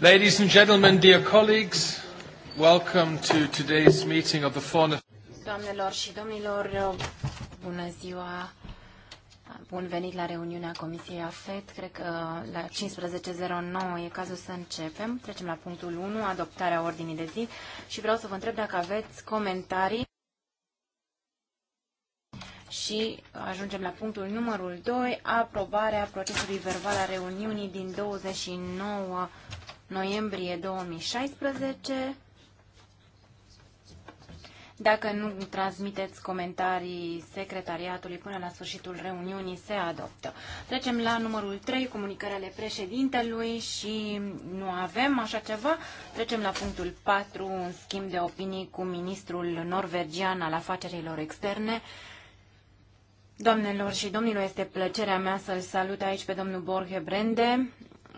Ladies and gentlemen, dear colleagues, welcome to today's meeting of the Foreign Doamnelor și domnilor, bună ziua. Bun venit la reuniunea Comisiei AFET. Cred că la 15.09 e cazul să începem. Trecem la punctul 1, adoptarea ordinii de zi și vreau să vă întreb dacă aveți comentarii. Și ajungem la punctul numărul 2, aprobarea procesului verbal a reuniunii din 29 noiembrie 2016. Dacă nu transmiteți comentarii secretariatului până la sfârșitul reuniunii, se adoptă. Trecem la numărul 3, comunicările președintelui și nu avem așa ceva. Trecem la punctul 4, un schimb de opinii cu ministrul norvegian al afacerilor externe. Doamnelor și domnilor, este plăcerea mea să-l salut aici pe domnul Borge Brende,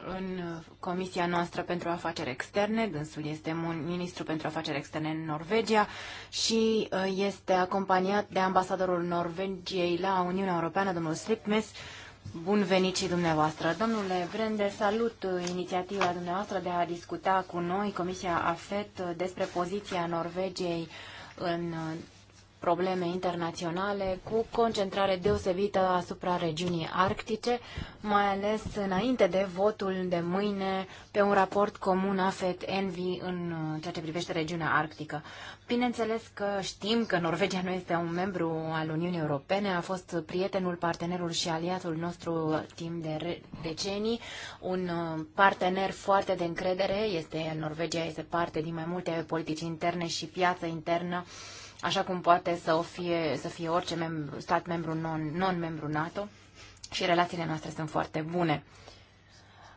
în Comisia noastră pentru afaceri externe. Dânsul este ministru pentru afaceri externe în Norvegia și uh, este acompaniat de ambasadorul Norvegiei la Uniunea Europeană, domnul Slipmes. Bun venit și dumneavoastră. Domnule Vrende, salut uh, inițiativa dumneavoastră de a discuta cu noi, Comisia AFET, uh, despre poziția Norvegiei în probleme internaționale cu concentrare deosebită asupra regiunii arctice, mai ales înainte de votul de mâine pe un raport comun AFET-ENVI în uh, ceea ce privește regiunea arctică. Bineînțeles că știm că Norvegia nu este un membru al Uniunii Europene, a fost prietenul, partenerul și aliatul nostru timp de decenii, un uh, partener foarte de încredere, este Norvegia este parte din mai multe politici interne și piață internă așa cum poate să, o fie, să fie orice membru, stat membru non-membru non NATO și relațiile noastre sunt foarte bune.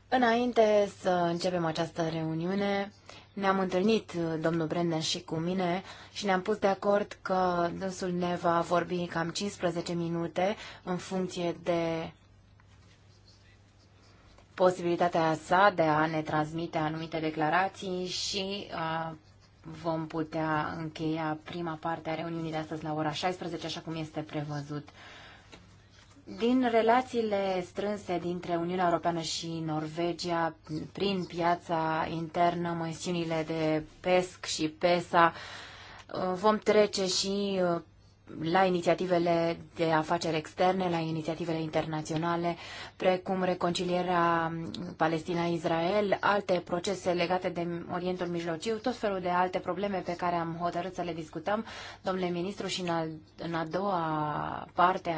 Înainte să începem această reuniune, ne-am întâlnit uh, domnul Brendan și cu mine și ne-am pus de acord că dânsul ne va vorbi cam 15 minute în funcție de posibilitatea sa de a ne transmite anumite declarații și a uh, vom putea încheia prima parte a reuniunii de astăzi la ora 16, așa cum este prevăzut. Din relațiile strânse dintre Uniunea Europeană și Norvegia, prin piața internă, măsiunile de PESC și PESA, uh, vom trece și uh, la inițiativele de afaceri externe, la inițiativele internaționale, precum reconcilierea Palestina-Israel, alte procese legate de Orientul Mijlociu, tot felul de alte probleme pe care am hotărât să le discutăm. Domnule ministru, și în, al, în a doua parte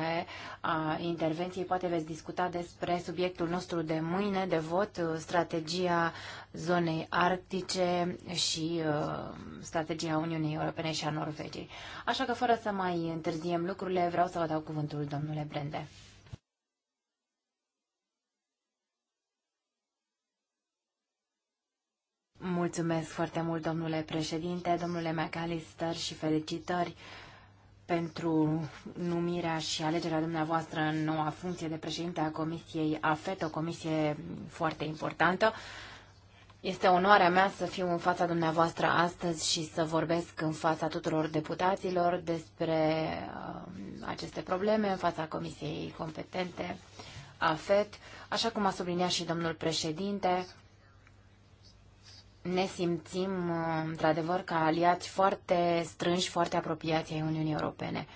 a intervenției poate veți discuta despre subiectul nostru de mâine, de vot, strategia zonei arctice și uh, strategia Uniunii Europene și a Norvegiei. Așa că fără să mai întârziem lucrurile, vreau să vă dau cuvântul, domnule Brende. Mulțumesc foarte mult, domnule președinte, domnule McAllister și felicitări pentru numirea și alegerea dumneavoastră în noua funcție de președinte a Comisiei AFET, o comisie foarte importantă. Este onoarea mea să fiu în fața dumneavoastră astăzi și să vorbesc în fața tuturor deputaților despre um, aceste probleme, în fața Comisiei Competente AFET. Așa cum a subliniat și domnul președinte, ne simțim um, într-adevăr ca aliați foarte strânși, foarte apropiați ai Uniunii Europene.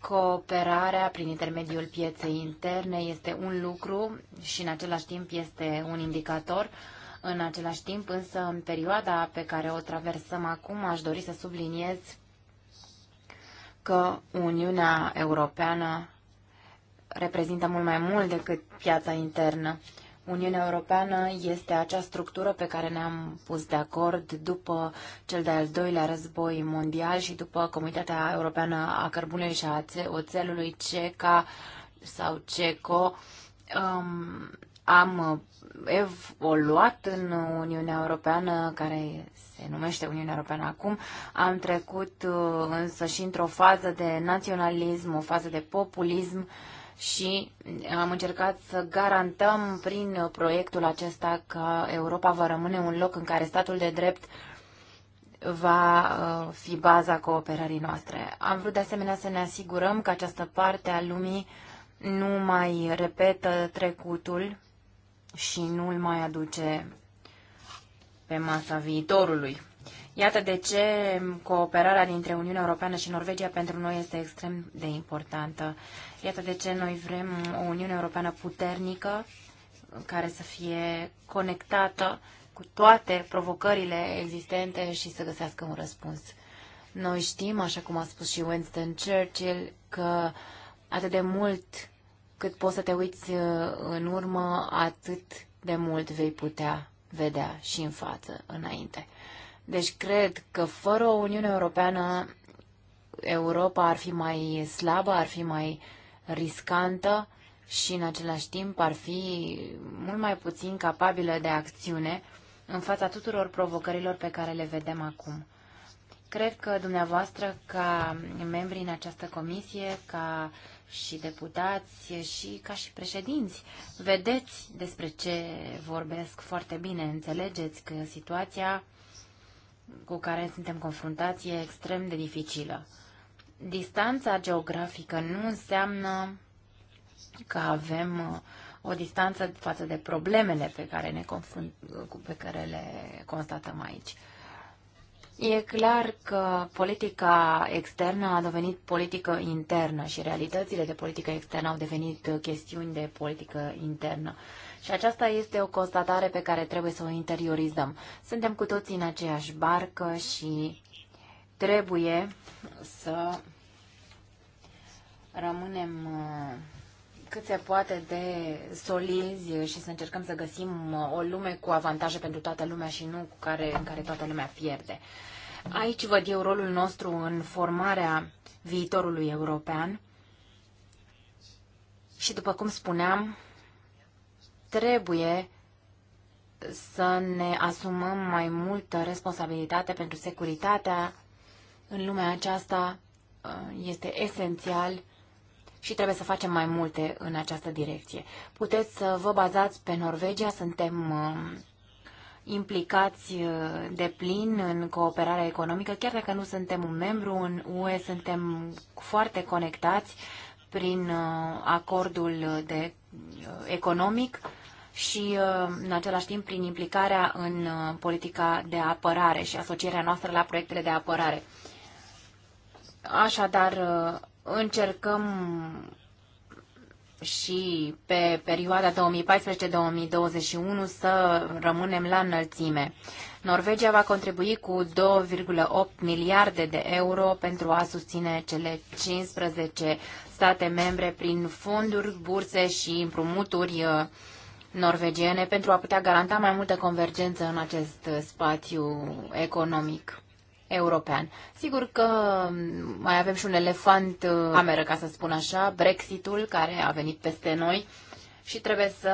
Cooperarea prin intermediul pieței interne este un lucru și în același timp este un indicator uh, în același timp, însă, în perioada pe care o traversăm acum, aș dori să subliniez că Uniunea Europeană reprezintă mult mai mult decât piața internă. Uniunea Europeană este acea structură pe care ne-am pus de acord după cel de-al doilea război mondial și după Comunitatea Europeană a Cărbunei și a Oțelului, CECA sau CECO, um, am uh, evoluat în Uniunea Europeană, care se numește Uniunea Europeană acum, am trecut uh, însă și într-o fază de naționalism, o fază de populism și am încercat să garantăm prin proiectul acesta că Europa va rămâne un loc în care statul de drept va uh, fi baza cooperării noastre. Am vrut de asemenea să ne asigurăm că această parte a lumii nu mai repetă trecutul și nu îl mai aduce pe masa viitorului. Iată de ce cooperarea dintre Uniunea Europeană și Norvegia pentru noi este extrem de importantă. Iată de ce noi vrem o Uniune Europeană puternică, care să fie conectată cu toate provocările existente și să găsească un răspuns. Noi știm, așa cum a spus și Winston Churchill, că atât de mult cât poți să te uiți uh, în urmă, atât de mult vei putea vedea și în față, înainte. Deci cred că fără o Uniune Europeană, Europa ar fi mai slabă, ar fi mai riscantă și în același timp ar fi mult mai puțin capabilă de acțiune în fața tuturor provocărilor pe care le vedem acum. Cred că dumneavoastră, ca membri în această comisie, ca uh, și deputați și ca și președinți. Vedeți despre ce vorbesc foarte bine, înțelegeți că situația cu care suntem confruntați e extrem de dificilă. Distanța geografică nu înseamnă că avem uh, o distanță față de problemele pe care, ne confrunt, pe care le constatăm aici. E clar că politica externă a devenit politică internă și realitățile de politică externă au devenit chestiuni de politică internă. Și aceasta este o constatare pe care trebuie să o interiorizăm. Suntem cu toții în aceeași barcă și trebuie să rămânem uh, cât se poate de solizi și să încercăm să găsim uh, o lume cu avantaje pentru toată lumea și nu cu care, în care toată lumea pierde. Aici văd eu rolul nostru în formarea viitorului european și, după cum spuneam, trebuie să ne asumăm mai multă responsabilitate pentru securitatea în lumea aceasta uh, este esențial și trebuie să facem mai multe în această direcție. Puteți să vă bazați pe Norvegia, suntem uh, implicați uh, de plin în cooperarea economică, chiar dacă nu suntem un membru în UE, suntem foarte conectați prin uh, acordul de economic și în același timp prin implicarea în politica de apărare și asocierea noastră la proiectele de apărare. Așadar, încercăm și pe perioada 2014-2021 să rămânem la înălțime. Norvegia va contribui cu 2,8 miliarde de euro pentru a susține cele 15 state membre prin fonduri, burse și împrumuturi uh, norvegiene pentru a putea garanta mai multă convergență în acest spațiu economic european. Sigur că mai avem și un elefant uh, cameră, ca să spun așa, Brexitul, care a venit peste noi și trebuie să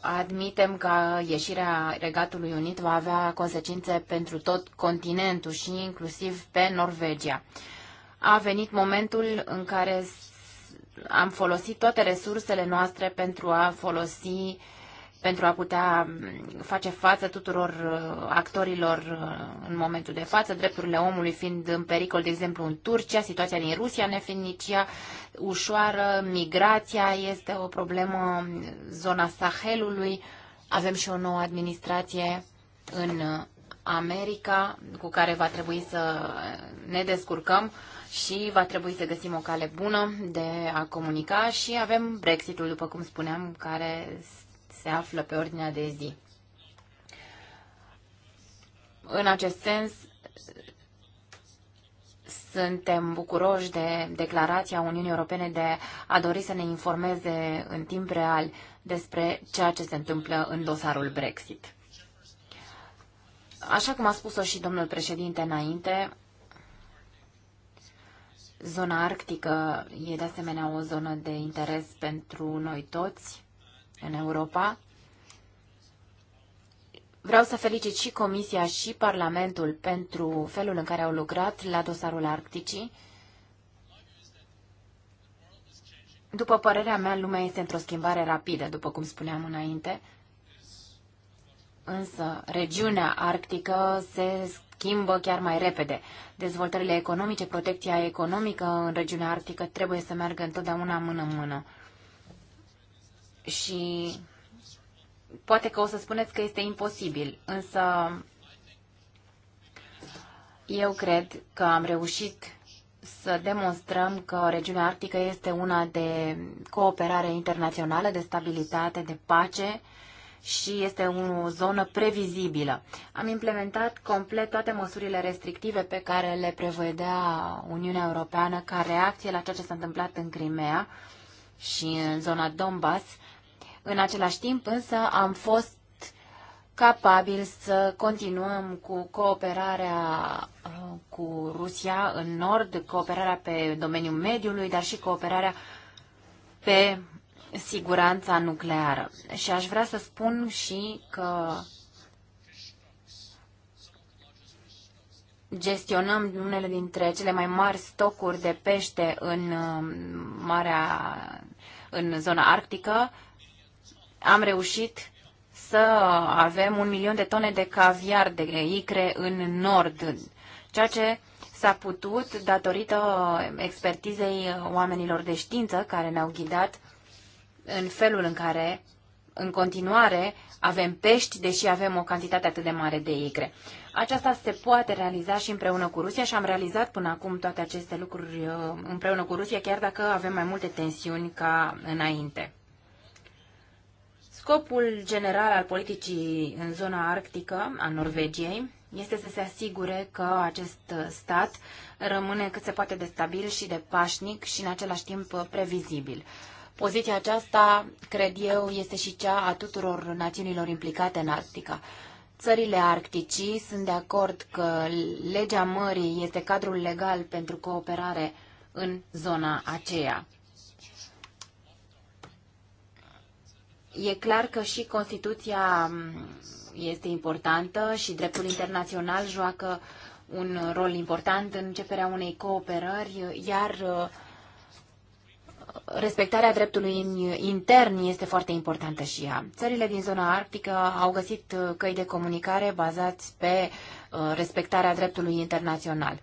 admitem că ieșirea Regatului Unit va avea consecințe pentru tot continentul și inclusiv pe Norvegia. A venit momentul în care am folosit toate resursele noastre pentru a folosi pentru a putea mm, face față tuturor uh, actorilor uh, în momentul de față, drepturile omului fiind în pericol, de exemplu, în Turcia, situația din Rusia nefiind nici ea ușoară, migrația este o problemă, zona Sahelului, avem și o nouă administrație în uh, America cu care va trebui să ne descurcăm și va trebui să găsim o cale bună de a comunica și avem Brexitul, după cum spuneam, care se află pe ordinea de zi. În acest sens, suntem bucuroși de declarația Uniunii Europene de a dori să ne informeze în timp real despre ceea ce se întâmplă în dosarul Brexit. Așa cum a spus-o și domnul președinte înainte, zona arctică e de asemenea o zonă de interes pentru noi toți în Europa. Vreau să felicit și Comisia și Parlamentul pentru felul în care au lucrat la dosarul Arcticii. După părerea mea, lumea este într-o schimbare rapidă, după cum spuneam înainte. Însă, regiunea arctică se schimbă chiar mai repede. Dezvoltările economice, protecția economică în regiunea arctică trebuie să meargă întotdeauna mână-mână. -mână. -mână. Și poate că o să spuneți că este imposibil, însă eu cred că am reușit să demonstrăm că regiunea arctică este una de cooperare internațională, de stabilitate, de pace și este o zonă previzibilă. Am implementat complet toate măsurile restrictive pe care le prevedea Uniunea Europeană ca reacție la ceea ce s-a întâmplat în Crimea și în zona Donbass în același timp, însă, am fost capabil să continuăm cu cooperarea uh, cu Rusia în nord, cooperarea pe domeniul mediului, dar și cooperarea pe siguranța nucleară. Și aș vrea să spun și că gestionăm unele dintre cele mai mari stocuri de pește în uh, Marea, în zona arctică, am reușit să avem un milion de tone de caviar de icre în nord, ceea ce s-a putut datorită expertizei oamenilor de știință care ne-au ghidat în felul în care în continuare avem pești, deși avem o cantitate atât de mare de icre. Aceasta se poate realiza și împreună cu Rusia și am realizat până acum toate aceste lucruri uh, împreună cu Rusia, chiar dacă avem mai multe tensiuni ca înainte. Scopul general al politicii în zona arctică a Norvegiei este să se asigure că acest stat rămâne cât se poate de stabil și de pașnic și în același timp previzibil. Poziția aceasta, cred eu, este și cea a tuturor națiunilor implicate în Arctica. Țările arcticii sunt de acord că legea mării este cadrul legal pentru cooperare în zona aceea. E clar că și Constituția mm, este importantă și dreptul internațional joacă un rol important în începerea unei cooperări, iar uh, respectarea dreptului intern este foarte importantă și ea. Țările din zona arctică au găsit uh, căi de comunicare bazați pe uh, respectarea dreptului internațional.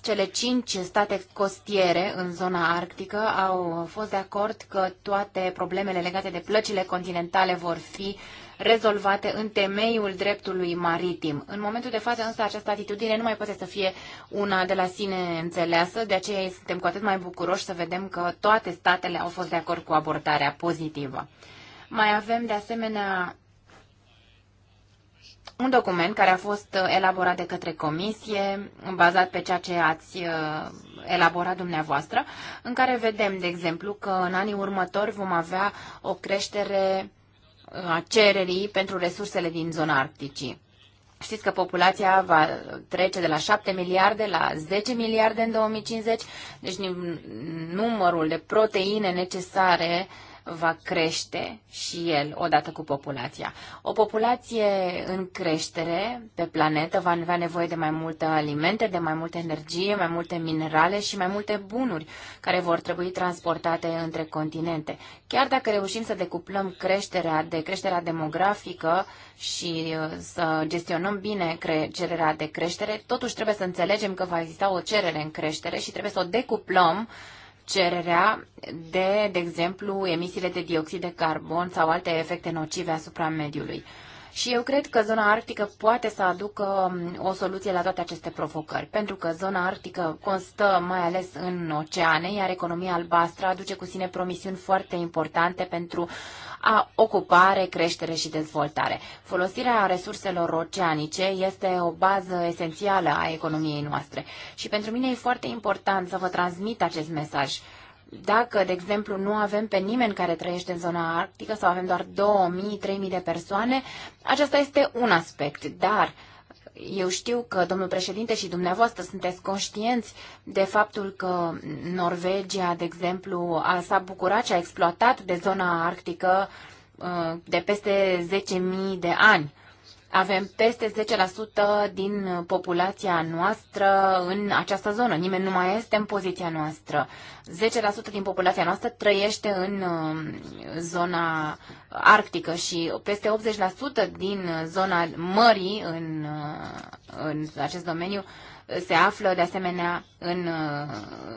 Cele cinci state costiere în zona arctică au fost de acord că toate problemele legate de plăcile continentale vor fi rezolvate în temeiul dreptului maritim. În momentul de față, însă, această atitudine nu mai poate să fie una de la sine înțeleasă, de aceea suntem cu atât mai bucuroși să vedem că toate statele au fost de acord cu abordarea pozitivă. Mai avem, de asemenea, un document care a fost uh, elaborat de către comisie, bazat pe ceea ce ați uh, elaborat dumneavoastră, în care vedem, de exemplu, că în anii următori vom avea o creștere uh, a cererii pentru resursele din zona Arcticii. Știți că populația va trece de la 7 miliarde la 10 miliarde în 2050, deci numărul de proteine necesare uh, va crește și el odată cu populația. O populație în creștere pe planetă va avea nevoie de mai multe alimente, de mai multă energie, mai multe minerale și mai multe bunuri care vor trebui transportate între continente. Chiar dacă reușim să decuplăm creșterea de creșterea demografică și uh, să gestionăm bine cererea de creștere, totuși trebuie să înțelegem că va exista o cerere în creștere și trebuie să o decuplăm cererea de, de exemplu, emisiile de dioxid de carbon sau alte efecte nocive asupra mediului. Și eu cred că zona arctică poate să aducă um, o soluție la toate aceste provocări, pentru că zona arctică constă mai ales în oceane, iar economia albastră aduce cu sine promisiuni foarte importante pentru a ocupare, creștere și dezvoltare. Folosirea resurselor oceanice este o bază esențială a economiei noastre și pentru mine e foarte important să vă transmit acest mesaj. Dacă, de exemplu, nu avem pe nimeni care trăiește în zona arctică sau avem doar 2.000-3.000 de persoane, acesta este un aspect. Dar eu știu că, domnul președinte, și dumneavoastră sunteți conștienți de faptul că Norvegia, de exemplu, a, s-a bucurat și a exploatat de zona arctică uh, de peste 10.000 de ani avem peste 10% din populația noastră în această zonă. Nimeni nu mai este în poziția noastră. 10% din populația noastră trăiește în um, zona arctică și peste 80% din zona mării în, uh, în acest domeniu se află de asemenea în, uh,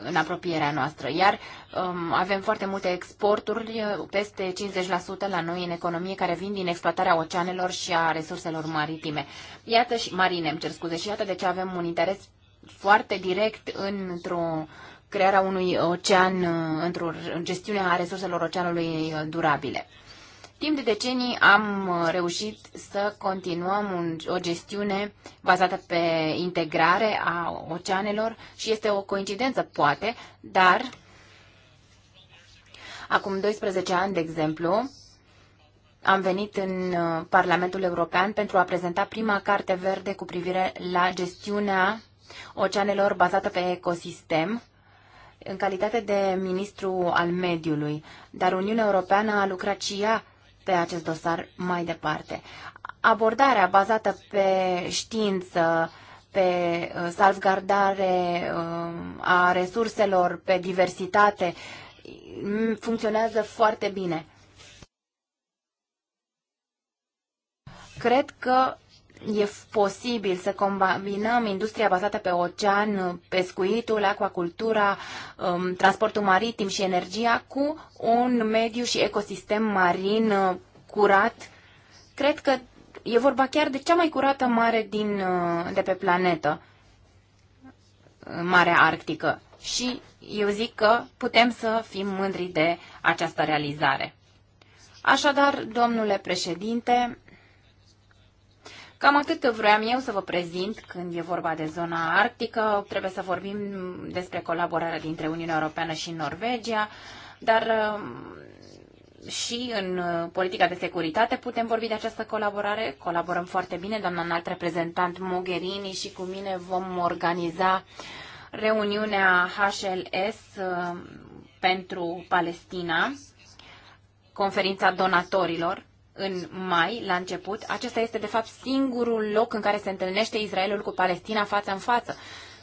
în apropierea noastră. Iar um, avem foarte multe exporturi, uh, peste 50% la noi în economie, care vin din exploatarea oceanelor și a resurselor maritime. Iată și marine, îmi cer scuze, și iată de ce avem un interes foarte direct într-o crearea unui ocean, uh, într-o gestiune a resurselor oceanului durabile. Timp de decenii am uh, reușit să continuăm un, o gestiune bazată pe integrare a oceanelor și este o coincidență, poate, dar acum 12 ani, de exemplu, am venit în uh, Parlamentul European pentru a prezenta prima carte verde cu privire la gestiunea oceanelor bazată pe ecosistem în calitate de ministru al mediului, dar Uniunea Europeană a lucrat și ea pe acest dosar mai departe. Abordarea bazată pe știință, pe uh, salvgardare uh, a resurselor, pe diversitate, mm, funcționează foarte bine. Cred că e posibil să combinăm industria bazată pe ocean, pescuitul, aquacultura, um, transportul maritim și energia cu un mediu și ecosistem marin uh, curat. Cred că e vorba chiar de cea mai curată mare din, uh, de pe planetă, Marea Arctică. Și eu zic că putem să fim mândri de această realizare. Așadar, domnule președinte, Cam atât vreau eu să vă prezint când e vorba de zona arctică. Trebuie să vorbim despre colaborarea dintre Uniunea Europeană și Norvegia, dar um, și în uh, politica de securitate putem vorbi de această colaborare. Colaborăm foarte bine, doamna înalt reprezentant Mogherini și cu mine vom organiza reuniunea HLS uh, pentru Palestina, conferința donatorilor în mai, la început. Acesta este, de fapt, singurul loc în care se întâlnește Israelul cu Palestina față în față.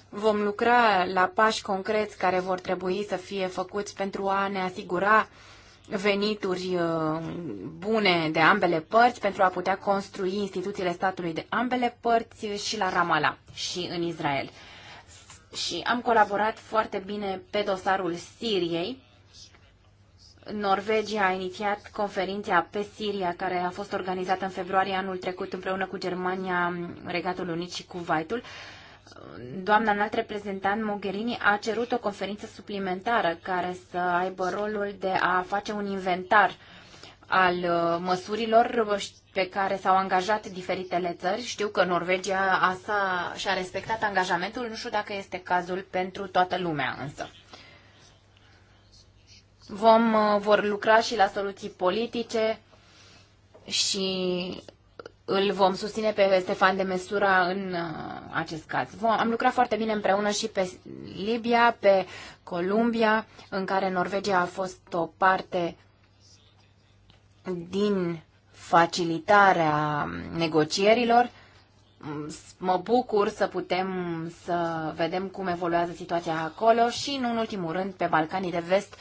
Vom lucra la pași concreți care vor trebui să fie făcuți pentru a ne asigura venituri uh, bune de ambele părți pentru a putea construi instituțiile statului de ambele părți uh, și la Ramala și în Israel. Și am colaborat foarte bine pe dosarul Siriei Norvegia a inițiat conferința pe Siria, care a fost organizată în februarie anul trecut împreună cu Germania, Regatul Unit și Kuwaitul. Doamna înalt reprezentant Mogherini a cerut o conferință suplimentară care să aibă rolul de a face un inventar al uh, măsurilor pe care s-au angajat diferitele țări. Știu că Norvegia asta și-a respectat angajamentul, nu știu dacă este cazul pentru toată lumea însă. Vom, uh, vor lucra și la soluții politice și îl vom susține pe Stefan de Mesura în uh, acest caz. Am lucrat foarte bine împreună și pe Libia, pe Columbia, în care Norvegia a fost o parte din facilitarea negocierilor. Mă bucur să putem să vedem cum evoluează situația acolo și, în ultimul rând, pe Balcanii de Vest, uh,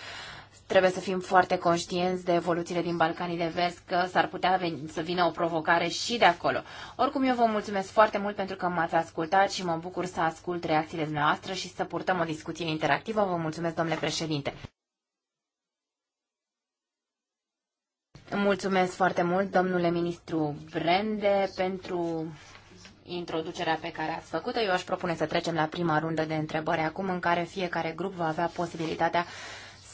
Trebuie să fim foarte conștienți de evoluțiile din Balcanii de Vest, că s-ar putea veni, să vină o provocare și de acolo. Oricum, eu vă mulțumesc foarte mult pentru că m-ați ascultat și mă bucur să ascult reacțiile dumneavoastră și să purtăm o discuție interactivă. Vă mulțumesc, domnule președinte. Mulțumesc foarte mult, domnule ministru Brende, pentru introducerea pe care ați făcut-o. Eu aș propune să trecem la prima rundă de întrebări acum, în care fiecare grup va avea posibilitatea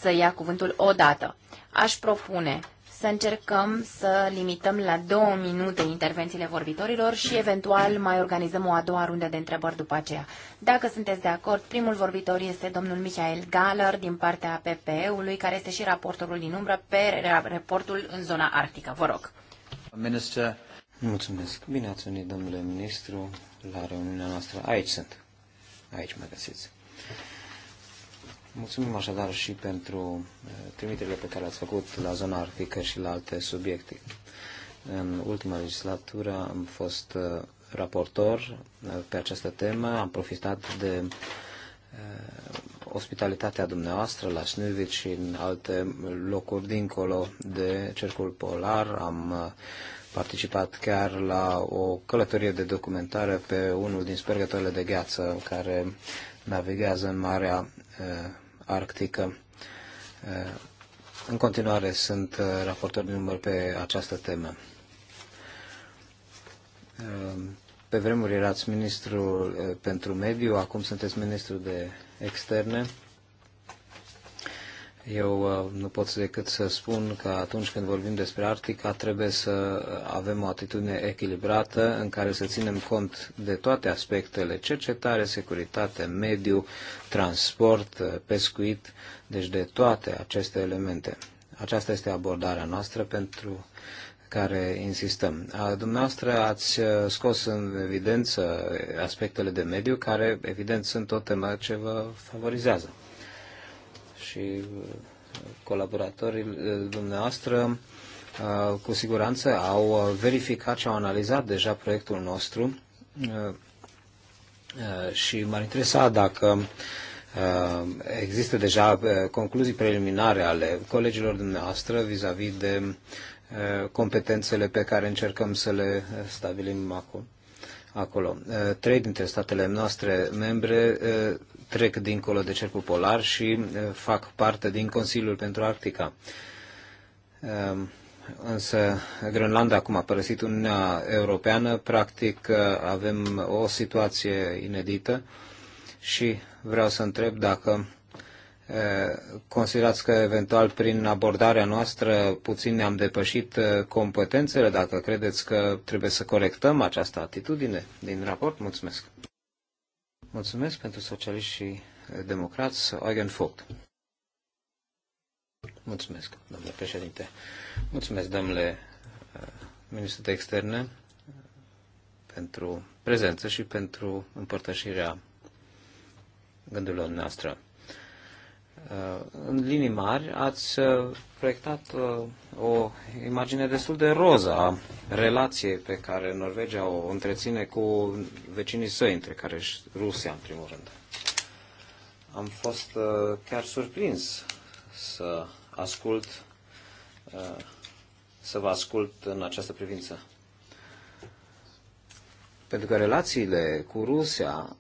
să ia cuvântul o dată. Aș propune să încercăm să limităm la două minute intervențiile vorbitorilor și eventual mai organizăm o a doua rundă de întrebări după aceea. Dacă sunteți de acord, primul vorbitor este domnul Michael Galler din partea PPE-ului, care este și raportorul din umbră pe raportul în zona arctică. Vă rog. Minister. Mulțumesc. Bine ați venit, domnule ministru, la reuniunea noastră. Aici sunt. Aici mă găsiți. Mulțumim așadar și pentru eh, trimiterile pe care le-ați făcut la zona arctică și la alte subiecte. În ultima legislatură am fost eh, raportor eh, pe această temă, am profitat de ospitalitatea dumneavoastră la Snuvit și în alte locuri dincolo de Cercul Polar. Am participat chiar la o călătorie de documentare pe unul din spărgătoarele de gheață care navigează în Marea arctică. Eh, în continuare sunt eh, raportor din număr pe această temă. Eh, pe vremuri erați ministru pentru mediu, acum sunteți ministru de externe eu uh, nu pot decât să spun că atunci când vorbim despre Arctica trebuie să avem o atitudine echilibrată în care să ținem cont de toate aspectele, cercetare, securitate, mediu, transport, uh, pescuit, deci de toate aceste elemente. Aceasta este abordarea noastră pentru care insistăm. A, dumneavoastră ați uh, scos în evidență aspectele de mediu, care evident sunt o temă ce vă favorizează și uh, colaboratorii uh, dumneavoastră uh, cu siguranță au verificat și au analizat deja proiectul nostru și m-ar interesa dacă există deja concluzii preliminare ale colegilor dumneavoastră vis-a-vis -vis de competențele pe care încercăm să le stabilim acum acolo. Trei dintre statele noastre membre trec dincolo de cercul polar și fac parte din Consiliul pentru Arctica. Însă Grenlanda acum a părăsit Uniunea Europeană, practic avem o situație inedită și vreau să întreb dacă Eh, considerați că eventual prin abordarea noastră puțin ne-am depășit eh, competențele, dacă credeți că trebuie să corectăm această atitudine din raport? Mulțumesc! Mulțumesc pentru socialiști și eh, democrați, Eugen Vogt. Mulțumesc, domnule președinte. Mulțumesc, domnule ministru de externe, pentru prezență și pentru împărtășirea gândurilor noastre. Uh, în linii mari, ați uh, proiectat uh, o imagine destul de roză a relației pe care Norvegia o întreține cu vecinii săi, între care și Rusia, în primul rând. Am fost chiar surprins să ascult, să vă ascult în această privință. Pentru că relațiile cu Rusia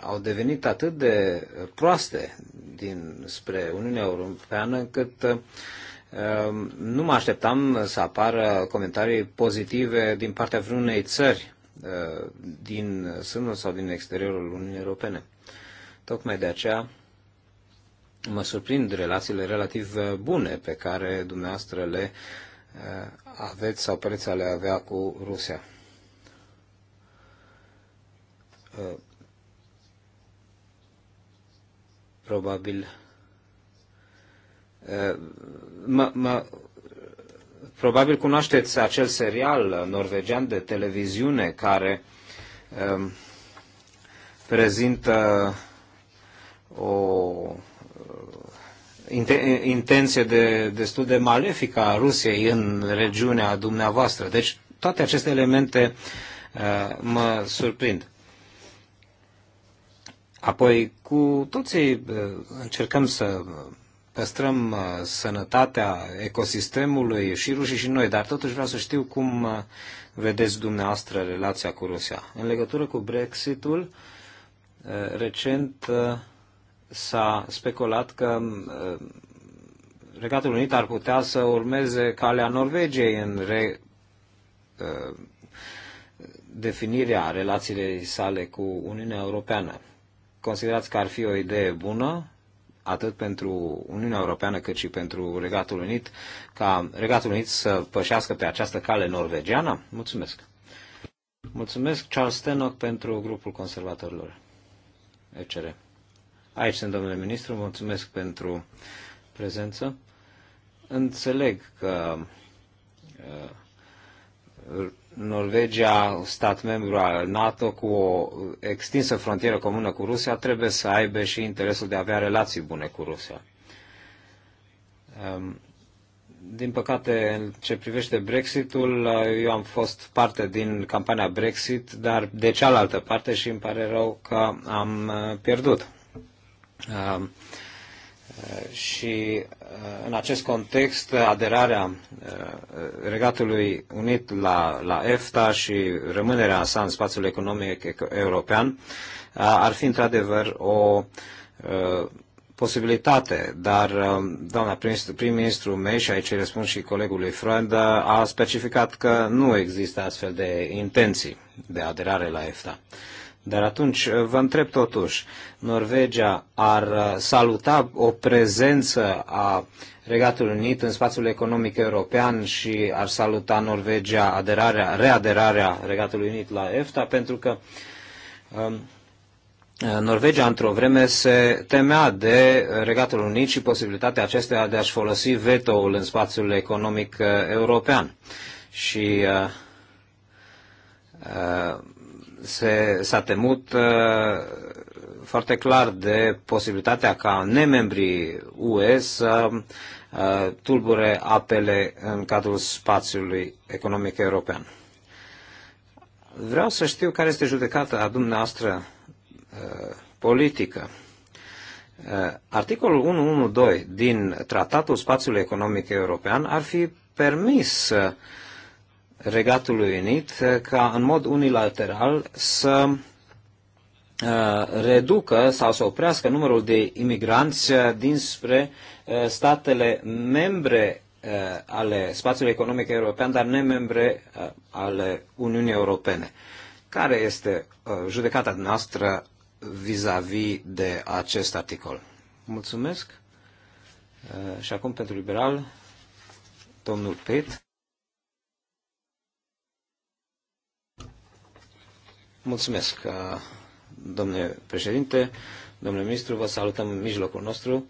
au devenit atât de proaste din spre Uniunea Europeană încât um, nu mă așteptam să apară comentarii pozitive din partea vreunei țări uh, din sânul sau din exteriorul Uniunii Europene. Tocmai de aceea mă surprind relațiile relativ uh, bune pe care dumneavoastră le uh, aveți sau pereți le avea cu Rusia. probabil mă, mă, probabil cunoașteți acel serial norvegian de televiziune care prezintă o intenție de, destul de malefică a Rusiei în regiunea dumneavoastră. Deci toate aceste elemente uh, mă surprind. Apoi, cu toții eh, încercăm să păstrăm eh, sănătatea ecosistemului și rușii și noi, dar totuși vreau să știu cum eh, vedeți dumneavoastră relația cu Rusia. În legătură cu Brexitul, recent s-a speculat că Regatul Unit ar putea să urmeze calea Norvegiei în re, definirea relațiilor sale cu Uniunea Europeană considerați că ar fi o idee bună, atât pentru Uniunea Europeană cât și pentru Regatul Unit, ca Regatul Unit să pășească pe această cale norvegiană? Mulțumesc! Mulțumesc, Charles Tenoch, pentru grupul conservatorilor. ECR. Aici sunt, domnule ministru, mulțumesc pentru prezență. Înțeleg că uh, Norvegia, stat membru al NATO, cu o extinsă frontieră comună cu Rusia, trebuie să aibă și interesul de a avea relații bune cu Rusia. Ehm, din păcate, în ce privește Brexitul, eu am fost parte din campania Brexit, dar de cealaltă parte și îmi pare rău că am eh, pierdut. Ehm, și uh, în acest context aderarea uh, Regatului Unit la, la EFTA și rămânerea sa în spațiul economic european uh, ar fi într-adevăr o posibilitate, dar doamna prim-ministru mei și aici răspund și colegului Freund, a specificat că nu există astfel de intenții de aderare la EFTA. Dar atunci uh, vă întreb totuși, Norvegia ar uh, saluta o prezență a Regatului Unit în spațiul economic european și ar saluta Norvegia aderarea, readerarea Regatului Unit la EFTA pentru că um, uh, Norvegia într-o vreme se temea de Regatul Unit și posibilitatea acestea de a-și folosi veto-ul în spațiul economic european. Și uh, uh, se, s-a temut uh, foarte clar de posibilitatea ca nemembrii UE să uh, tulbure apele în cadrul spațiului economic european. Vreau să știu care este judecata a dumneavoastră uh, politică. Articolul 112 din Tratatul Spațiului Economic European ar fi permis uh, Regatului Unit eh, ca în mod unilateral să eh, reducă sau să oprească numărul de imigranți eh, dinspre statele membre ale spațiului economic european, dar nemembre ale Uniunii Europene. Care este judecata noastră vis-a-vis -vis de acest articol? Mulțumesc. Și acum pentru liberal, domnul Pitt. Mulțumesc, uh, domnule președinte, domnule ministru, vă salutăm în mijlocul nostru.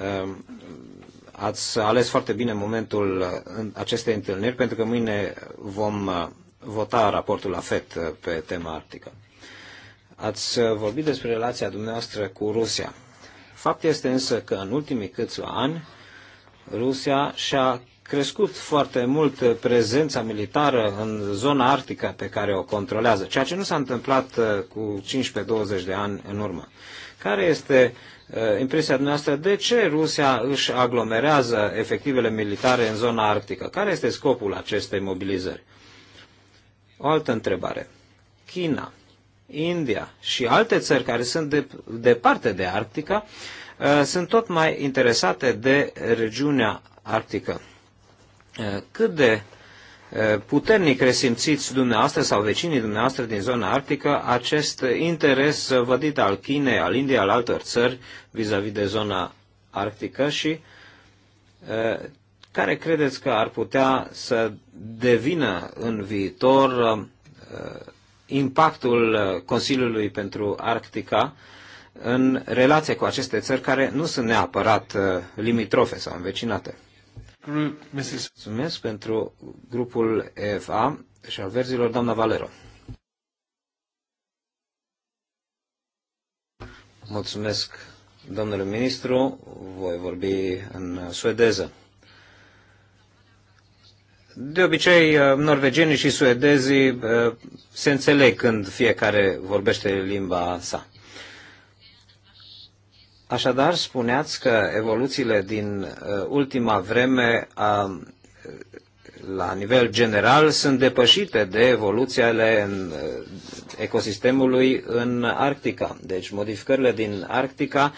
Uh, ați ales foarte bine momentul uh, acestei întâlniri, pentru că mâine vom vota raportul la FET pe tema arctică. Ați vorbit despre relația dumneavoastră cu Rusia. Fapt este însă că în ultimii câțiva ani Rusia și-a crescut foarte mult uh, prezența militară în zona arctică pe care o controlează, ceea ce nu s-a întâmplat uh, cu 15-20 de ani în urmă. Care este uh, impresia dumneavoastră de ce Rusia își aglomerează efectivele militare în zona arctică? Care este scopul acestei mobilizări? O altă întrebare. China, India și alte țări care sunt de, departe de Arctica sunt tot mai interesate de regiunea arctică. Eh, cât de eh, puternic resimțiți dumneavoastră sau vecinii dumneavoastră din zona arctică acest interes vădit al Chinei, al Indiei, al altor țări vis-a-vis -vis de zona arctică și eh, care credeți că ar putea să devină în viitor impactul Consiliului pentru Arctica în relație cu aceste țări care nu sunt neapărat limitrofe sau învecinate? Group, Mrs. Mulțumesc pentru grupul EFA și al verzilor, doamna Valero. Mulțumesc, domnule ministru. Voi vorbi în suedeză. De obicei, uh, norvegenii și suedezii uh, se înțeleg când fiecare vorbește limba sa. Așadar, spuneați că evoluțiile din uh, ultima vreme uh, la nivel general sunt depășite de evoluțiile în uh, ecosistemului în Arctica. Deci modificările din Arctica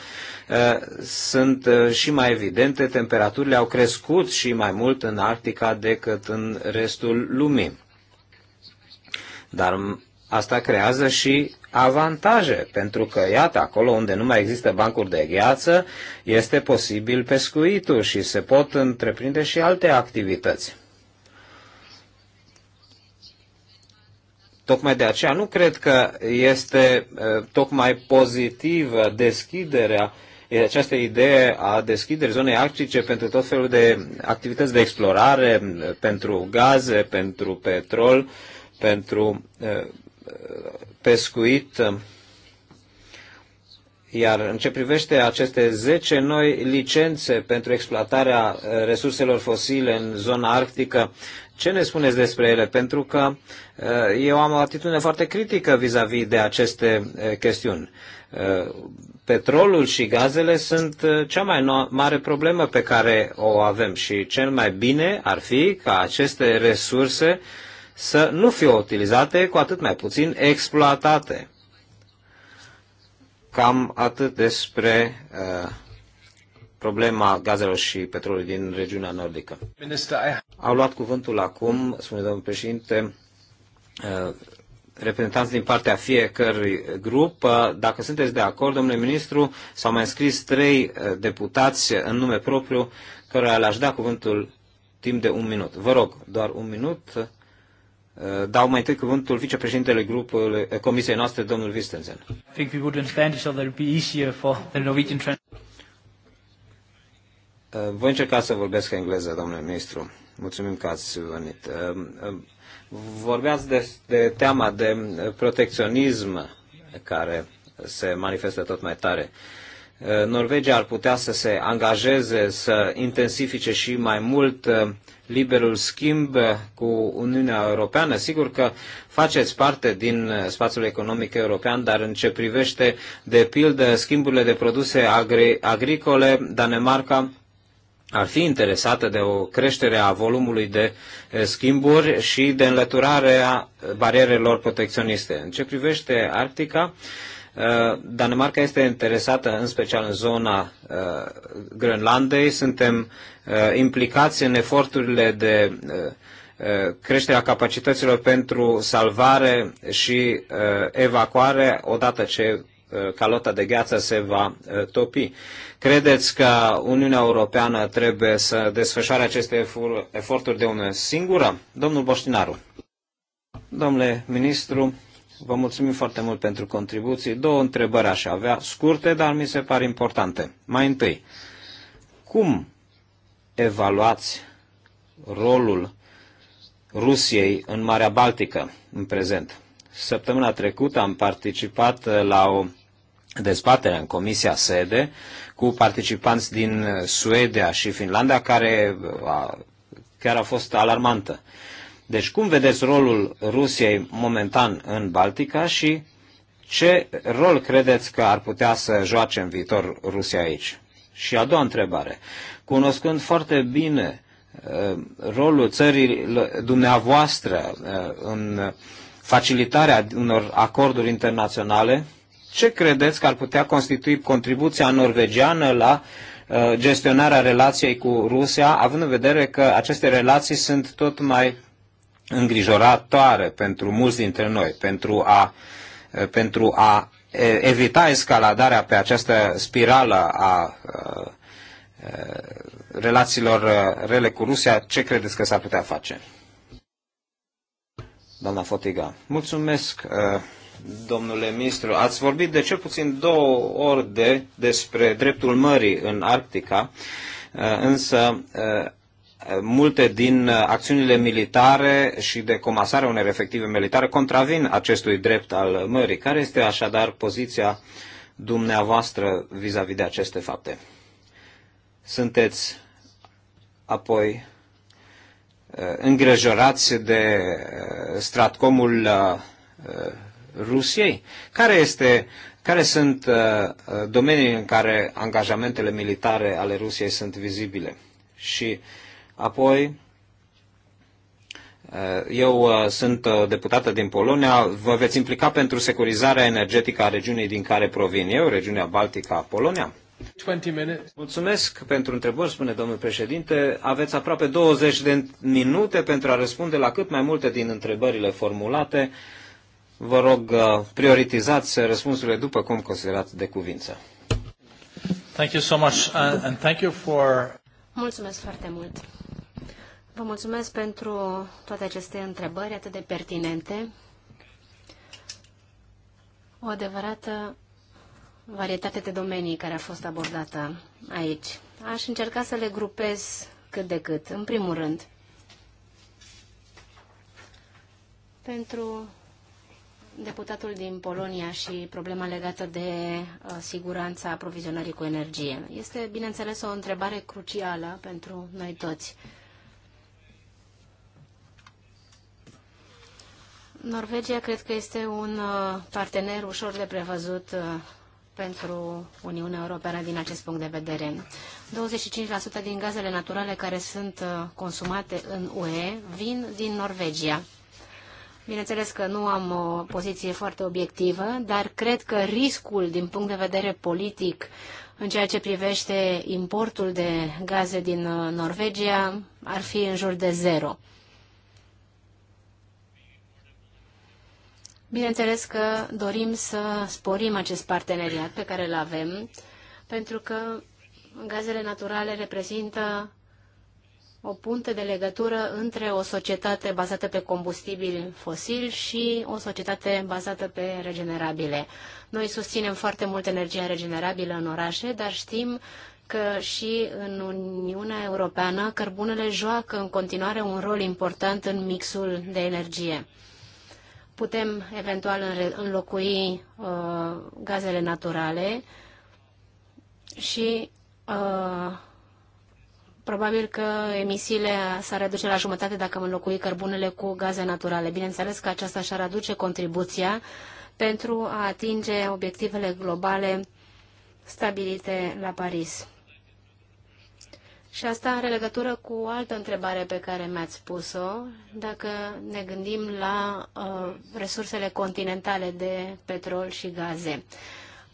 uh, sunt uh, și mai evidente, temperaturile au crescut și mai mult în Arctica decât în restul lumii. Dar Asta creează și avantaje, pentru că, iată, acolo unde nu mai există bancuri de gheață, este posibil pescuitul și se pot întreprinde și alte activități. Tocmai de aceea nu cred că este tocmai pozitivă deschiderea, această idee a deschiderii zonei arctice pentru tot felul de activități de explorare, pentru gaze, pentru petrol, pentru pescuit. Iar în ce privește aceste 10 noi licențe pentru exploatarea uh, resurselor fosile în zona arctică, ce ne spuneți despre ele? Pentru că uh, eu am o atitudine foarte critică vis-a-vis -vis de aceste uh, chestiuni. Petrolul și gazele sunt cea mai mare problemă pe care o avem și cel mai bine ar fi ca aceste resurse uh, să nu fie utilizate, cu atât mai puțin exploatate. Cam atât despre uh, problema gazelor și petrolului din regiunea nordică. Au luat cuvântul acum, spune domnul președinte, uh, reprezentanți din partea fiecărui grup. Uh, dacă sunteți de acord, domnule ministru, s-au mai înscris trei uh, deputați în nume propriu, cărora le-aș da cuvântul timp de un minut. Vă rog, doar un minut. Uh, dau mai întâi cuvântul vicepreședintele grupului uh, comisiei noastre, domnul Vistenzen. Uh, voi încerca să vorbesc engleză, domnule ministru. Mulțumim că ați venit. Vorbeați de, de teama de protecționism care se manifestă tot mai tare. Norvegia ar putea să se angajeze, să intensifice și mai mult liberul schimb cu Uniunea Europeană. Sigur că faceți parte din spațiul economic european, dar în ce privește, de pildă, schimburile de produse agri- agricole, Danemarca ar fi interesată de o creștere a volumului de schimburi și de înlăturarea barierelor protecționiste. În ce privește Arctica, uh, Uh, Danemarca este interesată în special în zona uh, Grönlandei. Suntem uh, implicați în eforturile de creșterea capacităților pentru salvare și evacuare odată ce calota de gheață se va topi. Credeți că Uniunea Europeană trebuie să desfășoare aceste eforturi de una singură? Domnul Boștinaru. Domnule ministru, Vă mulțumim foarte mult pentru contribuții. Două întrebări aș avea, scurte, dar mi se par importante. Mai întâi, cum evaluați rolul Rusiei în Marea Baltică în prezent? Săptămâna trecută am participat la o dezbatere în Comisia Sede cu participanți din Suedia și Finlanda, care a, chiar a fost alarmantă. Deci cum vedeți rolul Rusiei momentan în Baltica și ce rol credeți că ar putea să joace în viitor Rusia aici? Și a doua întrebare. Cunoscând foarte bine uh, rolul țării dumneavoastră uh, în facilitarea unor acorduri internaționale, ce credeți că ar putea constitui contribuția norvegiană la uh, gestionarea relației cu Rusia, având în vedere că aceste relații sunt tot mai îngrijorătoare pentru mulți dintre noi, pentru a, pentru a evita escaladarea pe această spirală a, a, a relațiilor rele cu Rusia, ce credeți că s-ar putea face? Doamna Fotiga, mulțumesc, domnule ministru. Ați vorbit de cel puțin două ori de, despre dreptul mării în Arctica, însă multe din uh, acțiunile militare și de comasare unei efective militare contravin acestui drept al mării. Care este așadar poziția dumneavoastră vis-a-vis -vis de aceste fapte? Sunteți apoi uh, îngrijorați de uh, stratcomul Rusiei? Care, este, care sunt domenii în care angajamentele militare ale Rusiei sunt vizibile? Și uh, Apoi, eh, eu eh, sunt eh, deputată din Polonia, vă veți implica pentru securizarea energetică a regiunii din care provin eu, regiunea Baltică a Polonia? 20 Mulțumesc pentru întrebări, spune domnul președinte. Aveți aproape 20 de minute pentru a răspunde la cât mai multe din întrebările formulate. Vă rog, prioritizați răspunsurile după cum considerați de cuvință. Thank you so much uh, and thank you for Mulțumesc foarte mult! Vă mulțumesc pentru toate aceste întrebări atât de pertinente. O adevărată varietate de domenii care a fost abordată aici. Aș încerca să le grupez cât de cât. În primul rând, pentru deputatul din Polonia și problema legată de uh, siguranța aprovizionării cu energie. Este, bineînțeles, o întrebare crucială pentru noi toți. Norvegia cred că este un uh, partener ușor de prevăzut uh, pentru Uniunea Europeană din acest punct de vedere. 25% din gazele naturale care sunt uh, consumate în UE vin din Norvegia. Bineînțeles că nu am o poziție foarte obiectivă, dar cred că riscul din punct de vedere politic în ceea ce privește importul de gaze din uh, Norvegia ar fi în jur de zero. Bineînțeles că dorim să sporim acest parteneriat pe care îl avem, pentru că gazele naturale reprezintă o punte de legătură între o societate bazată pe combustibili fosili și o societate bazată pe regenerabile. Noi susținem foarte mult energia regenerabilă în orașe, dar știm că și în Uniunea Europeană cărbunele joacă în continuare un rol important în mixul de energie. Putem eventual înlocui uh, gazele naturale și uh, Probabil că emisiile s-ar reduce la jumătate dacă am înlocui cărbunele cu gaze naturale. Bineînțeles că aceasta și-ar aduce contribuția pentru a atinge obiectivele globale stabilite la Paris. Și asta are legătură cu o altă întrebare pe care mi-ați pus-o, dacă ne gândim la uh, resursele continentale de petrol și gaze. Uh,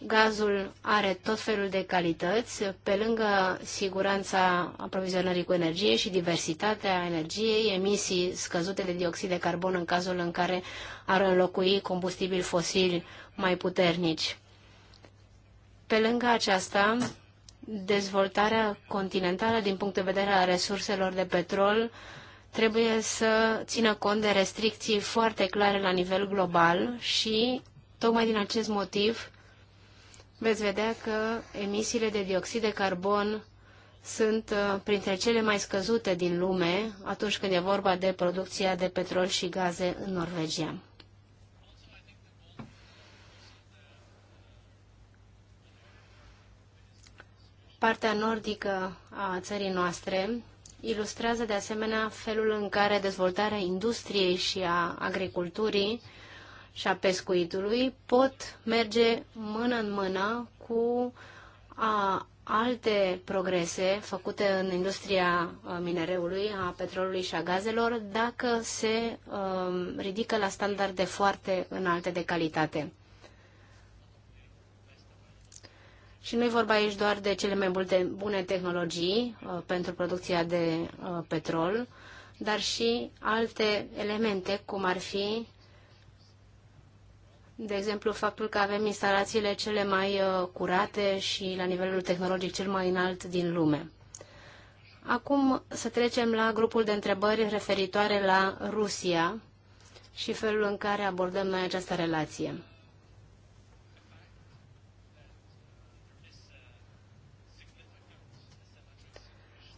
Gazul are tot felul de calități, pe lângă siguranța aprovizionării cu energie și diversitatea energiei, emisii scăzute de dioxid de carbon în cazul în care ar înlocui combustibili fosili mai puternici. Pe lângă aceasta, dezvoltarea continentală din punct de vedere a resurselor de petrol trebuie să țină cont de restricții foarte clare la nivel global și, tocmai din acest motiv, veți vedea că emisiile de dioxid de carbon sunt uh, printre cele mai scăzute din lume atunci când e vorba de producția de petrol și gaze în Norvegia. Partea nordică a țării noastre ilustrează de asemenea felul în care dezvoltarea industriei și a agriculturii și a pescuitului pot merge mână în mână cu a, alte progrese făcute în industria uh, minereului, a petrolului și a gazelor, dacă se um, ridică la standarde foarte înalte de calitate. Și nu e vorba aici doar de cele mai multe bune tehnologii uh, pentru producția de uh, petrol, dar și alte elemente, cum ar fi de exemplu, faptul că avem instalațiile cele mai uh, curate și la nivelul tehnologic cel mai înalt din lume. Acum să trecem la grupul de întrebări referitoare la Rusia și felul în care abordăm noi această relație.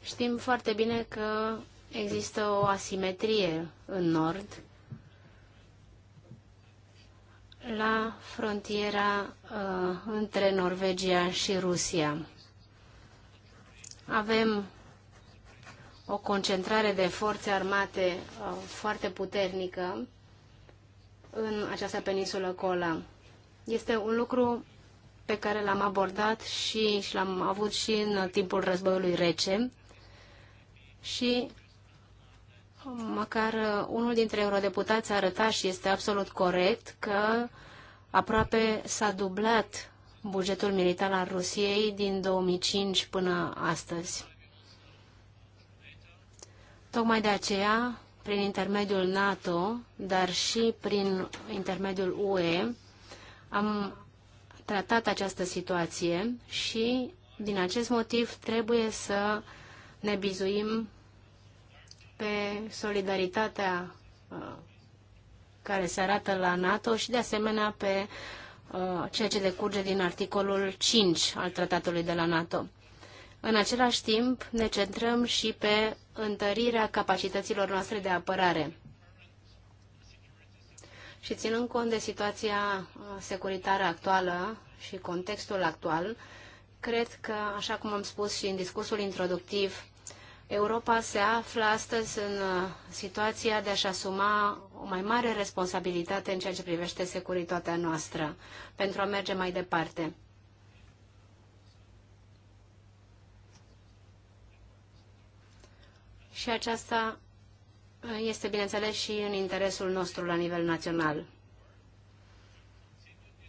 Știm foarte bine că există o asimetrie în Nord la frontiera uh, între Norvegia și Rusia. Avem o concentrare de forțe armate uh, foarte puternică în această peninsulă Cola. Este un lucru pe care l-am abordat și, și l-am avut și în timpul războiului rece și măcar uh, unul dintre eurodeputați a arătat și este absolut corect că aproape s-a dublat bugetul militar al Rusiei din 2005 până astăzi. Tocmai de aceea, prin intermediul NATO, dar și prin intermediul UE, am tratat această situație și, din acest motiv, trebuie să ne bizuim pe solidaritatea uh, care se arată la NATO și de asemenea pe uh, ceea ce decurge din articolul 5 al tratatului de la NATO. În același timp, ne centrăm și pe întărirea capacităților noastre de apărare. Și ținând cont de situația uh, securitară actuală și contextul actual, cred că, așa cum am spus și în discursul introductiv, Europa se află astăzi în uh, situația de a-și asuma o mai mare responsabilitate în ceea ce privește securitatea noastră, pentru a merge mai departe. Și aceasta uh, este, bineînțeles, și în interesul nostru la nivel național.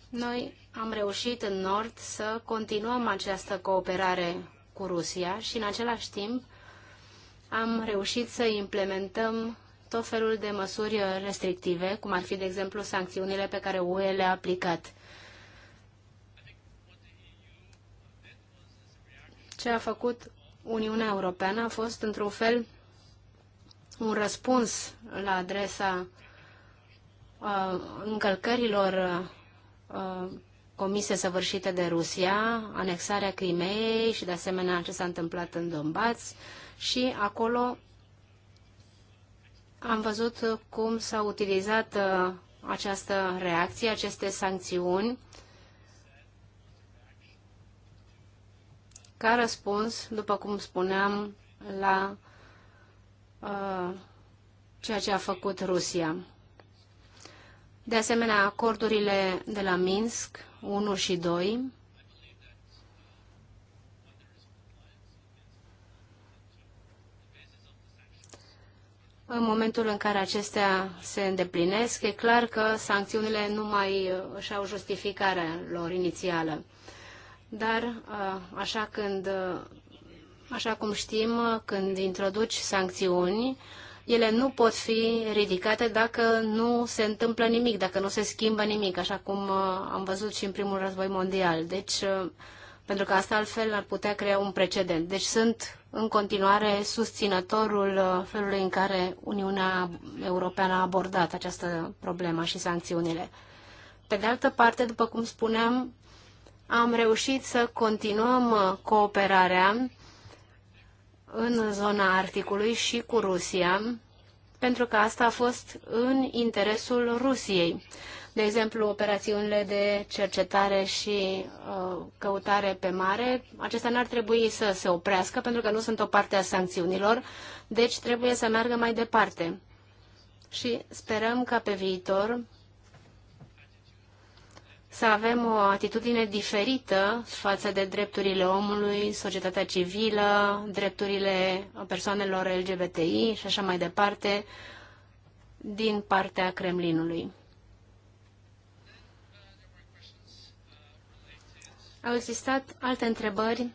Noi am reușit în Nord să continuăm această cooperare cu Rusia și, în același timp, am reușit să implementăm tot felul de măsuri restrictive, cum ar fi, de exemplu, sancțiunile pe care UE le-a aplicat. Ce a făcut Uniunea Europeană a fost, într-un fel, un răspuns la adresa uh, încălcărilor uh, comise săvârșite de Rusia, anexarea Crimeei și, de asemenea, ce s-a întâmplat în Donbass, uh, și acolo am văzut cum s-a utilizat uh, această reacție, aceste sancțiuni, ca răspuns, după cum spuneam, la uh, ceea ce a făcut Rusia. De asemenea, acordurile de la Minsk 1 și 2 În momentul în care acestea se îndeplinesc, e clar că sancțiunile nu mai uh, își au justificarea lor inițială. Dar, uh, așa, când, uh, așa cum știm, când introduci sancțiuni, ele nu pot fi ridicate dacă nu se întâmplă nimic, dacă nu se schimbă nimic, așa cum am văzut și în primul război mondial. Deci, pentru că asta altfel ar putea crea un precedent. Deci sunt în continuare susținătorul uh, felului în care Uniunea Europeană a abordat această problemă și sancțiunile. Pe de altă parte, după cum spuneam, am reușit să continuăm uh, cooperarea în zona Arcticului și cu Rusia, pentru că asta a fost în interesul Rusiei de exemplu, operațiunile de cercetare și uh, căutare pe mare, acestea n-ar trebui să se oprească pentru că nu sunt o parte a sancțiunilor, deci trebuie să meargă mai departe. Și sperăm ca pe viitor să avem o atitudine diferită față de drepturile omului, societatea civilă, drepturile persoanelor LGBTI și așa mai departe din partea Kremlinului. Au existat alte întrebări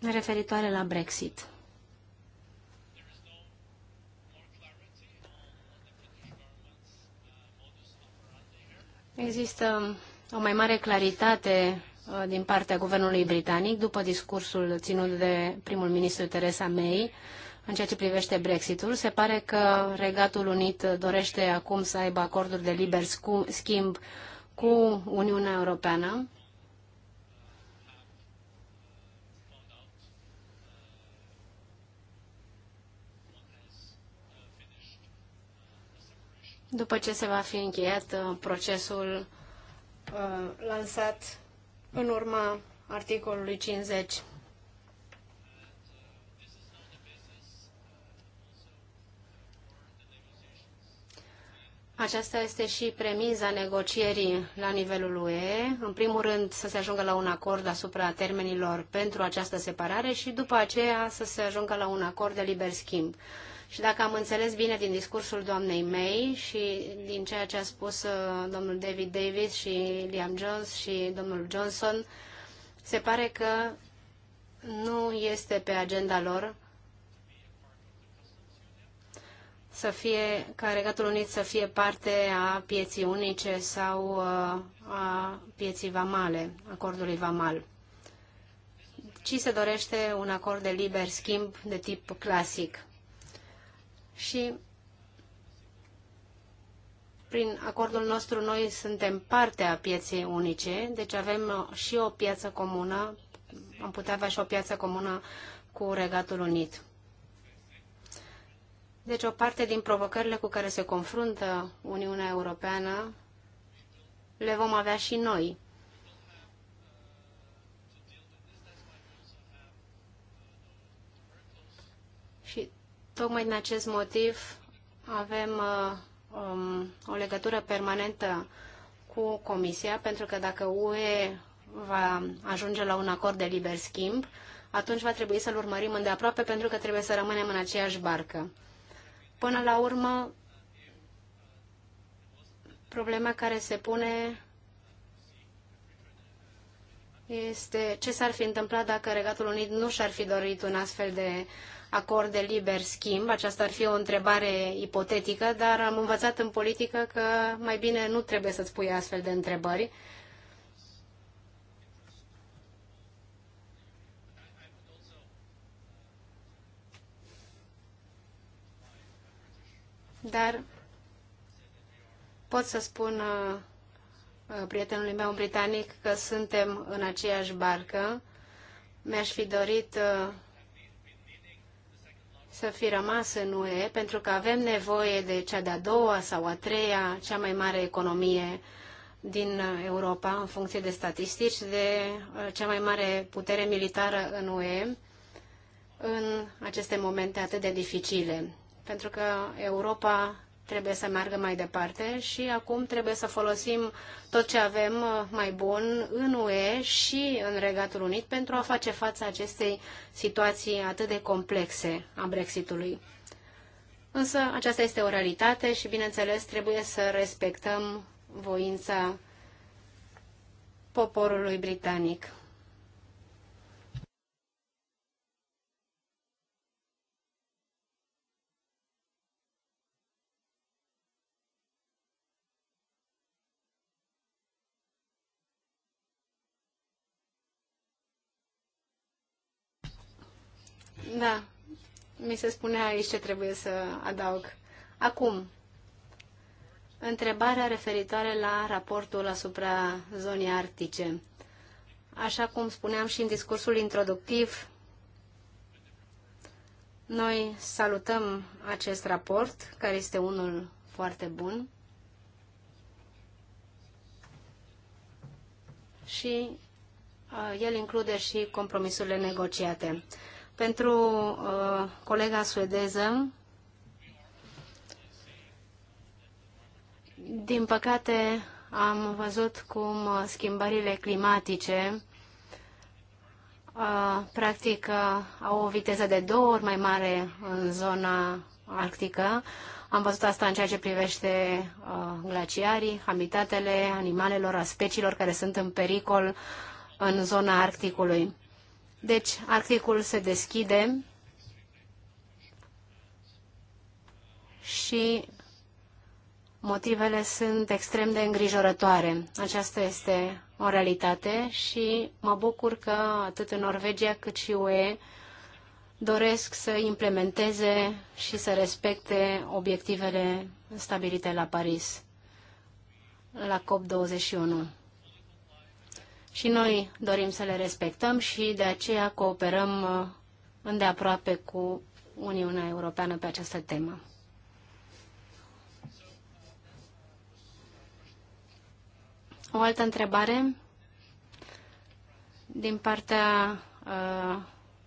referitoare la Brexit. Există o mai mare claritate uh, din partea guvernului britanic după discursul ținut de primul ministru Theresa May în ceea ce privește Brexitul, se pare că Regatul Unit dorește acum să aibă acorduri de liber schimb cu Uniunea Europeană. După ce se va fi încheiat uh, procesul uh, lansat în urma articolului 50 Aceasta este și premiza negocierii la nivelul UE. În primul rând să se ajungă la un acord asupra termenilor pentru această separare și după aceea să se ajungă la un acord de liber schimb. Și dacă am înțeles bine din discursul doamnei May și din ceea ce a spus uh, domnul David Davis și Liam Jones și domnul Johnson, se pare că nu este pe agenda lor să fie, ca Regatul Unit să fie parte a pieții unice sau uh, a pieții vamale, acordului vamal. Ci se dorește un acord de liber schimb de tip clasic. Și prin acordul nostru noi suntem parte a pieței unice, deci avem și o piață comună, am putea avea și o piață comună cu Regatul Unit. Deci o parte din provocările cu care se confruntă Uniunea Europeană le vom avea și noi. Și tocmai din acest motiv avem uh, um, o legătură permanentă cu Comisia, pentru că dacă UE va ajunge la un acord de liber schimb, atunci va trebui să-l urmărim îndeaproape pentru că trebuie să rămânem în aceeași barcă. Până la urmă, problema care se pune este ce s-ar fi întâmplat dacă Regatul Unit nu și-ar fi dorit un astfel de acord de liber schimb. Aceasta ar fi o întrebare ipotetică, dar am învățat în politică că mai bine nu trebuie să-ți pui astfel de întrebări dar pot să spun uh, uh, prietenului meu britanic că suntem în aceeași barcă. Mi-aș fi dorit uh, să fi rămas în UE, pentru că avem nevoie de cea de-a doua sau a treia, cea mai mare economie din Europa, în funcție de statistici, de cea mai mare putere militară în UE, în aceste momente atât de dificile pentru că Europa trebuie să meargă mai departe și acum trebuie să folosim tot ce avem uh, mai bun în UE și în Regatul Unit pentru a face față acestei situații atât de complexe a Brexitului. Însă aceasta este o realitate și, bineînțeles, trebuie să respectăm voința poporului britanic. Da, mi se spune aici ce trebuie să adaug. Acum, întrebarea referitoare la raportul asupra zonei arctice. Așa cum spuneam și în discursul introductiv, noi salutăm acest raport, care este unul foarte bun. Și uh, el include și compromisurile negociate. Pentru uh, colega suedeză, din păcate am văzut cum uh, schimbările climatice uh, practic uh, au o viteză de două ori mai mare în zona arctică. Am văzut asta în ceea ce privește uh, glaciarii, habitatele animalelor, a speciilor care sunt în pericol în zona Arcticului. Deci, articolul se deschide și motivele sunt extrem de îngrijorătoare. Aceasta este o realitate și mă bucur că atât în Norvegia cât și UE doresc să implementeze și să respecte obiectivele stabilite la Paris, la COP21 și noi dorim să le respectăm și de aceea cooperăm uh, îndeaproape cu Uniunea Europeană pe această temă. O altă întrebare din partea uh,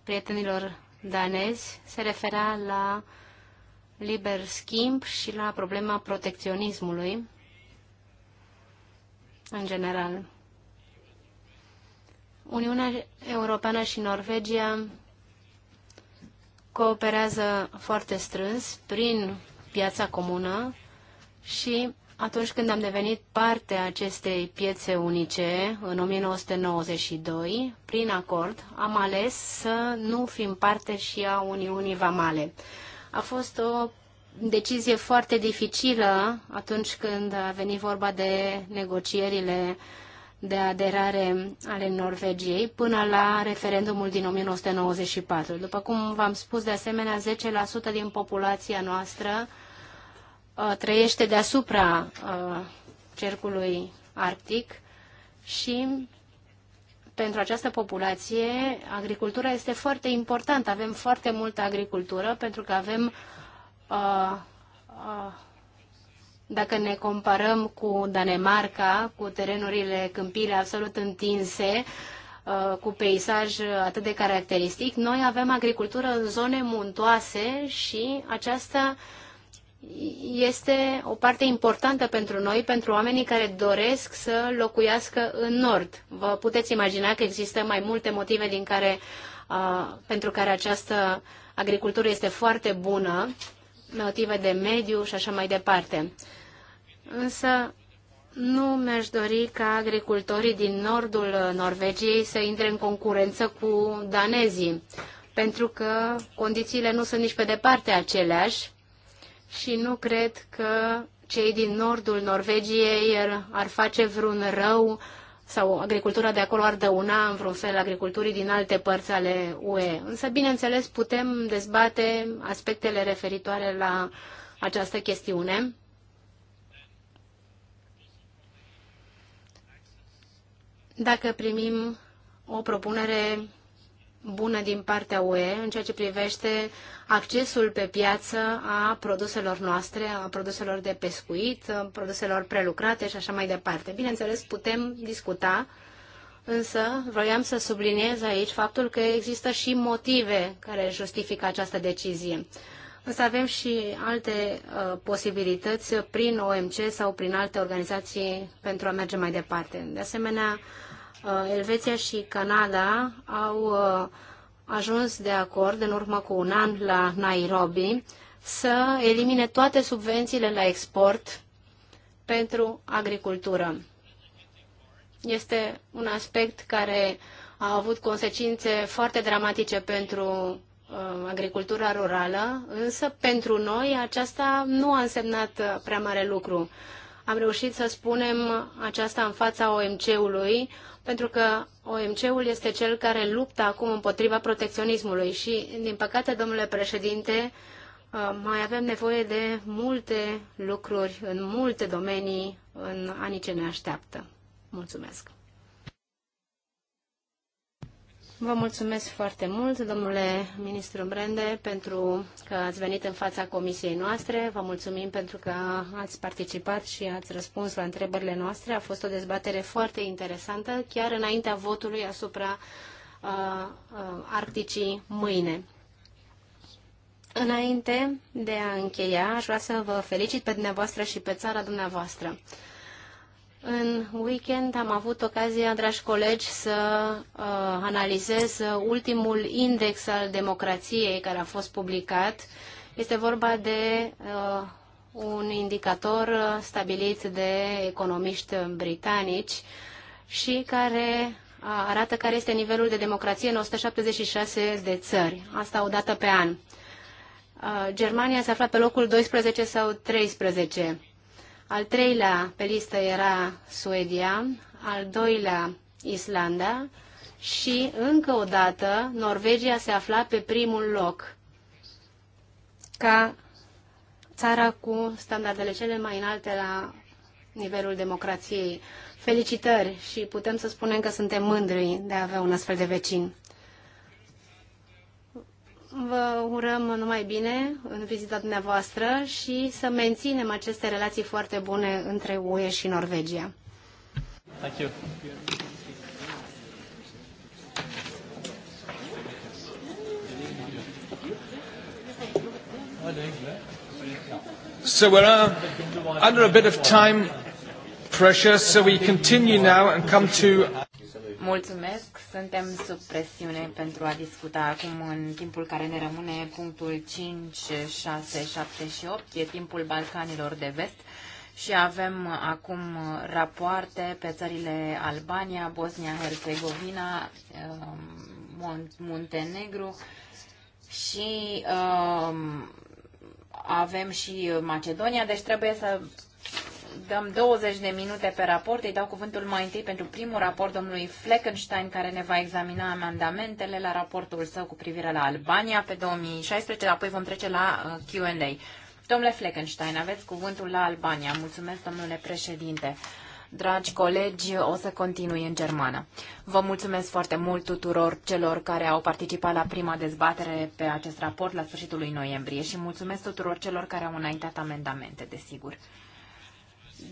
prietenilor danezi se referea la liber schimb și la problema protecționismului în general. Uniunea Europeană și Norvegia cooperează foarte strâns prin piața comună și atunci când am devenit parte a acestei piețe unice în 1992, prin acord, am ales să nu fim parte și a Uniunii Vamale. A fost o decizie foarte dificilă atunci când a venit vorba de negocierile uh, de aderare ale Norvegiei până la referendumul din 1994. După cum v-am spus, de asemenea, 10% din populația noastră uh, trăiește deasupra uh, cercului arctic și pentru această populație agricultura este foarte importantă. Avem foarte multă agricultură pentru că avem uh, uh, dacă ne comparăm cu Danemarca, cu terenurile câmpire absolut întinse, uh, cu peisaj atât de caracteristic, noi avem agricultură în zone muntoase și aceasta este o parte importantă pentru noi, pentru oamenii care doresc să locuiască în nord. Vă puteți imagina că există mai multe motive din care, uh, pentru care această agricultură este foarte bună, motive de mediu și așa mai departe. Însă nu mi-aș dori ca agricultorii din nordul Norvegiei să intre în concurență cu danezii, pentru că condițiile nu sunt nici pe departe aceleași și nu cred că cei din nordul Norvegiei ar face vreun rău sau agricultura de acolo ar dăuna în vreun fel agriculturii din alte părți ale UE. Însă, bineînțeles, putem dezbate aspectele referitoare la această chestiune dacă primim o propunere bună din partea UE în ceea ce privește accesul pe piață a produselor noastre, a produselor de pescuit, a produselor prelucrate și așa mai departe. Bineînțeles, putem discuta, însă vroiam să subliniez aici faptul că există și motive care justifică această decizie. Însă avem și alte uh, posibilități prin OMC sau prin alte organizații pentru a merge mai departe. De asemenea, uh, Uh, Elveția și Canada au uh, ajuns de acord în urmă cu un an la Nairobi să elimine toate subvențiile la export pentru agricultură. Este un aspect care a avut consecințe foarte dramatice pentru uh, agricultura rurală, însă pentru noi aceasta nu a însemnat prea mare lucru am reușit să spunem aceasta în fața OMC-ului, pentru că OMC-ul este cel care luptă acum împotriva protecționismului și, din păcate, domnule președinte, uh, mai avem nevoie de multe lucruri în multe domenii în anii ce ne așteaptă. Mulțumesc! Vă mulțumesc foarte mult, domnule ministru Brende, pentru că ați venit în fața comisiei noastre. Vă mulțumim pentru că ați participat și ați răspuns la întrebările noastre. A fost o dezbatere foarte interesantă, chiar înaintea votului asupra uh, uh, Arcticii mâine. Înainte de a încheia, aș vrea să vă felicit pe dumneavoastră și pe țara dumneavoastră. În weekend am avut ocazia, dragi colegi, să uh, analizez ultimul index al democrației care a fost publicat. Este vorba de uh, un indicator stabilit de economiști britanici și care uh, arată care este nivelul de democrație în 176 de țări, asta o dată pe an. Uh, Germania se afla pe locul 12 sau 13. Al treilea pe listă era Suedia, al doilea Islanda și, încă o dată, Norvegia se afla pe primul loc ca țara cu standardele cele mai înalte la nivelul democrației. Felicitări și putem să spunem că suntem mândri de a avea un astfel de vecin. Vă urăm numai bine în vizita dumneavoastră și să menținem aceste relații foarte bune între UE și Norvegia. Thank you. So we're are uh, under a bit of time pressure, so we continue now and come to Mulțumesc, suntem sub presiune pentru a discuta acum în timpul care ne rămâne punctul 5, 6, 7 și 8, e timpul Balcanilor de Vest și avem acum rapoarte pe țările Albania, Bosnia-Herzegovina, um, Muntenegru și um, avem și Macedonia, deci trebuie să dăm 20 de minute pe raport. Îi dau cuvântul mai întâi pentru primul raport domnului Fleckenstein, care ne va examina amendamentele la raportul său cu privire la Albania pe 2016, apoi vom trece la uh, Q&A. Domnule Fleckenstein, aveți cuvântul la Albania. Mulțumesc, domnule președinte. Dragi colegi, o să continui în germană. Vă mulțumesc foarte mult tuturor celor care au participat la prima dezbatere pe acest raport la sfârșitul lui noiembrie și mulțumesc tuturor celor care au înaintat amendamente, desigur.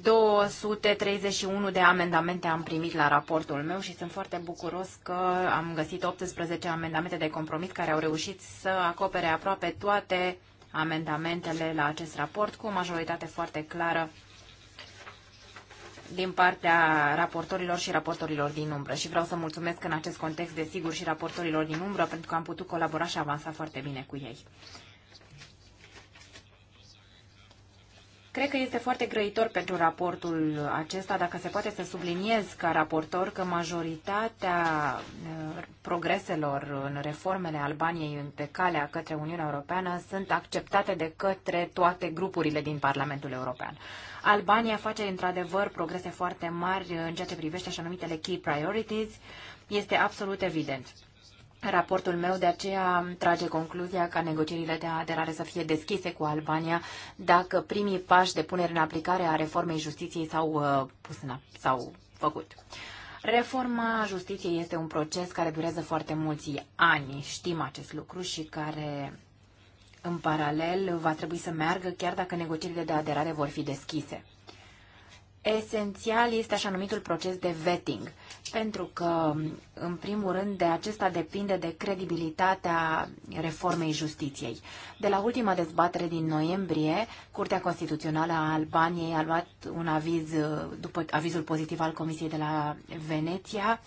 231 de amendamente am primit la raportul meu și sunt foarte bucuros că am găsit 18 amendamente de compromis care au reușit să acopere aproape toate amendamentele la acest raport cu o majoritate foarte clară din partea raportorilor și raportorilor din umbră. Și vreau să mulțumesc în acest context, desigur, și raportorilor din umbră, pentru că am putut colabora și avansa foarte bine cu ei. Cred că este foarte grăitor pentru raportul acesta, dacă se poate să subliniez ca raportor că majoritatea uh, progreselor în reformele Albaniei pe calea către Uniunea Europeană sunt acceptate de către toate grupurile din Parlamentul European. Albania face într-adevăr progrese foarte mari în ceea ce privește așa numitele key priorities, este absolut evident. Raportul meu de aceea trage concluzia ca negocierile de aderare să fie deschise cu Albania dacă primii pași de punere în aplicare a reformei justiției s-au, uh, pus în, s-au făcut. Reforma justiției este un proces care durează foarte mulți ani, știm acest lucru și care în paralel va trebui să meargă chiar dacă negocierile de aderare vor fi deschise. Esențial este așa numitul proces de vetting, pentru că, în primul rând, de acesta depinde de credibilitatea reformei justiției. De la ultima dezbatere din noiembrie, Curtea Constituțională a Albaniei a luat un aviz, uh, după avizul pozitiv al Comisiei de la Veneția,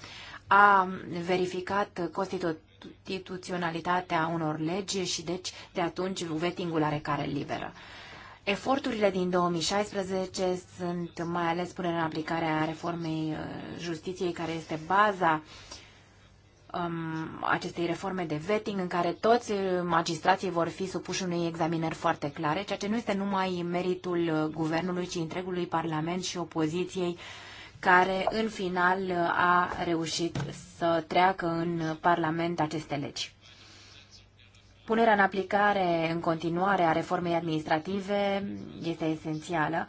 a verificat constituționalitatea unor legi și, deci, de atunci, vettingul are care liberă. Eforturile din 2016 sunt mai ales până în aplicarea reformei uh, justiției, care este baza um, acestei reforme de vetting, în care toți uh, magistrații vor fi supuși unei examinări foarte clare, ceea ce nu este numai meritul uh, guvernului, ci întregului Parlament și opoziției, care în final a reușit să treacă în Parlament aceste legi. Punerea în aplicare în continuare a reformei administrative este esențială.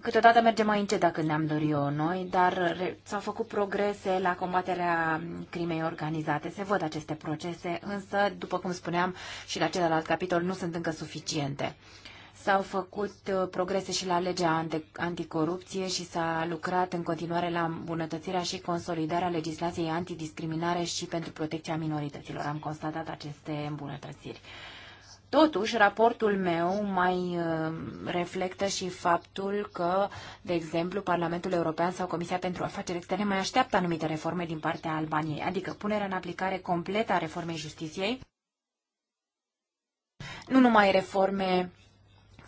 Câteodată mergem mai încet dacă ne-am dorit-o noi, dar s-au făcut progrese la combaterea crimei organizate. Se văd aceste procese, însă, după cum spuneam și la celălalt capitol, nu sunt încă suficiente. S-au făcut uh, progrese și la legea anticorupție și s-a lucrat în continuare la îmbunătățirea și consolidarea legislației antidiscriminare și pentru protecția minorităților. Am constatat aceste îmbunătățiri. Totuși, raportul meu mai uh, reflectă și faptul că, de exemplu, Parlamentul European sau Comisia pentru Afaceri Externe mai așteaptă anumite reforme din partea Albaniei, adică punerea în aplicare completă a reformei justiției, nu numai reforme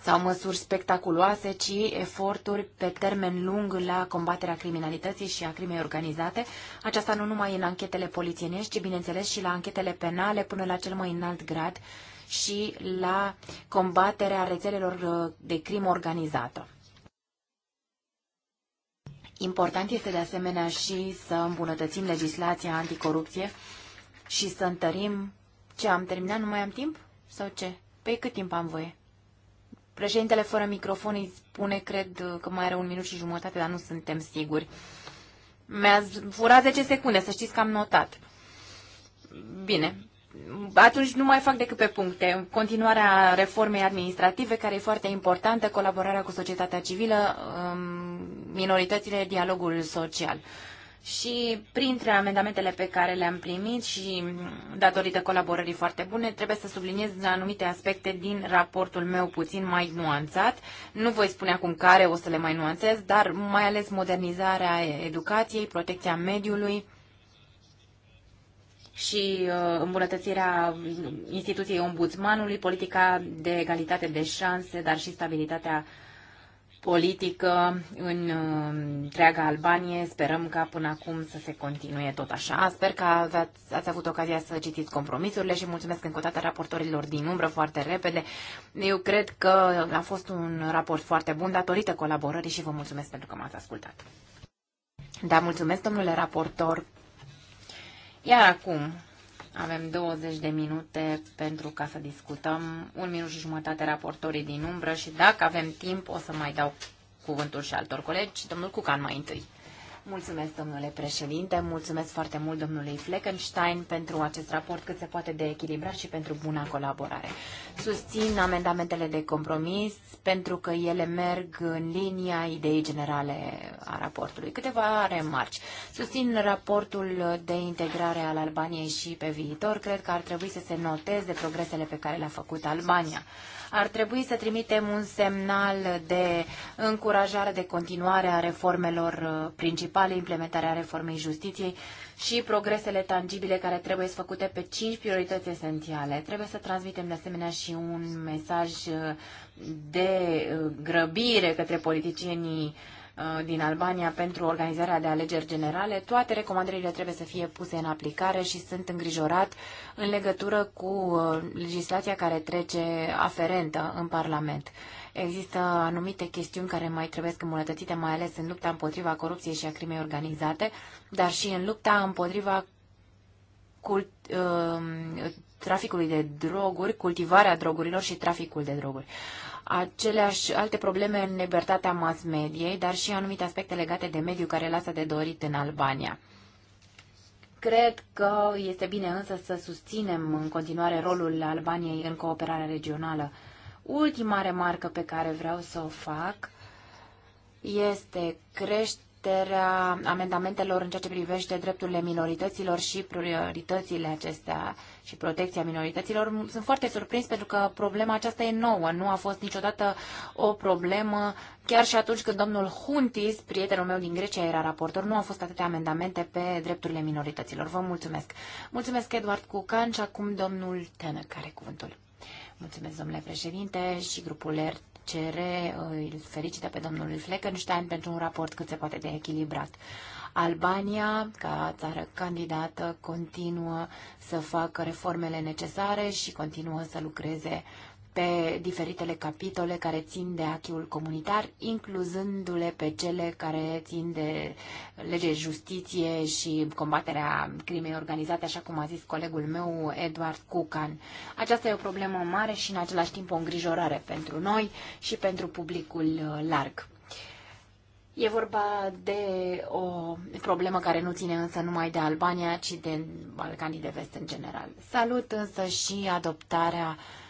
sau măsuri spectaculoase, ci eforturi pe termen lung la combaterea criminalității și a crimei organizate. Aceasta nu numai în anchetele polițienești, ci bineînțeles și la anchetele penale până la cel mai înalt grad și la combaterea rețelelor uh, de crimă organizată. Important este de asemenea și să îmbunătățim legislația anticorupție și să întărim... Ce, am terminat? Nu mai am timp? Sau ce? Pe păi cât timp am voie? Președintele fără microfon îi spune, cred că mai are un minut și jumătate, dar nu suntem siguri. mi a furat 10 secunde, să știți că am notat. Bine, atunci nu mai fac decât pe puncte. Continuarea reformei administrative, care e foarte importantă, colaborarea cu societatea civilă, um, minoritățile, dialogul social și printre amendamentele pe care le-am primit și datorită colaborării foarte bune, trebuie să subliniez anumite aspecte din raportul meu puțin mai nuanțat. Nu voi spune acum care o să le mai nuanțez, dar mai ales modernizarea educației, protecția mediului și uh, îmbunătățirea instituției ombudsmanului, politica de egalitate de șanse, dar și stabilitatea uh, politică în uh, întreaga Albanie. Sperăm ca până acum să se continue tot așa. Sper că ați, ați avut ocazia să citiți compromisurile și mulțumesc încă o dată raportorilor din umbră foarte repede. Eu cred că a fost un raport foarte bun datorită colaborării și vă mulțumesc pentru că m-ați ascultat. Da, mulțumesc, domnule raportor. Iar acum, avem 20 de minute pentru ca să discutăm, un minut și jumătate raportorii din umbră și dacă avem timp o să mai dau cuvântul și altor colegi. Domnul Cucan mai întâi. Mulțumesc, domnule președinte, mulțumesc foarte mult domnului Fleckenstein pentru acest raport cât se poate de echilibrat și pentru buna colaborare. Susțin amendamentele de compromis pentru că ele merg în linia ideii generale a raportului. Câteva remarci. Susțin raportul de integrare al Albaniei și pe viitor. Cred că ar trebui să se noteze progresele pe care le-a făcut Albania ar trebui să trimitem un semnal de încurajare, de continuare a reformelor uh, principale, implementarea reformei justiției și progresele tangibile care trebuie făcute pe cinci priorități esențiale. Trebuie să transmitem de asemenea și un mesaj uh, de uh, grăbire către politicienii uh, Uh, din Albania pentru organizarea de alegeri generale, toate recomandările trebuie să fie puse în aplicare și sunt îngrijorat în legătură cu uh, legislația care trece aferentă în Parlament. Există anumite chestiuni care mai trebuie îmbunătățite, mai ales în lupta împotriva corupției și a crimei organizate, dar și în lupta împotriva cult, uh, traficului de droguri, cultivarea drogurilor și traficul de droguri aceleași alte probleme în libertatea mass mediei, dar și anumite aspecte legate de mediu care lasă de dorit în Albania. Cred că este bine însă să susținem în continuare rolul Albaniei în cooperarea regională. Ultima remarcă pe care vreau să o fac este crește dezbaterea amendamentelor în ceea ce privește drepturile minorităților și prioritățile acestea și protecția minorităților. Sunt foarte surprins pentru că problema aceasta e nouă, nu a fost niciodată o problemă. Chiar și atunci când domnul Huntis, prietenul meu din Grecia, era raportor, nu au fost atâtea amendamente pe drepturile minorităților. Vă mulțumesc. Mulțumesc, Eduard Cucan, și acum domnul Tenă, care cuvântul. Mulțumesc, domnule președinte, și grupul cere, îl felicită pe domnul Fleckenstein pentru un raport cât se poate de echilibrat. Albania, ca țară candidată, continuă să facă reformele necesare și continuă să lucreze uh, pe diferitele capitole care țin de achiul comunitar, incluzându-le pe cele care țin de lege justiție și combaterea crimei organizate, așa cum a zis colegul meu, Eduard Cucan. Aceasta e o problemă mare și în același timp o îngrijorare pentru noi și pentru publicul uh, larg. E vorba de o problemă care nu ține însă numai de Albania, ci de Balcanii de Vest în general. Salut însă și adoptarea uh,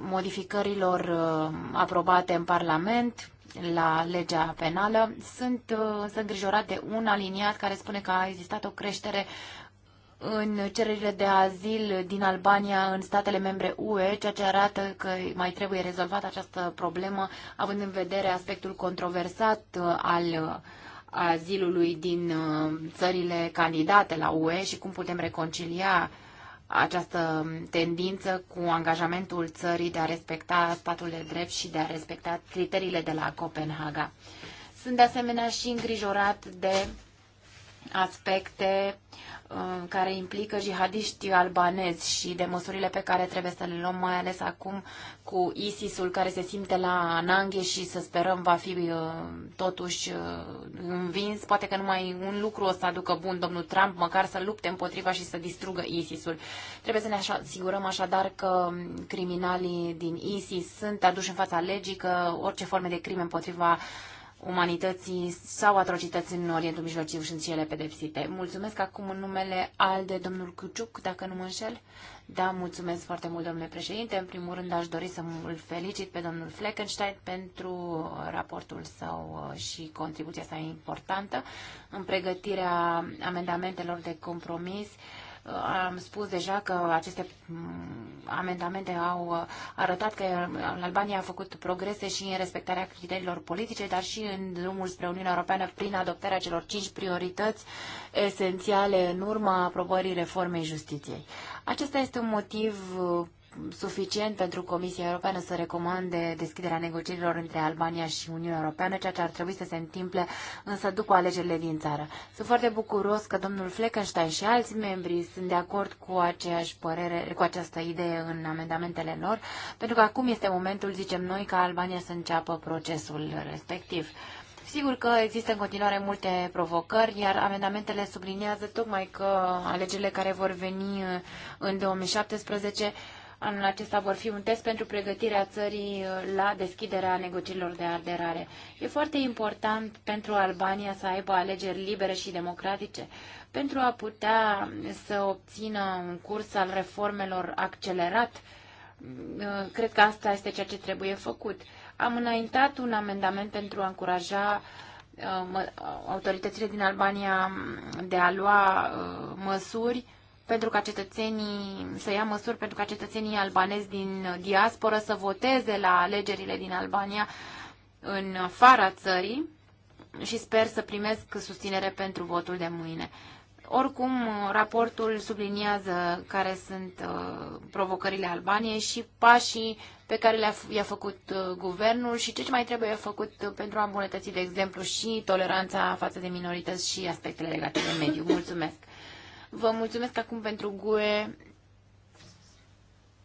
modificărilor uh, aprobate în Parlament la legea penală. Sunt uh, sunt îngrijorat de un aliniat care spune că a existat o creștere în cererile de azil din Albania în statele membre UE, ceea ce arată că mai trebuie rezolvată această problemă, având în vedere aspectul controversat uh, al azilului din țările candidate la UE și cum putem reconcilia această tendință cu angajamentul țării de a respecta statul de drept și de a respecta criteriile de la Copenhaga. Sunt de asemenea și îngrijorat de aspecte Uh, care implică jihadiști albanezi și de măsurile pe care trebuie să le luăm, mai ales acum cu ISIS-ul care se simte la Nanghe și să sperăm va fi uh, totuși uh, învins. Poate că numai un lucru o să aducă bun domnul Trump, măcar să lupte împotriva și să distrugă ISIS-ul. Trebuie să ne asigurăm așadar că criminalii din ISIS sunt aduși în fața legii, că orice forme de crime împotriva umanității sau atrocități în Orientul Mijlociu sunt și ele pedepsite. Mulțumesc acum în numele al de domnul Cuciuc, dacă nu mă înșel. Da, mulțumesc foarte mult, domnule președinte. În primul rând aș dori să îl felicit pe domnul Fleckenstein pentru raportul său uh, și contribuția sa importantă în pregătirea amendamentelor de compromis. Uh, Uh, am spus deja că aceste mm, amendamente au uh, arătat că uh, Albania a făcut progrese și în respectarea criteriilor politice, dar și în drumul spre Uniunea Europeană prin adoptarea celor cinci priorități esențiale în urma aprobării reformei justiției. Acesta este un motiv suficient pentru Comisia Europeană să recomande deschiderea negocierilor între Albania și Uniunea Europeană, ceea ce ar trebui să se întâmple însă după alegerile din țară. Sunt foarte bucuros că domnul Fleckenstein și alți membri sunt de acord cu aceeași părere, cu această idee în amendamentele lor, pentru că acum este momentul, zicem noi, ca Albania să înceapă procesul respectiv. Sigur că există în continuare multe provocări, iar amendamentele subliniază tocmai că alegerile care vor veni în 2017 Anul acesta vor fi un test pentru pregătirea țării uh, la deschiderea negocierilor de aderare. E foarte important pentru Albania să aibă alegeri libere și democratice pentru a putea să obțină un curs al reformelor accelerat. Uh, cred că asta este ceea ce trebuie făcut. Am înaintat un amendament pentru a încuraja uh, autoritățile din Albania de a lua măsuri pentru ca cetățenii, să ia măsuri pentru ca cetățenii albanezi din diasporă să voteze la alegerile din Albania în afara țării și sper să primesc susținere pentru votul de mâine. Oricum, raportul subliniază care sunt uh, provocările Albaniei și pașii pe care i-a făcut uh, guvernul și ce, ce mai trebuie făcut uh, pentru a îmbunătăți, de exemplu, și toleranța față de minorități și aspectele legate de mediu. Mulțumesc! Vă mulțumesc acum pentru GUE,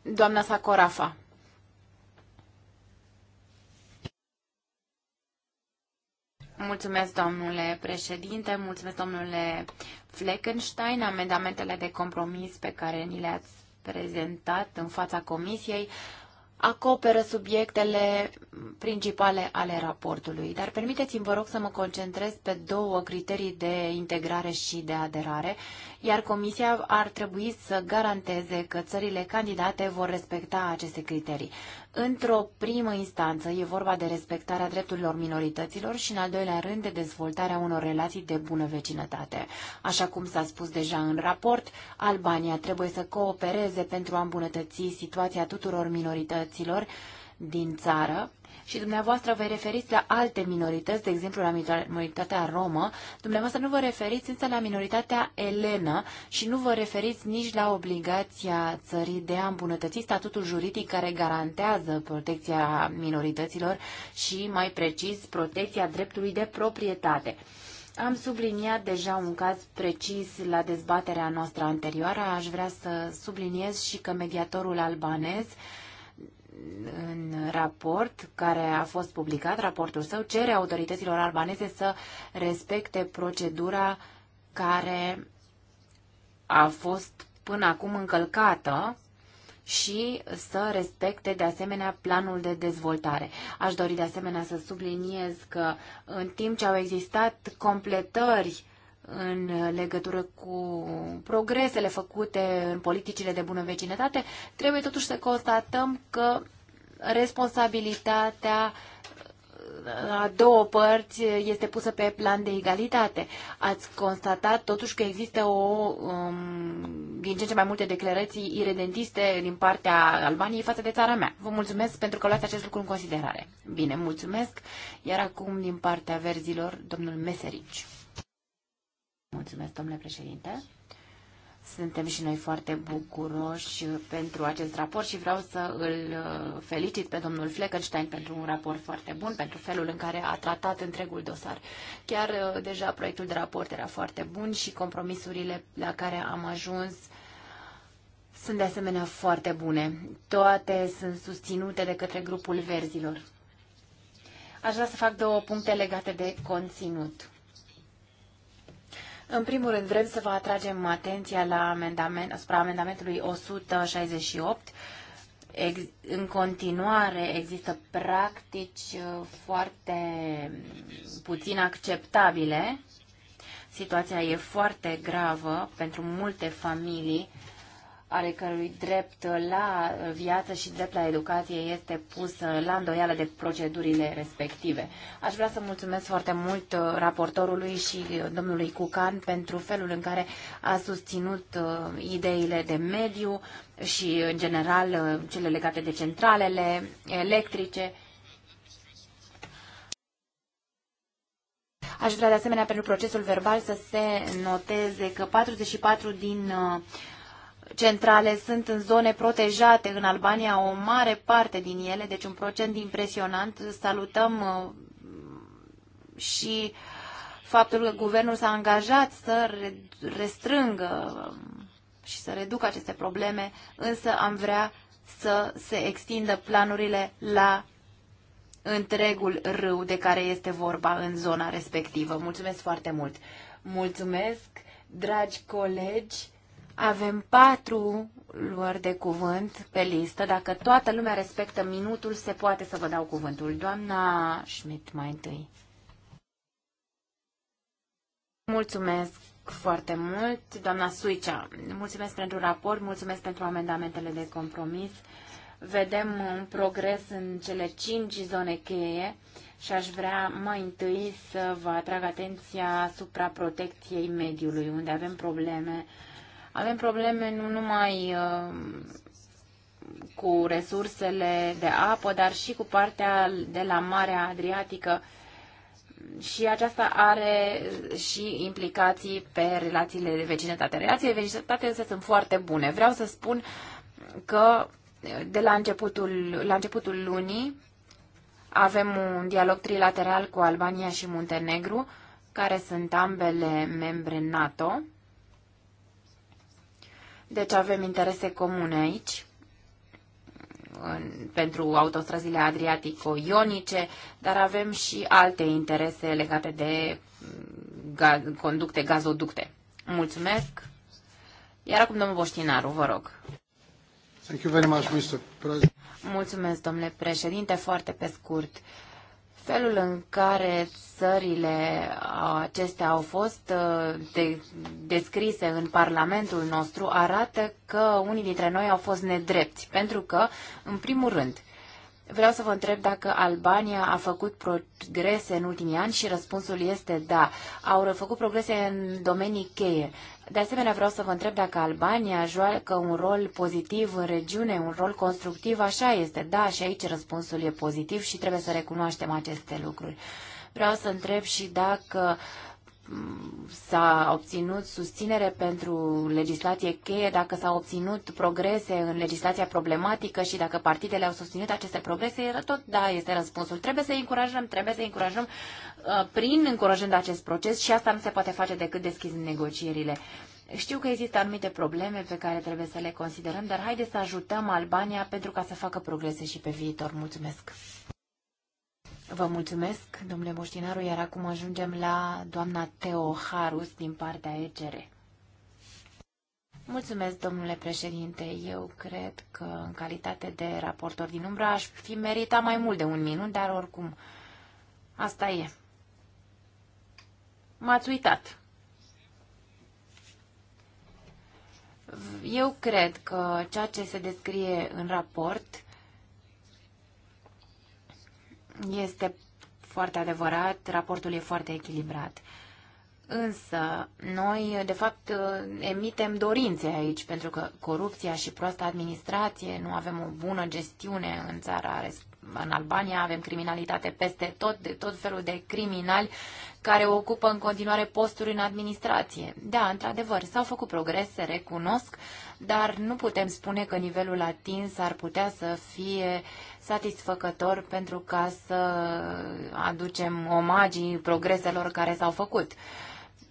doamna Sacorafa. Mulțumesc, domnule președinte, mulțumesc, domnule Fleckenstein. Amendamentele de compromis pe care ni le-ați prezentat în fața comisiei acoperă subiectele principale ale raportului, dar permiteți-mi, vă rog, să mă concentrez pe două criterii de integrare și de aderare, iar Comisia ar trebui să garanteze că țările candidate vor respecta aceste criterii. Într-o primă instanță e vorba de respectarea drepturilor minorităților și, în al doilea rând, de dezvoltarea unor relații de bună vecinătate. Așa cum s-a spus deja în raport, Albania trebuie să coopereze pentru a îmbunătăți situația tuturor minorităților din țară, și dumneavoastră vă referiți la alte minorități, de exemplu la minoritatea romă, dumneavoastră nu vă referiți însă la minoritatea elenă și nu vă referiți nici la obligația țării de a îmbunătăți statutul juridic care garantează protecția minorităților și, mai precis, protecția dreptului de proprietate. Am subliniat deja un caz precis la dezbaterea noastră anterioară. Aș vrea să subliniez și că mediatorul albanez uh, în raport care a fost publicat, raportul său, cere autorităților albaneze să respecte procedura care a fost până acum încălcată și să respecte de asemenea planul de dezvoltare. Aș dori de asemenea să subliniez că în timp ce au existat completări în legătură cu progresele făcute în politicile de bună vecinătate, trebuie totuși să constatăm că responsabilitatea a două părți este pusă pe plan de egalitate. Ați constatat totuși că există o, um, din ce în ce mai multe declarații iredentiste din partea Albaniei față de țara mea. Vă mulțumesc pentru că luați acest lucru în considerare. Bine, mulțumesc. Iar acum din partea verzilor, domnul Meserici. Mulțumesc, domnule președinte. Suntem și noi foarte bucuroși pentru acest raport și vreau să îl uh, felicit pe domnul Fleckenstein pentru un raport foarte bun, pentru felul în care a tratat întregul dosar. Chiar uh, deja proiectul de raport era foarte bun și compromisurile la care am ajuns sunt de asemenea foarte bune. Toate sunt susținute de către grupul verzilor. Aș vrea să fac două puncte legate de conținut. În primul rând, vrem să vă atragem atenția la amendament, asupra amendamentului 168. Ex, în continuare există practici uh, foarte puțin acceptabile. Situația e foarte gravă pentru multe familii ale cărui drept la viață și drept la educație este pus la îndoială de procedurile respective. Aș vrea să mulțumesc foarte mult uh, raportorului și uh, domnului Cucan pentru felul în care a susținut uh, ideile de mediu și, în general, cele legate de centralele electrice. Aș vrea de asemenea pentru procesul verbal să se noteze că 44 din uh, centrale sunt în zone protejate în Albania, o mare parte din ele, deci un procent impresionant. Salutăm uh, și faptul că guvernul s-a angajat să restrângă uh, și să reducă aceste probleme, însă am vrea să se extindă planurile la întregul râu de care este vorba în zona respectivă. Mulțumesc foarte mult! Mulțumesc, dragi colegi! Avem patru luări de cuvânt pe listă. Dacă toată lumea respectă minutul, se poate să vă dau cuvântul. Doamna Schmidt, mai întâi. Mulțumesc foarte mult, doamna Suicea. Mulțumesc pentru raport, mulțumesc pentru amendamentele de compromis. Vedem un progres în cele cinci zone cheie și aș vrea mai întâi să vă atrag atenția asupra protecției mediului, unde avem probleme uh, avem probleme nu numai uh, cu resursele de apă, dar și cu partea de la Marea Adriatică și aceasta are și implicații pe relațiile de vecinătate. Relațiile de vecinătate însă sunt foarte bune. Vreau să spun că uh, de la începutul, la începutul lunii avem un dialog trilateral cu Albania și Muntenegru, care sunt ambele membre NATO deci avem interese comune aici în, pentru autostrăzile adriatico-ionice, dar avem și alte interese legate de mm, ga, conducte, gazoducte. Mulțumesc! Iar acum domnul Boștinaru, vă rog. Thank you very much, Mr. Mulțumesc, domnule președinte, foarte pe scurt. Felul în care țările acestea au fost uh, de, descrise în Parlamentul nostru arată că unii dintre noi au fost nedrepti, pentru că, în primul rând, Vreau să vă întreb dacă Albania a făcut progrese în ultimii ani și răspunsul este da. Au făcut progrese în domenii cheie. De asemenea, vreau să vă întreb dacă Albania joacă un rol pozitiv în regiune, un rol constructiv. Așa este, da, și aici răspunsul e pozitiv și trebuie să recunoaștem aceste lucruri. Vreau să întreb și dacă uh, s-a obținut susținere pentru legislație cheie, dacă s-au obținut progrese în legislația problematică și dacă partidele au susținut aceste progrese, tot da este răspunsul. Trebuie să încurajăm, trebuie să încurajăm uh, prin încurajând acest proces și asta nu se poate face decât deschizând negocierile. Știu că există anumite probleme pe care trebuie să le considerăm, dar haideți să ajutăm Albania pentru ca să facă progrese și pe viitor. Mulțumesc! Vă mulțumesc, domnule Moștinaru, iar acum ajungem la doamna Teo Harus din partea EGR. Mulțumesc, domnule președinte. Eu cred că, în calitate de raportor din umbră, aș fi meritat mai mult de un minut, dar oricum, asta e. M-ați uitat. Eu cred că ceea ce se descrie în raport este foarte adevărat, raportul e foarte echilibrat. Însă, noi, de fapt, emitem dorințe aici, pentru că corupția și proasta administrație, nu avem o bună gestiune în țara, în Albania, avem criminalitate peste tot, de tot felul de criminali care ocupă în continuare posturi în administrație. Da, într-adevăr, s-au făcut progrese, recunosc, dar nu putem spune că nivelul atins ar putea să fie uh, satisfăcător pentru ca să aducem omagii progreselor care s-au făcut.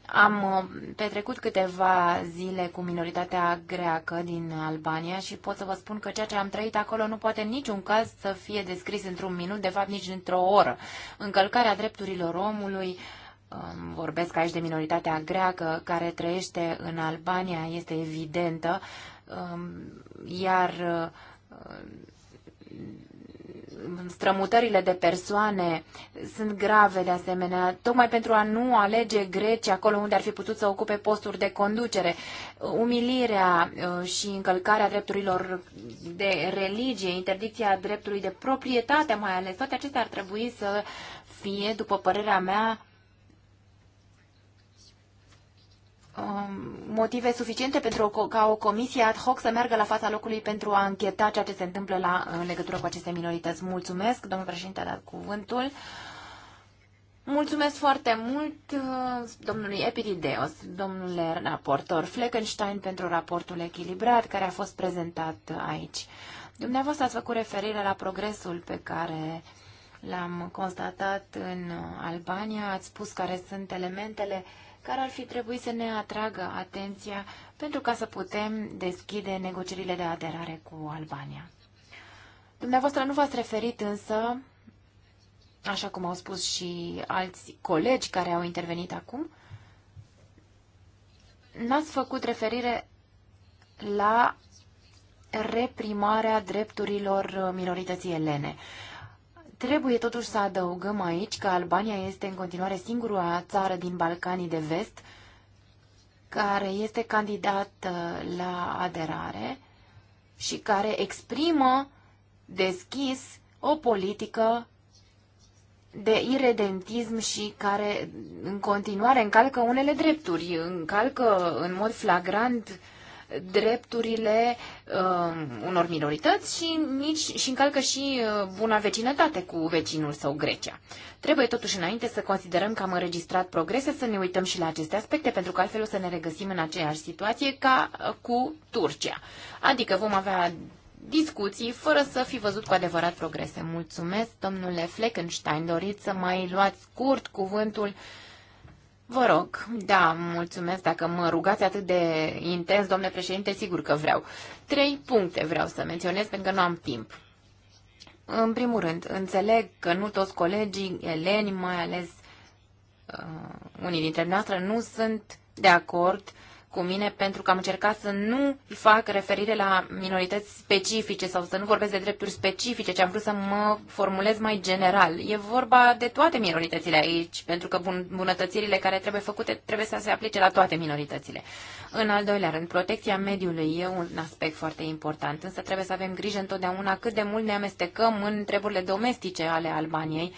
Am uh, petrecut câteva zile cu minoritatea greacă din Albania și pot să vă spun că ceea ce am trăit acolo nu poate în niciun caz să fie descris într-un minut, de fapt nici într-o oră. Încălcarea drepturilor omului, um, vorbesc aici de minoritatea greacă care trăiește în Albania, este evidentă, um, iar uh, strămutările de persoane sunt grave de asemenea, tocmai pentru a nu alege greci acolo unde ar fi putut să ocupe posturi de conducere. Umilirea uh, și încălcarea drepturilor de religie, interdicția dreptului de proprietate mai ales, toate acestea ar trebui să fie, după părerea mea, Um, motive suficiente pentru o, ca o comisie ad hoc să meargă la fața locului pentru a încheta ceea ce se întâmplă la, în legătură cu aceste minorități. Mulțumesc, domnul președinte a dat cuvântul. Mulțumesc foarte mult uh, domnului Epirideos, domnule raportor Fleckenstein pentru raportul echilibrat care a fost prezentat aici. Dumneavoastră ați făcut referire la progresul pe care l-am constatat în Albania, ați spus care sunt elementele uh, care ar fi trebuit să ne atragă atenția pentru ca să putem deschide negocierile de aderare cu Albania. Dumneavoastră nu v-ați referit însă, așa cum au spus și alți colegi care au intervenit acum, n-ați făcut referire la reprimarea drepturilor minorității elene. Trebuie totuși să adăugăm aici că Albania este în continuare singura țară din Balcanii de Vest care este candidat la aderare și care exprimă deschis o politică de iredentism și care în continuare încalcă unele drepturi, încalcă în mod flagrant drepturile uh, unor minorități și, nici, și încalcă și uh, buna vecinătate cu vecinul său Grecia. Trebuie totuși înainte să considerăm că am înregistrat progrese să ne uităm și la aceste aspecte, pentru că altfel o să ne regăsim în aceeași situație ca uh, cu Turcia. Adică vom avea discuții fără să fi văzut cu adevărat progrese. Mulțumesc, domnule Fleckenstein. Doriți să mai luați scurt cuvântul uh, Vă rog, da, mulțumesc dacă mă rugați atât de intens, domnule președinte, sigur că vreau. Trei puncte vreau să menționez pentru că nu am timp. În primul rând, înțeleg că nu toți colegii eleni, mai ales uh, unii dintre noastre, nu sunt de acord uh, cu mine pentru că am încercat să nu fac referire la minorități specifice sau să nu vorbesc de drepturi specifice, ci am vrut să mă formulez mai general. E vorba de toate minoritățile aici, pentru că bunătățirile care trebuie făcute trebuie să se aplice la toate minoritățile. În al doilea rând, protecția mediului e un aspect foarte important, însă trebuie să avem grijă întotdeauna cât de mult ne amestecăm în treburile domestice ale Albaniei,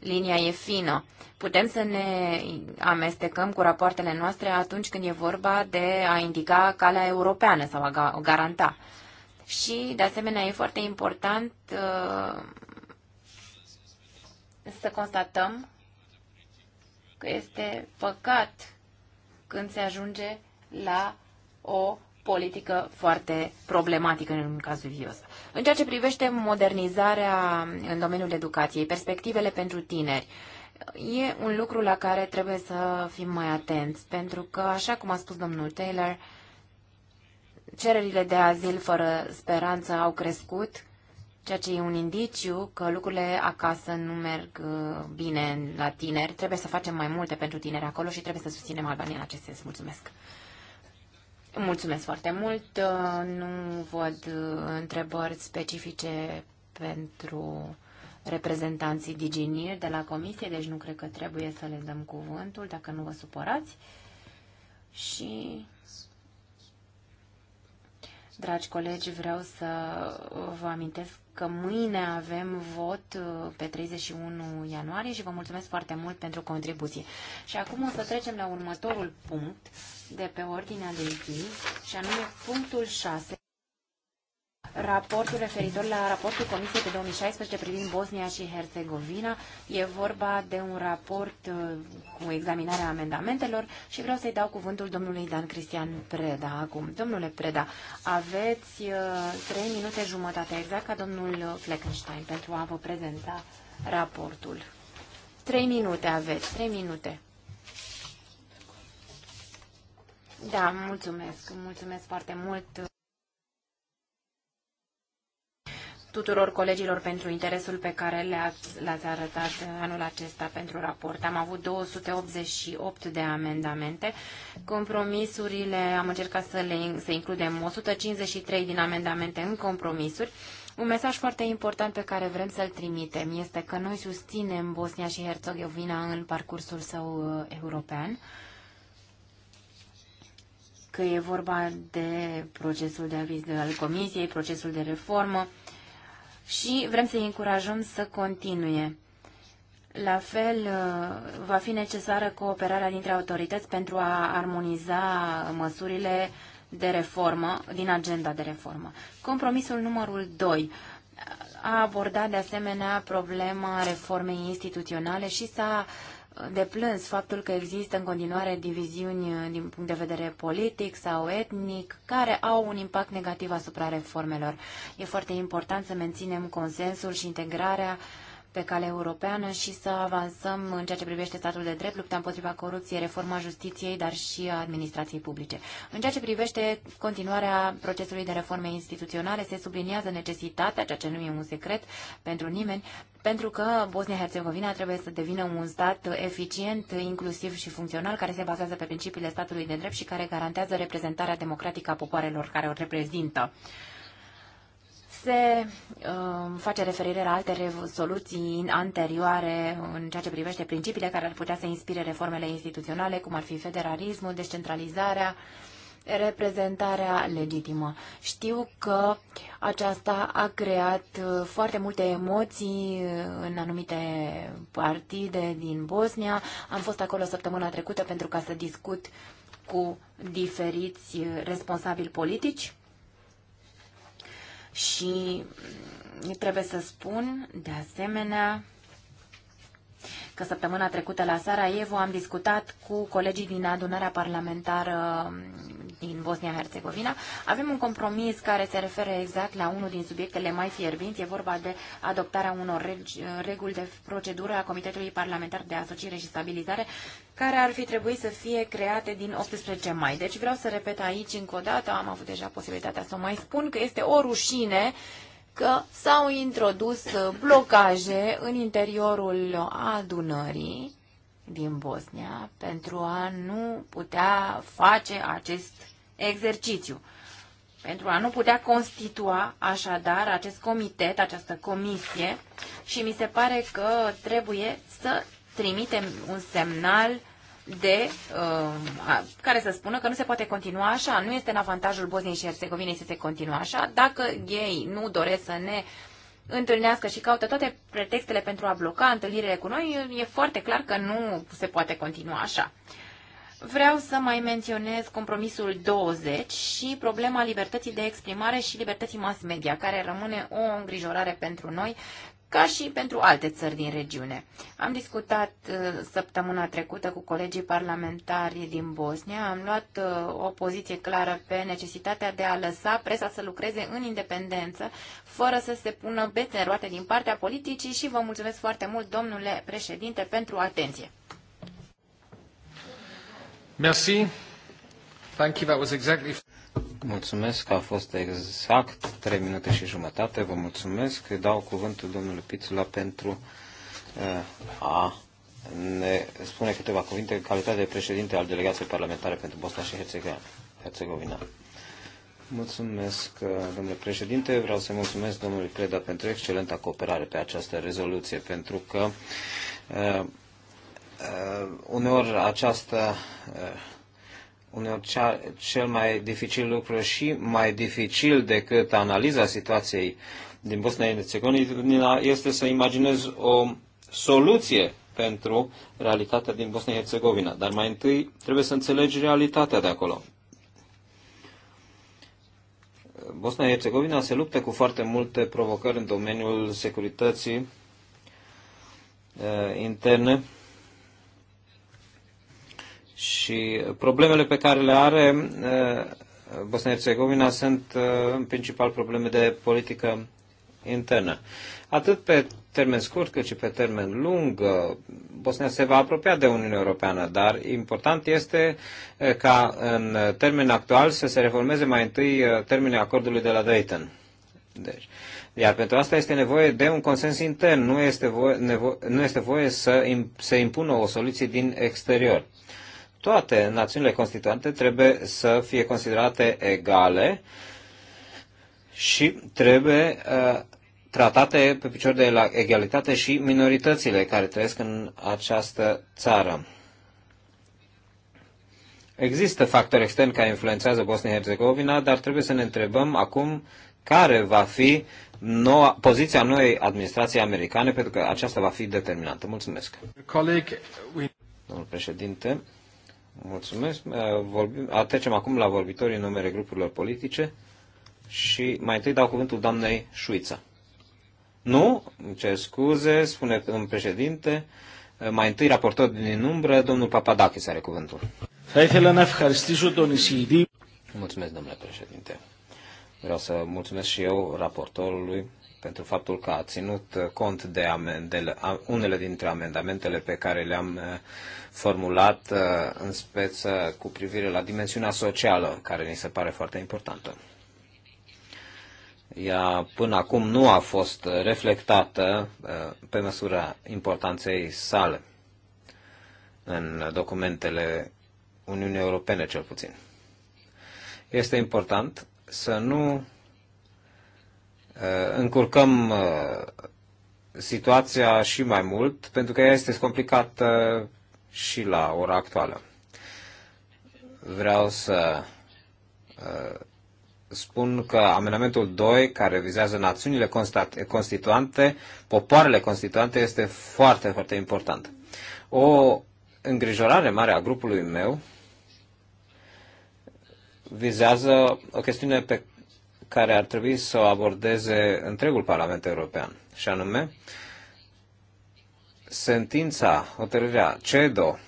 linia e fină. Putem să ne amestecăm cu rapoartele noastre atunci când e vorba de a indica calea europeană sau a o garanta. Și, de asemenea, e foarte important uh, să constatăm că este păcat când se ajunge la o politică foarte problematică în cazul vioză. În ceea ce privește modernizarea în domeniul educației, perspectivele pentru tineri, e un lucru la care trebuie să fim mai atenți, pentru că, așa cum a spus domnul Taylor, cererile de azil fără speranță au crescut, ceea ce e un indiciu că lucrurile acasă nu merg uh, bine la tineri. Trebuie să facem mai multe pentru tineri acolo și trebuie să susținem Albania în acest sens. Mulțumesc! Mulțumesc foarte mult. Uh, nu văd uh, întrebări specifice pentru reprezentanții diginir de la comisie, deci nu cred că trebuie să le dăm cuvântul, dacă nu vă supărați. Și, dragi colegi, vreau să vă amintesc că mâine avem vot uh, pe 31 ianuarie și vă mulțumesc foarte mult pentru contribuție. Și acum o să trecem la următorul punct, de pe ordinea de zi, și anume punctul 6, raportul referitor la raportul Comisiei pe 2016 privind Bosnia și Herțegovina. E vorba de un raport uh, cu examinarea amendamentelor și vreau să-i dau cuvântul domnului Dan Cristian Preda acum. Domnule Preda, aveți 3 uh, minute jumătate exact ca domnul Fleckenstein pentru a vă prezenta raportul. 3 minute aveți, 3 minute. Da, mulțumesc. Mulțumesc foarte mult tuturor colegilor pentru interesul pe care l-ați arătat anul acesta pentru raport. Am avut 288 de amendamente. Compromisurile, am încercat să le să includem 153 din amendamente în compromisuri. Un mesaj foarte important pe care vrem să-l trimitem este că noi susținem Bosnia și Herțegovina în parcursul său uh, european că e vorba de procesul de aviz de al Comisiei, procesul de reformă și vrem să-i încurajăm să continue. La fel, uh, va fi necesară cooperarea dintre autorități pentru a armoniza măsurile de reformă, din agenda de reformă. Compromisul numărul 2 uh, a abordat de asemenea problema reformei instituționale și s-a uh, de plâns faptul că există în continuare diviziuni uh, din punct de vedere politic sau etnic care au un impact negativ asupra reformelor. E foarte important să menținem consensul și integrarea uh, pe cale europeană și să avansăm în ceea ce privește statul de drept, lupta împotriva corupției, reforma justiției, dar și a administrației publice. În ceea ce privește continuarea procesului de reforme instituționale, se subliniază necesitatea, ceea ce nu e un secret pentru nimeni, pentru că Bosnia-Herzegovina trebuie să devină un stat eficient, inclusiv și funcțional, care se bazează pe principiile statului de drept și care garantează reprezentarea democratică a popoarelor care o reprezintă se uh, face referire la alte soluții anterioare în ceea ce privește principiile care ar putea să inspire reformele instituționale, cum ar fi federalismul, descentralizarea, reprezentarea legitimă. Știu că aceasta a creat uh, foarte multe emoții uh, în anumite partide din Bosnia. Am fost acolo săptămâna trecută pentru ca să discut cu diferiți uh, responsabili politici și trebuie să spun, de asemenea, că săptămâna trecută la Sarajevo am discutat cu colegii din adunarea parlamentară um, din Bosnia-Herzegovina. Avem un compromis care se referă exact la unul din subiectele mai fierbinți. E vorba de adoptarea unor reguli de procedură a Comitetului Parlamentar de Asociere și Stabilizare, care ar fi trebuit să fie create din 18 mai. Deci vreau să repet aici încă o dată, am avut deja posibilitatea să o mai spun, că este o rușine că s-au introdus blocaje în interiorul adunării din Bosnia pentru a nu putea face acest exercițiu. Pentru a nu putea constitua așadar acest comitet, această comisie și mi se pare că trebuie să trimitem un semnal de uh, care să spună că nu se poate continua așa, nu este în avantajul Bosniei și Herțegovinei să se continue așa, dacă ei nu doresc să ne întâlnească și caută toate pretextele pentru a bloca întâlnirile cu noi, e foarte clar că nu se poate continua așa. Vreau să mai menționez compromisul 20 și problema libertății de exprimare și libertății mass media, care rămâne o îngrijorare pentru noi, ca și pentru alte țări din regiune. Am discutat uh, săptămâna trecută cu colegii parlamentari din Bosnia, am luat uh, o poziție clară pe necesitatea de a lăsa presa să lucreze în independență, fără să se pună bețe în roate din partea politicii și vă mulțumesc foarte mult, domnule președinte, pentru atenție. Merci. Thank you. That was exactly... Mulțumesc că a fost exact 3 minute și jumătate. Vă mulțumesc. Îi dau cuvântul domnului Pițula pentru uh, a ne spune câteva cuvinte în calitate de președinte al Delegației Parlamentare pentru Bosnia și Herțegovina. Mulțumesc, uh, domnule președinte. Vreau să mulțumesc domnului Preda pentru excelenta cooperare pe această rezoluție, pentru că uh, uh, uneori această uh, uneori cea, cel mai dificil lucru și mai dificil decât analiza situației din Bosnia-Herzegovina este să imaginez o soluție pentru realitatea din Bosnia-Herzegovina. Dar mai întâi trebuie să înțelegi realitatea de acolo. Bosnia-Herzegovina se luptă cu foarte multe provocări în domeniul securității eh, interne, și problemele pe care le are eh, Bosnia-Herzegovina sunt eh, în principal probleme de politică internă. Atât pe termen scurt cât și pe termen lung, eh, Bosnia se va apropia de Uniunea Europeană, dar important este ca în termen actual să se reformeze mai întâi termenii acordului de la Dayton. Deci, iar pentru asta este nevoie de un consens intern, nu este voie, nevo, nu este voie să se impună o soluție din exterior toate națiunile constituante trebuie să fie considerate egale și trebuie uh, tratate pe picior de la egalitate și minoritățile care trăiesc în această țară. Există factori externi care influențează Bosnia-Herzegovina, dar trebuie să ne întrebăm acum care va fi noua, poziția noii administrații americane, pentru că aceasta va fi determinantă. Mulțumesc. Coleg, Domnul președinte, Mulțumesc. Eh, vorbim, trecem acum la vorbitorii în numele grupurilor politice și mai întâi dau cuvântul doamnei Șuița. Nu, ce scuze, spune în președinte. Eh, mai întâi raportor din umbră, domnul Papadakis are cuvântul. Mulțumesc, domnule președinte. Vreau să mulțumesc și eu raportorului pentru faptul că a ținut cont de amendele, unele dintre amendamentele pe care le-am uh, formulat uh, în speță cu privire la dimensiunea socială, care ni se pare foarte importantă. Ea până acum nu a fost reflectată uh, pe măsura importanței sale în documentele Uniunii Europene, cel puțin. Este important să nu Eh, încurcăm eh, situația și mai mult, pentru că ea este complicată și la ora actuală. Vreau să eh, spun că amendamentul 2, care vizează națiunile constituante, popoarele constituante, este foarte, foarte important. O îngrijorare mare a grupului meu vizează o chestiune pe care ar trebui să o abordeze întregul Parlament European, și anume sentința, hotărârea CEDO,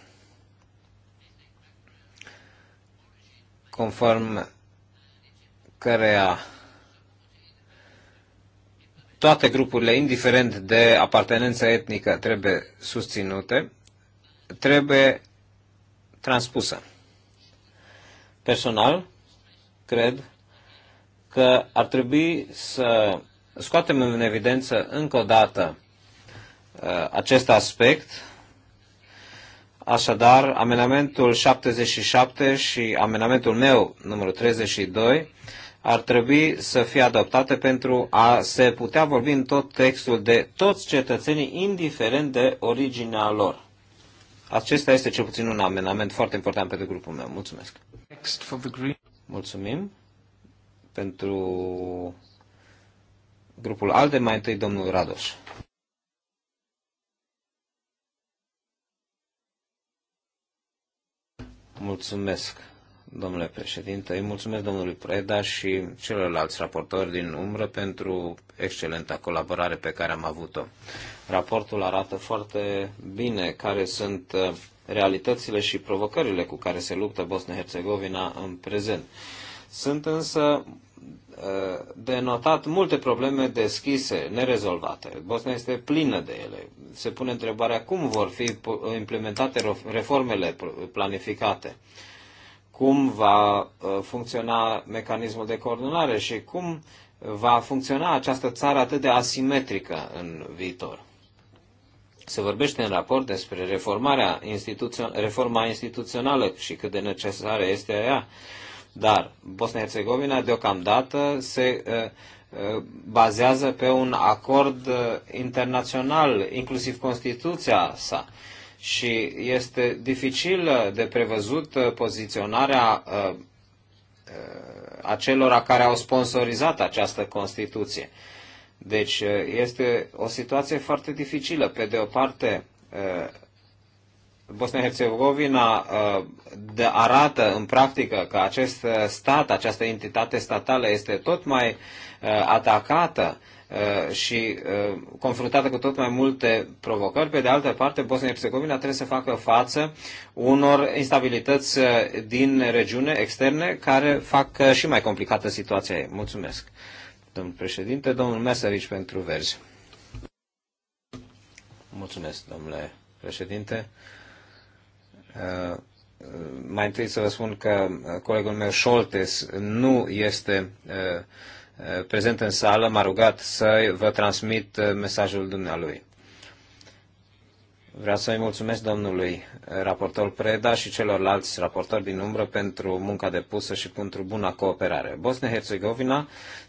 conform căreia toate grupurile, indiferent de apartenența etnică, trebuie susținute, trebuie transpusă. Personal, cred că ar trebui să scoatem în evidență încă o dată uh, acest aspect. Așadar, amenamentul 77 și amenamentul meu, numărul 32, ar trebui să fie adoptate pentru a se putea vorbi în tot textul de toți cetățenii, indiferent de originea lor. Acesta este cel puțin un amenament foarte important pentru grupul meu. Mulțumesc. Mulțumim pentru grupul ALDE, mai întâi domnul Radoș. Mulțumesc, domnule președinte. Îi mulțumesc domnului Preda și celorlalți raportori din umbră pentru excelenta colaborare pe care am avut-o. Raportul arată foarte bine care sunt uh, realitățile și provocările cu care se luptă Bosnia-Herzegovina în prezent. Sunt însă ă, de notat multe probleme deschise, nerezolvate. Bosnia este plină de ele. Se pune întrebarea cum vor fi implementate reformele planificate, cum va ă, funcționa mecanismul de coordonare și cum va funcționa această țară atât de asimetrică în viitor. Se vorbește în raport despre reformarea instituțio- reforma instituțională și cât de necesară este ea dar Bosnia-Herzegovina deocamdată se uh, uh, bazează pe un acord uh, internațional, inclusiv Constituția sa. Și este dificil de prevăzut poziționarea acelora care au sponsorizat această Constituție. Deci este o situație foarte dificilă. Pe de o parte, Bosnia-Herzegovina uh, arată în practică că acest uh, stat, această entitate statală este tot mai uh, atacată și confruntată cu tot mai multe provocări. Pe de altă parte, Bosnia-Herzegovina trebuie să facă față unor instabilități din regiune externe care fac și mai complicată situația ei. Mulțumesc, domnul președinte, domnul Meserici pentru verzi. Mulțumesc, domnule președinte. Uh, mai întâi să vă spun că uh, colegul meu Scholtes nu este uh, prezent în sală, m-a rugat să vă transmit mesajul dumnealui. Vreau să-i mulțumesc domnului eh, raportor Preda și celorlalți raportori din umbră pentru munca depusă și pentru buna cooperare. Bosnia-Herzegovina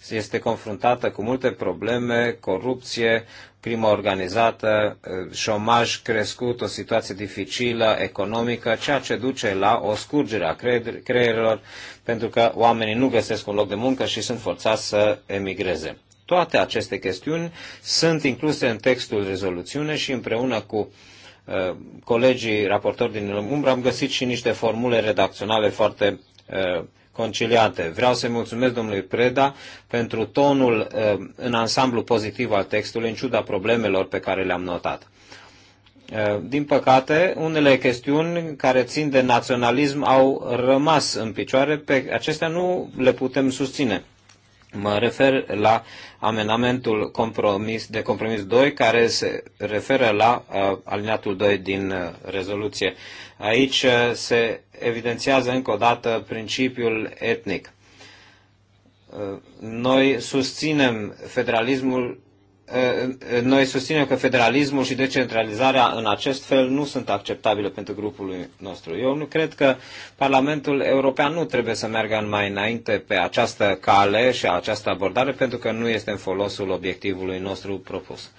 este confruntată cu multe probleme, corupție, crimă organizată, eh, șomaj crescut, o situație dificilă, economică, ceea ce duce la o scurgere a creierilor, pentru că oamenii nu găsesc un loc de muncă și sunt forțați să emigreze. Toate aceste chestiuni sunt incluse în textul rezoluțiune și împreună cu uh, Uh, colegii raportori din umbră, am găsit și niște formule redacționale foarte uh, conciliate. Vreau să-i mulțumesc domnului Preda pentru tonul uh, în ansamblu pozitiv al textului, în ciuda problemelor pe care le-am notat. Din păcate, unele chestiuni care țin de naționalism au rămas în picioare, pe acestea nu le putem susține. Mă refer la amenamentul compromis, de compromis 2, care se referă la uh, alineatul 2 din uh, rezoluție. Aici uh, se evidențiază încă o dată principiul etnic. Uh, noi susținem federalismul noi susținem că federalismul și decentralizarea în acest fel nu sunt acceptabile pentru grupul nostru. Eu nu cred că Parlamentul European nu trebuie să meargă în mai înainte pe această cale și această abordare pentru că nu este în folosul obiectivului nostru propus.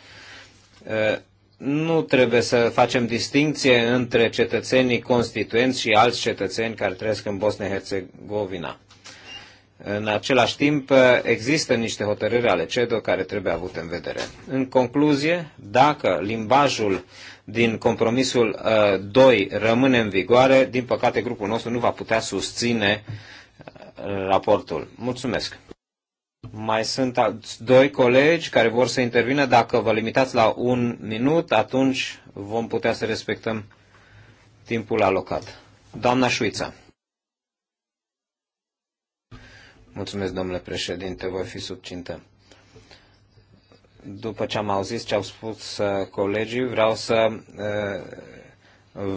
Nu trebuie să facem distinție între cetățenii constituenți și alți cetățeni care trăiesc în Bosnia-Herzegovina în același timp, există niște hotărâri ale CEDO care trebuie avute în vedere. În concluzie, dacă limbajul din compromisul 2 uh, rămâne în vigoare, din păcate grupul nostru nu va putea susține uh, raportul. Mulțumesc! Mai sunt doi colegi care vor să intervină. Dacă vă limitați la un minut, atunci vom putea să respectăm timpul alocat. Doamna Șuița. Mulțumesc, domnule președinte, voi fi subcintă. După ce am auzit ce au spus uh, colegii, vreau să uh,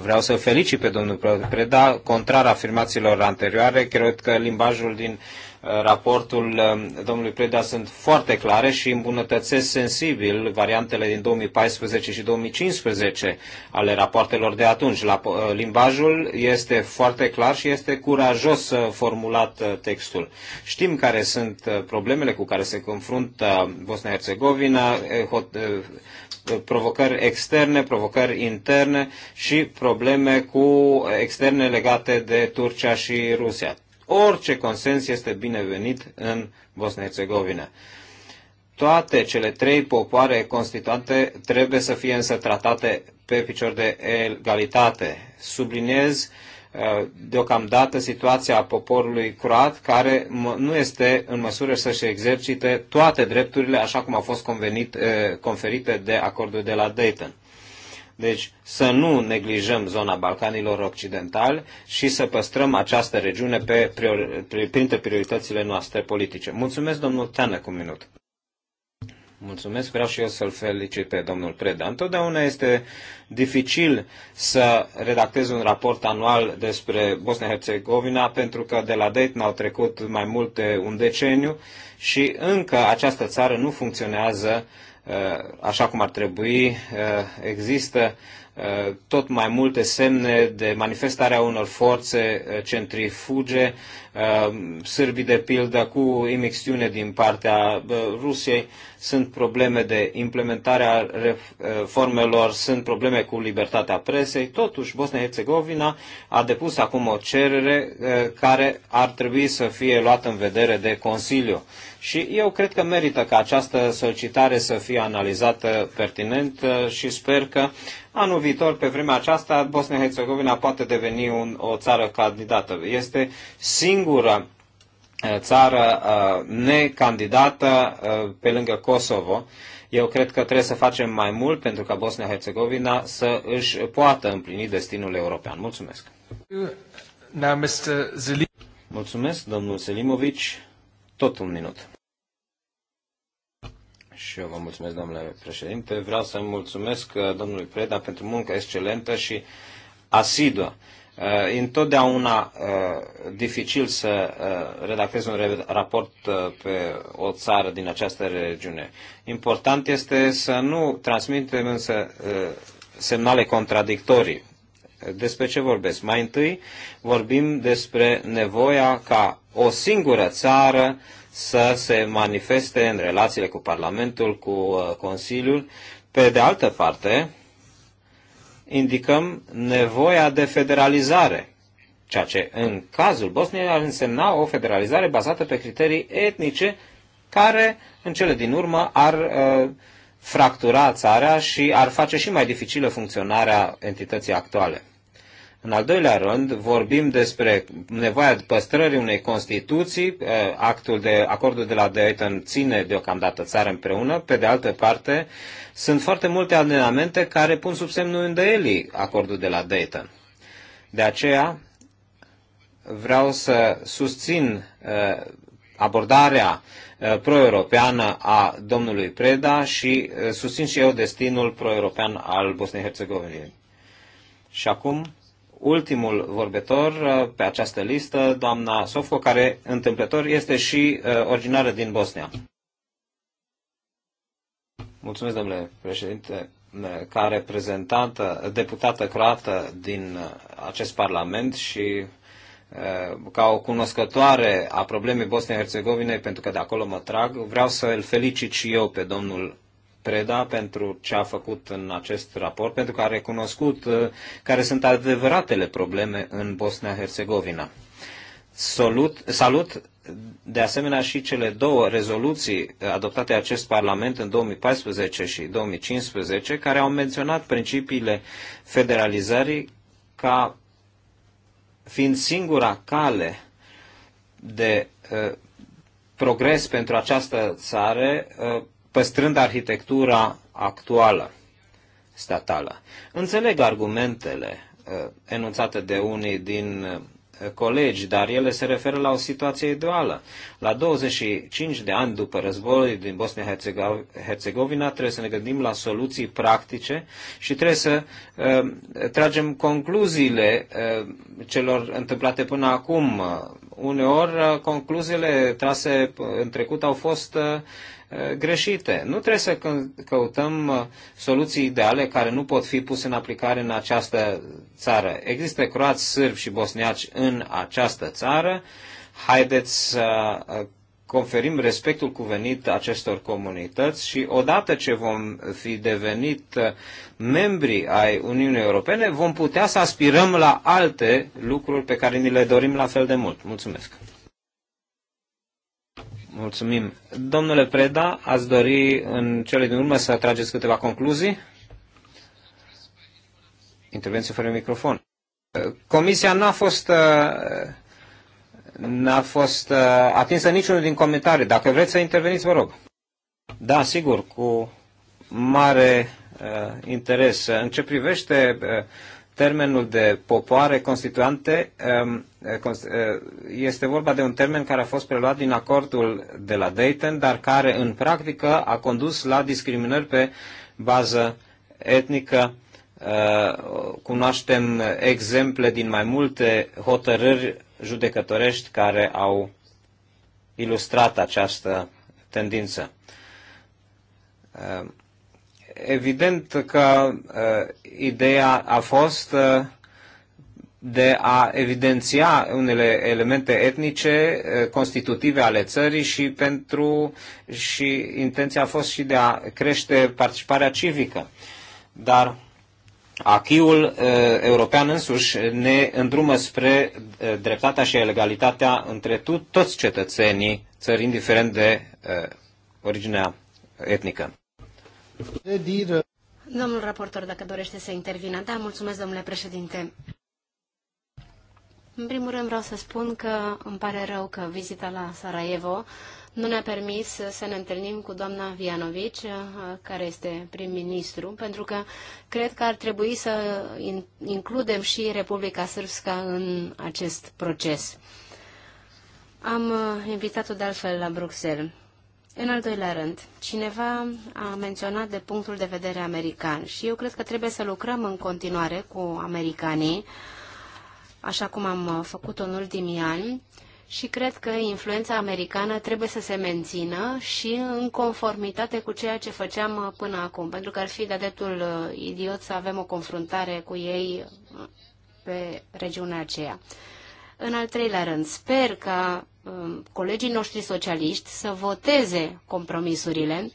Vreau să felicit pe domnul Preda, contrar afirmațiilor anterioare, cred că limbajul din raportul um, domnului Preda sunt foarte clare și îmbunătățesc sensibil variantele din 2014 și 2015 ale rapoartelor de atunci. Uh, limbajul este foarte clar și este curajos uh, formulat uh, textul. Știm care sunt problemele cu care se confruntă Bosnia-Herzegovina, eh, eh, provocări externe, provocări interne și probleme cu externe legate de Turcia și Rusia Orice consens este binevenit în Bosnia-Herzegovina. Toate cele trei popoare constituante trebuie să fie însă tratate pe picior de egalitate. Subliniez uh, deocamdată situația poporului croat care nu este în măsură să-și exercite toate drepturile așa cum au fost convenit, uh, conferite de acordul de la Dayton. Deci să nu neglijăm zona Balcanilor Occidentali și să păstrăm această regiune pe priori, printre prioritățile noastre politice. Mulțumesc, domnul Teană, cu minut. Mulțumesc, vreau și eu să-l felicit pe domnul Preda. Întotdeauna este dificil să redactez un raport anual despre Bosnia-Herzegovina, pentru că de la Dayton au trecut mai multe de un deceniu și încă această țară nu funcționează Eh, așa cum ar trebui, eh, există eh, tot mai multe semne de manifestarea unor forțe centrifuge, sârbii de pildă cu imixtiune din partea Rusiei, sunt probleme de implementare a reformelor, sunt probleme cu libertatea presei. Totuși, Bosnia-Herzegovina a depus acum o cerere care ar trebui să fie luată în vedere de Consiliu. Și eu cred că merită ca această solicitare să fie analizată pertinent uh, și sper că anul viitor, pe vremea aceasta, Bosnia-Herzegovina poate deveni un, o țară candidată. Este singura uh, țară uh, necandidată pe lângă Kosovo. Eu cred că trebuie să facem mai mult pentru ca Bosnia-Herzegovina să își poată împlini destinul european. Mulțumesc! Mulțumesc, domnul Selimovici. Tot un minut. Și eu vă mulțumesc, domnule președinte. Vreau să mulțumesc uh, domnului Preda pentru munca excelentă și asiduă. E uh, întotdeauna uh, dificil să redactezi un raport pe o țară din această regiune. Important este să nu transmitem însă semnale contradictorii. Despre ce vorbesc? Mai întâi vorbim despre nevoia ca o singură țară să se manifeste în relațiile cu Parlamentul, cu uh, Consiliul. Pe de altă parte, indicăm nevoia de federalizare, ceea ce în cazul Bosniei ar însemna o federalizare bazată pe criterii etnice care, în cele din urmă, ar uh, fractura țara și ar face și mai dificilă funcționarea entității actuale. În al doilea rând, vorbim despre nevoia de păstrării unei Constituții, uh, actul de, acordul de la Dayton ține deocamdată țara împreună, pe de altă parte, sunt foarte multe amendamente care pun sub semnul îndoielii acordul de la Dayton. De aceea, vreau să susțin uh, abordarea uh, pro-europeană a domnului Preda și susțin și eu destinul pro-european al Bosniei-Herzegovinei. Și acum ultimul vorbitor uh, pe această listă, doamna Sofco, care întâmplător este și uh, originară din Bosnia. Mulțumesc, domnule președinte. Ca reprezentantă, deputată croată din uh, acest parlament și ca o cunoscătoare a problemei Bosnia-Herzegovinei, pentru că de acolo mă trag, vreau să îl felicit și eu pe domnul Preda pentru ce a făcut în acest raport, pentru că a recunoscut uh, care sunt adevăratele probleme în Bosnia-Herzegovina. Salut, salut de asemenea și cele două rezoluții adoptate de acest Parlament în 2014 și 2015, care au menționat principiile federalizării ca fiind singura cale de uh, progres pentru această țară uh, păstrând arhitectura actuală statală. Înțeleg argumentele uh, enunțate de unii din uh, colegi, dar ele se referă la o situație ideală. La 25 de ani după război din Bosnia-Herzegovina trebuie să ne gândim la soluții practice și trebuie să uh, tragem concluziile uh, celor întâmplate până acum. Uneori, uh, concluziile trase în trecut au fost uh, Uh, greșite. Nu trebuie să căutăm uh, soluții ideale care nu pot fi puse în aplicare în această țară. Există croați, sârbi și bosniaci în această țară. Haideți să uh, conferim respectul cuvenit acestor comunități și odată ce vom fi devenit membri ai Uniunii Europene, vom putea să aspirăm la alte lucruri pe care ni le dorim la fel de mult. Mulțumesc! Mulțumim. Domnule Preda, ați dori în cele din urmă să trageți câteva concluzii? Intervenție fără microfon. Comisia n-a fost, uh, n-a fost uh, atinsă niciunul din comentarii. Dacă vreți să interveniți, vă rog. Da, sigur, cu mare uh, interes. În ce privește uh, termenul de popoare constituante, uh, este vorba de un termen care a fost preluat din acordul de la Dayton, dar care în practică a condus la discriminări pe bază etnică. Cunoaștem exemple din mai multe hotărâri judecătorești care au ilustrat această tendință. Evident că ideea a fost de a evidenția unele elemente etnice eh, constitutive ale țării și pentru și intenția a fost și de a crește participarea civică. Dar Achiul uh, eh, european însuși ne îndrumă spre uh, dreptatea și egalitatea între tu, toți cetățenii țări, indiferent de uh, originea etnică. Domnul raportor, dacă dorește să intervină. Da, mulțumesc, domnule președinte. În primul rând vreau să spun că îmi pare rău că vizita la Sarajevo nu ne-a permis să ne întâlnim cu doamna Vianovici, care este prim-ministru, pentru că cred că ar trebui să includem și Republica Sârbska în acest proces. Am invitat-o de altfel la Bruxelles. În al doilea rând, cineva a menționat de punctul de vedere american și eu cred că trebuie să lucrăm în continuare cu americanii uh, așa cum am uh, făcut-o în ultimii ani, și cred că influența americană trebuie să se mențină și în conformitate cu ceea ce făceam uh, până acum, pentru că ar fi de-a dreptul uh, idiot să avem o confruntare cu ei pe regiunea aceea. În al treilea rând, sper ca um, colegii noștri socialiști să voteze compromisurile.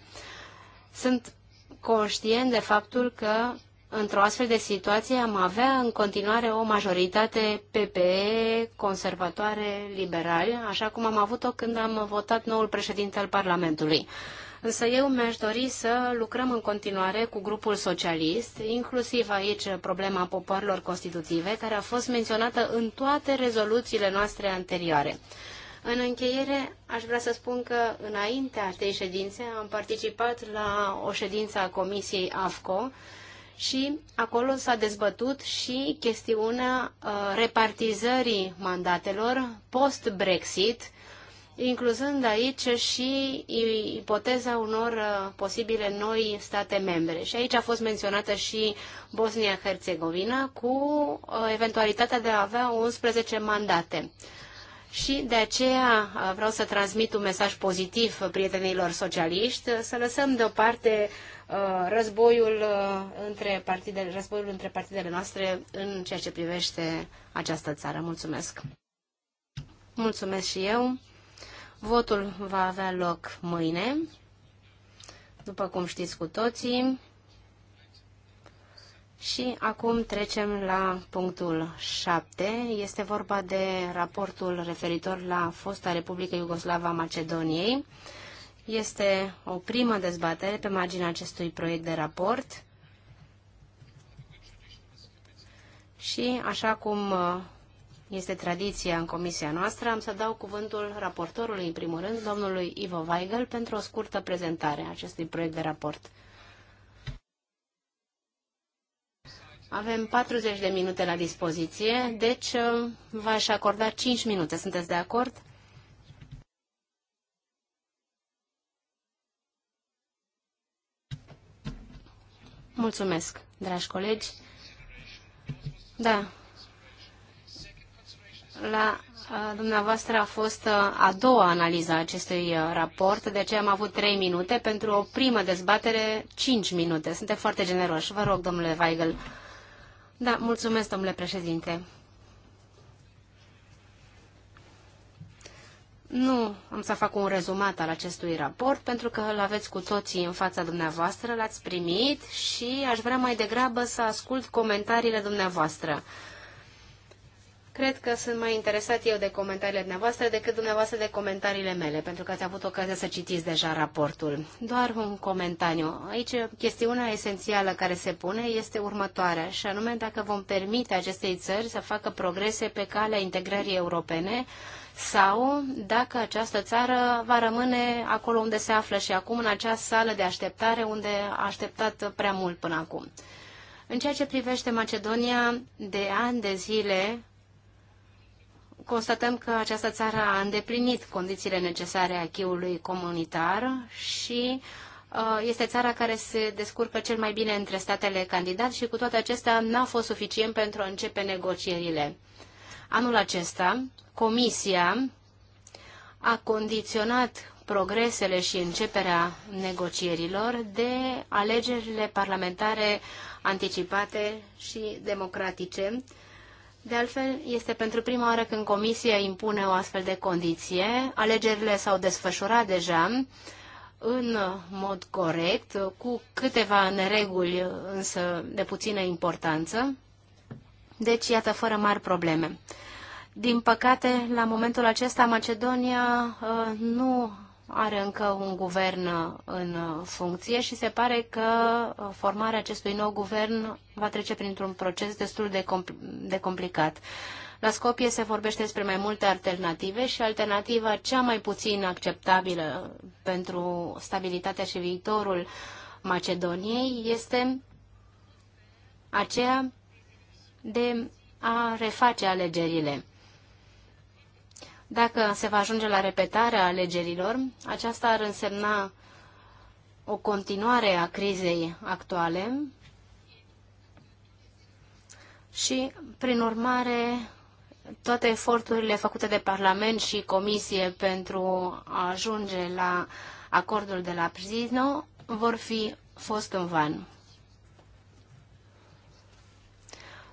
Sunt conștient de faptul că într-o astfel de situație am avea în continuare o majoritate PPE, conservatoare, liberali, așa cum am avut-o când am votat noul președinte al Parlamentului. Însă eu mi-aș dori să lucrăm în continuare cu grupul socialist, inclusiv aici problema popoarelor constitutive, care a fost menționată în toate rezoluțiile noastre anterioare. În încheiere, aș vrea să spun că înaintea acestei ședințe am participat la o ședință a Comisiei AFCO, și acolo s-a dezbătut și chestiunea uh, repartizării mandatelor post-Brexit, incluzând aici și ipoteza unor uh, posibile noi state membre. Și aici a fost menționată și Bosnia-Herzegovina cu uh, eventualitatea de a avea 11 mandate. Și de aceea vreau să transmit un mesaj pozitiv prietenilor socialiști, să lăsăm deoparte uh, Uh, războiul uh, între partidele, războiul între partidele noastre în ceea ce privește această țară. Mulțumesc! Mulțumesc și eu! Votul va avea loc mâine, după cum știți cu toții. Și acum trecem la punctul 7. Este vorba de raportul referitor la fosta Republică Iugoslava Macedoniei. Este o primă dezbatere pe marginea acestui proiect de raport și, așa cum uh, este tradiția în comisia noastră, am să dau cuvântul raportorului, în primul rând, domnului Ivo Weigel, pentru o scurtă prezentare a acestui proiect de raport. Avem 40 de minute la dispoziție, deci uh, v-aș acorda 5 minute. Sunteți de acord? Mulțumesc, dragi colegi. Da. La a, dumneavoastră a fost a doua analiză a acestui raport, de aceea am avut trei minute. Pentru o primă dezbatere, cinci minute. Suntem foarte generoși. Vă rog, domnule Weigel. Da, mulțumesc, domnule președinte. Nu am să fac un rezumat al acestui raport, pentru că îl aveți cu toții în fața dumneavoastră, l-ați primit și aș vrea mai degrabă să ascult comentariile dumneavoastră. Cred că sunt mai interesat eu de comentariile dumneavoastră decât dumneavoastră de comentariile mele, pentru că ați avut ocazia să citiți deja raportul. Doar un comentariu. Aici chestiunea esențială care se pune este următoarea, și anume dacă vom permite acestei țări să facă progrese pe calea integrării europene, sau dacă această țară va rămâne acolo unde se află și acum, în acea sală de așteptare unde a așteptat prea mult până acum. În ceea ce privește Macedonia, de ani de zile constatăm că această țară a îndeplinit condițiile necesare a chiului comunitar și uh, este țara care se descurcă cel mai bine între statele candidat și cu toate acestea n-a fost suficient pentru a începe negocierile. Anul acesta, Comisia a condiționat progresele și începerea negocierilor de alegerile parlamentare anticipate și democratice. De altfel, este pentru prima oară când Comisia impune o astfel de condiție. Alegerile s-au desfășurat deja în mod corect, cu câteva nereguli, însă de puțină importanță. Deci, iată, fără mari probleme. Din păcate, la momentul acesta, Macedonia uh, nu are încă un guvern uh, în funcție și se pare că uh, formarea acestui nou guvern va trece printr-un proces destul de, compl- de complicat. La Scopie se vorbește despre mai multe alternative și alternativa cea mai puțin acceptabilă pentru stabilitatea și viitorul Macedoniei este aceea de a reface alegerile. Dacă se va ajunge la repetarea alegerilor, aceasta ar însemna o continuare a crizei actuale și, prin urmare, toate eforturile făcute de Parlament și Comisie pentru a ajunge la acordul de la Prizno vor fi fost în van.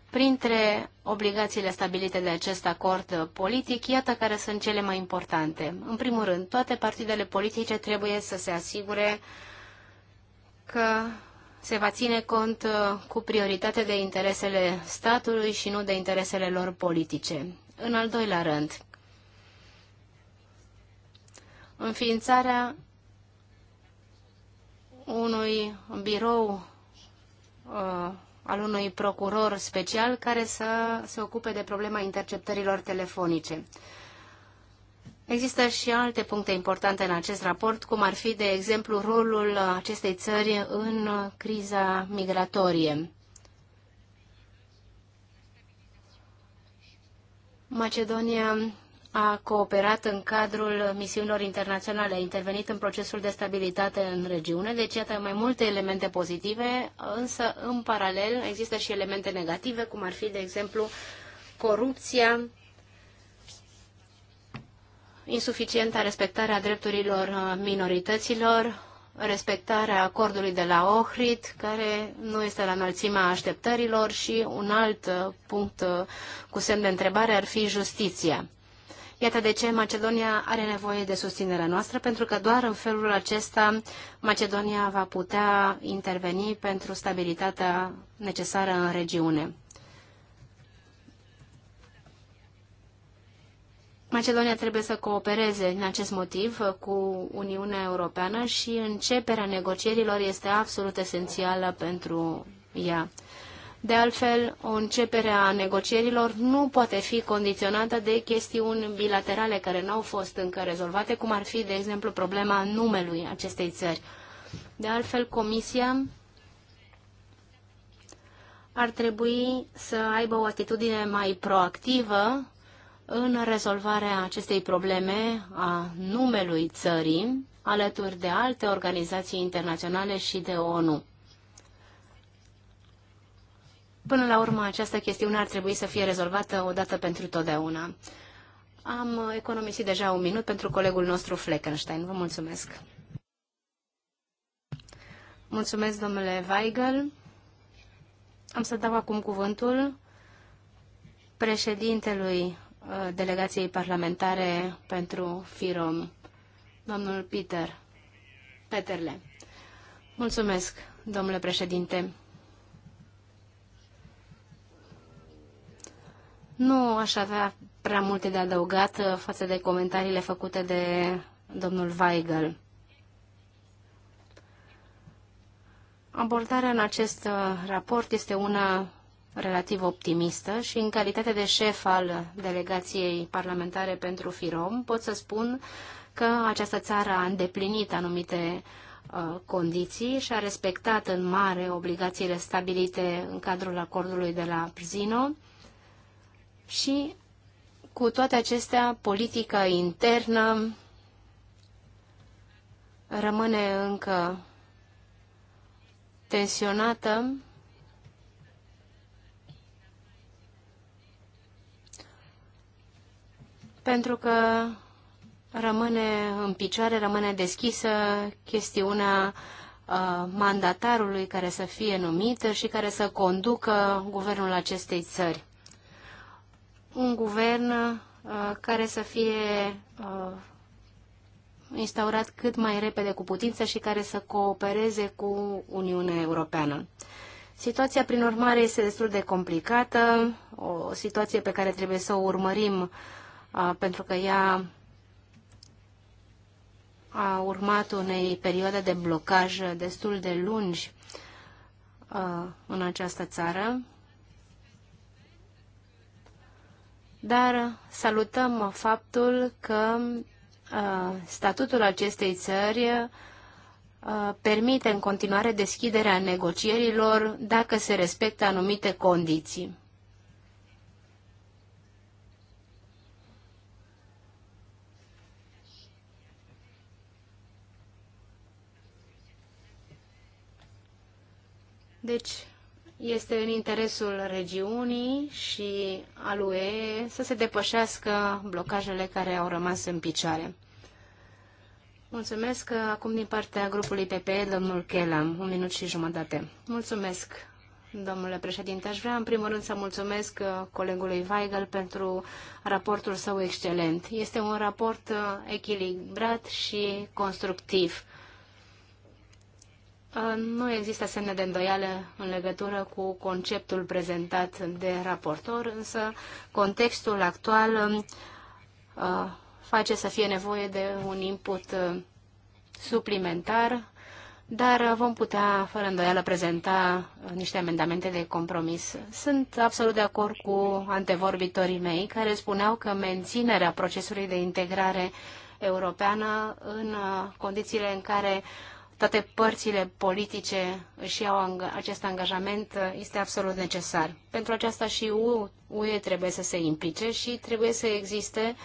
Printre obligațiile stabilite de acest acord politic, iată care sunt cele mai importante. În primul rând, toate partidele politice trebuie să se asigure că se va ține cont uh, cu prioritate de interesele statului și nu de interesele lor politice. În al doilea rând, înființarea unui birou uh, al unui procuror special care să se ocupe de problema interceptărilor telefonice. Există și alte puncte importante în acest raport, cum ar fi, de exemplu, rolul acestei țări în criza migratorie. Macedonia a cooperat în cadrul misiunilor internaționale, a intervenit în procesul de stabilitate în regiune, deci iată mai multe elemente pozitive, însă în paralel există și elemente negative, cum ar fi, de exemplu, corupția, insuficienta respectarea drepturilor minorităților, respectarea acordului de la Ohrid, care nu este la înălțimea așteptărilor și un alt punct cu semn de întrebare ar fi justiția. Iată de ce Macedonia are nevoie de susținerea noastră, pentru că doar în felul acesta Macedonia va putea interveni pentru stabilitatea necesară în regiune. Macedonia trebuie să coopereze în acest motiv cu Uniunea Europeană și începerea negocierilor este absolut esențială pentru ea. De altfel, o începere a negocierilor nu poate fi condiționată de chestiuni bilaterale care n-au fost încă rezolvate, cum ar fi, de exemplu, problema numelui acestei țări. De altfel, Comisia ar trebui să aibă o atitudine mai proactivă în rezolvarea acestei probleme a numelui țării, alături de alte organizații internaționale și de ONU. Până la urmă, această chestiune ar trebui să fie rezolvată odată pentru totdeauna. Am economisit deja un minut pentru colegul nostru Fleckenstein. Vă mulțumesc. Mulțumesc, domnule Weigel. Am să dau acum cuvântul președintelui uh, delegației parlamentare pentru FIROM, domnul Peter Peterle. Mulțumesc, domnule președinte. Nu aș avea prea multe de adăugat uh, față de comentariile făcute de domnul Weigel. Abordarea în acest uh, raport este una relativ optimistă și în calitate de șef al delegației parlamentare pentru FIROM pot să spun că această țară a îndeplinit anumite uh, condiții și a respectat în mare obligațiile stabilite în cadrul acordului de la Przino și cu toate acestea, politica internă rămâne încă tensionată pentru că rămâne în picioare, rămâne deschisă chestiunea uh, mandatarului care să fie numit și care să conducă guvernul acestei țări un guvern uh, care să fie uh, instaurat cât mai repede cu putință și care să coopereze cu Uniunea Europeană. Situația, prin urmare, este destul de complicată, o situație pe care trebuie să o urmărim uh, pentru că ea a urmat unei perioade de blocaj destul de lungi uh, în această țară dar salutăm faptul că uh, statutul acestei țări uh, permite în continuare deschiderea negocierilor dacă se respectă anumite condiții. Deci, este în interesul regiunii și al UE să se depășească blocajele care au rămas în picioare. Mulțumesc. Acum din partea grupului PPE, domnul Chelam, un minut și jumătate. Mulțumesc, domnule președinte. Aș vrea în primul rând să mulțumesc colegului Weigel pentru raportul său excelent. Este un raport echilibrat și constructiv. Nu există semne de îndoială în legătură cu conceptul prezentat de raportor, însă contextul actual face să fie nevoie de un input suplimentar, dar vom putea, fără îndoială, prezenta niște amendamente de compromis. Sunt absolut de acord cu antevorbitorii mei, care spuneau că menținerea procesului de integrare europeană în condițiile în care toate părțile politice își iau acest angajament, este absolut necesar. Pentru aceasta și UE trebuie să se implice și trebuie să existe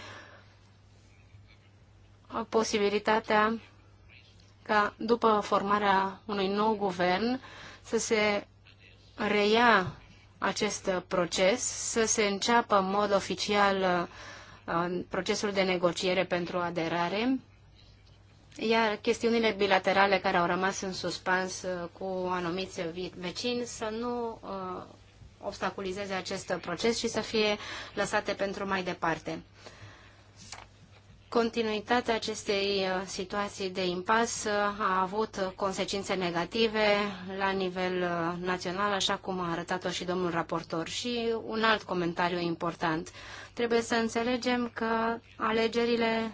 posibilitatea ca după formarea unui nou guvern să se reia acest proces, să se înceapă în mod oficial uh, procesul de negociere pentru aderare iar chestiunile bilaterale care au rămas în suspans uh, cu anumiți vecini să nu uh, obstaculizeze acest proces și să fie lăsate pentru mai departe. Continuitatea acestei uh, situații de impas uh, a avut consecințe negative la nivel național, așa cum a arătat-o și domnul raportor. Și un alt comentariu important. Trebuie să înțelegem că alegerile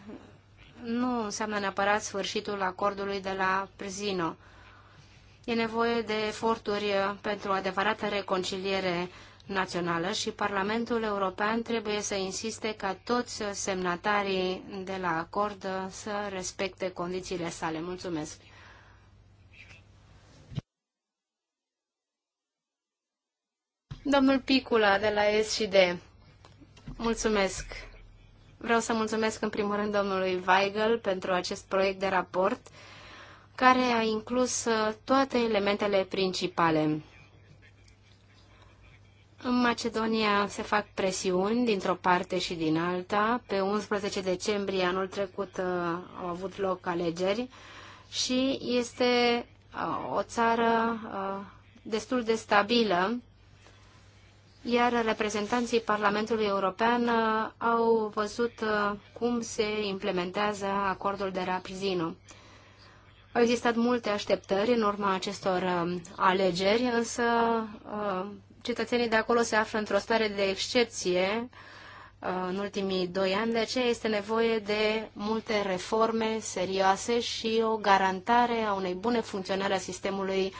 nu înseamnă neapărat sfârșitul acordului de la Przino. E nevoie de eforturi pentru o adevărată reconciliere națională și Parlamentul European trebuie să insiste ca toți semnatarii de la acord să respecte condițiile sale. Mulțumesc! Domnul Picula de la SD. Mulțumesc! Vreau să mulțumesc în primul rând domnului Weigel pentru acest proiect de raport care a inclus uh, toate elementele principale. În Macedonia se fac presiuni dintr-o parte și din alta. Pe 11 decembrie anul trecut uh, au avut loc alegeri și este uh, o țară destul de stabilă iar reprezentanții Parlamentului European uh, au văzut uh, cum se implementează acordul de raprizino. Au existat multe așteptări în urma acestor uh, alegeri, însă cetățenii de acolo se află într-o stare de excepție în ultimii doi ani, de aceea este nevoie de multe reforme serioase și o garantare a unei bune funcționare a sistemului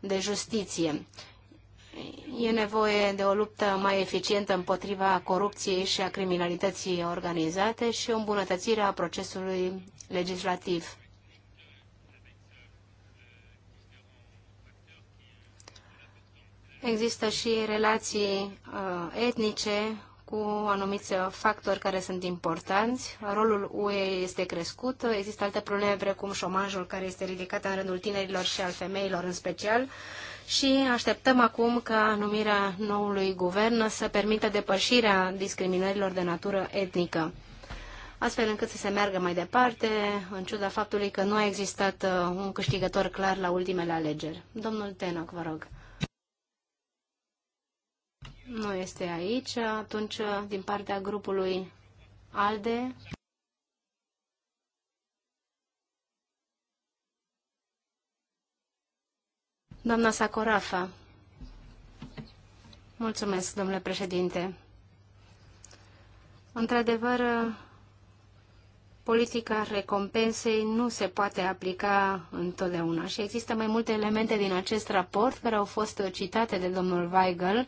de justiție e nevoie de o luptă mai eficientă împotriva corupției și a criminalității organizate și o îmbunătățire a procesului legislativ. Există și relații uh, etnice cu anumiți factori care sunt importanți. Rolul UE este crescut. Există alte probleme precum șomajul care este ridicat în rândul tinerilor și al femeilor în special și așteptăm acum ca numirea noului guvern să permită depășirea discriminărilor de natură etnică astfel încât să se meargă mai departe, în ciuda faptului că nu a existat uh, un câștigător clar la ultimele alegeri. Domnul Tenoc, vă rog. Nu este aici, atunci uh, din partea grupului ALDE. Doamna Sacorafa. Mulțumesc, domnule președinte. Într-adevăr, politica recompensei nu se poate aplica întotdeauna și există mai multe elemente din acest raport care au fost citate de domnul Weigel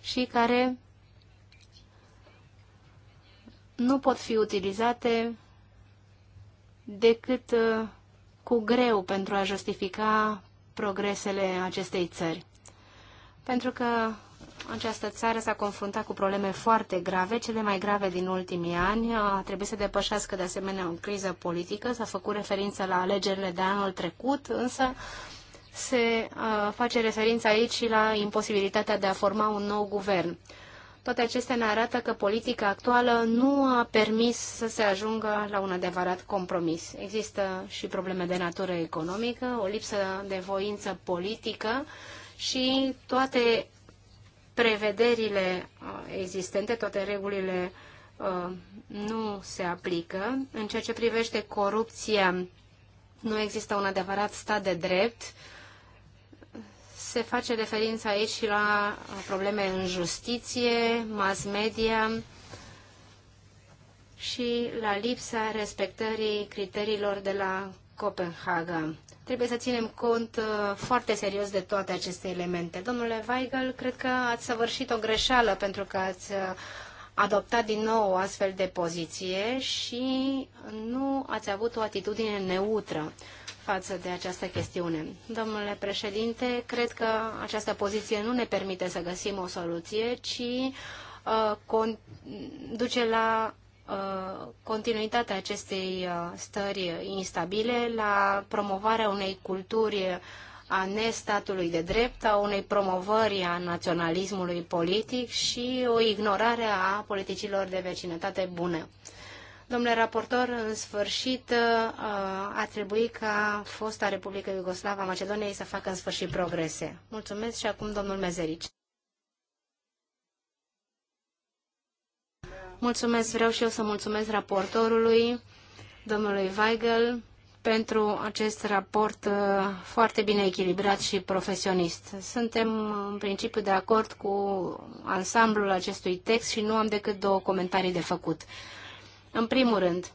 și care nu pot fi utilizate decât uh, cu greu pentru a justifica progresele acestei țări. Pentru că această țară s-a confruntat cu probleme foarte grave, cele mai grave din ultimii ani. A trebuit să depășească de asemenea o criză politică. S-a făcut referință la alegerile de anul trecut, însă se face referință aici și la imposibilitatea de a forma un nou guvern. Toate acestea ne arată că politica actuală nu a permis să se ajungă la un adevărat compromis. Există și probleme de natură economică, o lipsă de voință politică și toate prevederile uh, existente, toate regulile uh, nu se aplică. În ceea ce privește corupția, nu există un adevărat stat de drept, se face referință aici și la probleme în justiție, mass media și la lipsa respectării criteriilor de la Copenhaga. Trebuie să ținem cont uh, foarte serios de toate aceste elemente. Domnule Weigel, cred că ați săvârșit o greșeală pentru că ați uh, adoptat din nou o astfel de poziție și nu ați avut o atitudine neutră față de această chestiune. Domnule președinte, cred că această poziție nu ne permite să găsim o soluție, ci uh, duce la uh, continuitatea acestei uh, stări instabile, la promovarea unei culturi a nestatului de drept, a unei promovări a naționalismului politic și o ignorare a politicilor de vecinătate bună. Domnule raportor, în sfârșit uh, a trebuit ca fosta Republică Iugoslava Macedoniei să facă în sfârșit progrese. Mulțumesc și acum domnul Mezerici. Mulțumesc, vreau și eu să mulțumesc raportorului, domnului Weigel, pentru acest raport uh, foarte bine echilibrat și profesionist. Suntem în principiu de acord cu ansamblul acestui text și nu am decât două comentarii de făcut. În primul rând,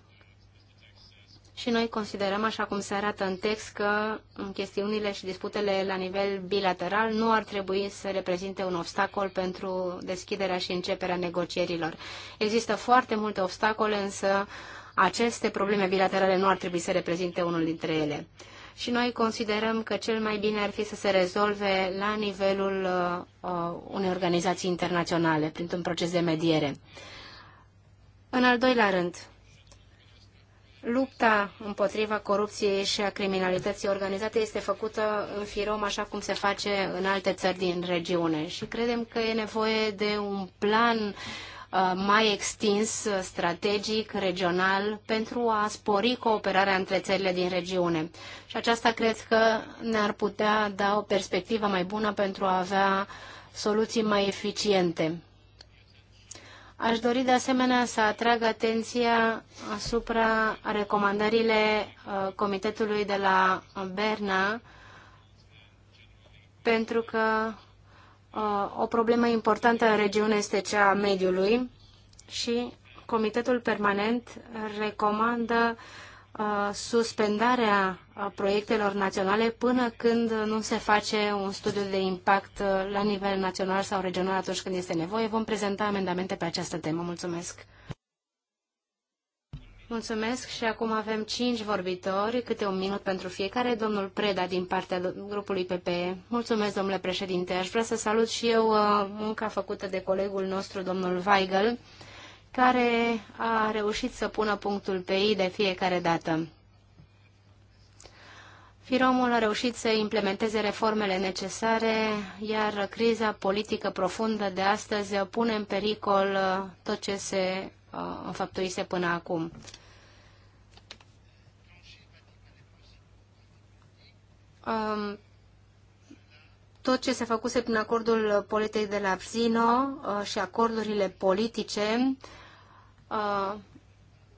și noi considerăm, așa cum se arată în text, că în chestiunile și disputele la nivel bilateral nu ar trebui să reprezinte un obstacol pentru deschiderea și începerea negocierilor. Există foarte multe obstacole, însă aceste probleme bilaterale nu ar trebui să reprezinte unul dintre ele. Și noi considerăm că cel mai bine ar fi să se rezolve la nivelul uh, unei organizații internaționale, printr-un proces de mediere. Uh, în al doilea rând, lupta împotriva corupției și a criminalității organizate este făcută în firom așa cum se face în alte țări din regiune și credem că e nevoie de un plan uh, mai extins, strategic, regional, pentru a spori cooperarea între țările din regiune. Și aceasta cred că ne-ar putea da o perspectivă mai bună pentru a avea soluții mai eficiente Aș dori de asemenea să atrag atenția asupra recomandările uh, Comitetului de la Berna, pentru că uh, o problemă importantă în regiune este cea a mediului și Comitetul Permanent recomandă uh, suspendarea proiectelor naționale până când nu se face un studiu de impact la nivel național sau regional atunci când este nevoie. Vom prezenta amendamente pe această temă. Mulțumesc! Mulțumesc și acum avem cinci vorbitori, câte un minut pentru fiecare. Domnul Preda din partea grupului PPE. Mulțumesc, domnule președinte. Aș vrea să salut și eu munca făcută de colegul nostru, domnul Weigel care a reușit să pună punctul pe I de fiecare dată. Firomul a reușit să implementeze reformele necesare, iar criza politică profundă de astăzi pune în pericol uh, tot ce se uh, înfăptuise până acum. Um, tot ce se făcuse prin acordul politic de la Psino uh, și acordurile politice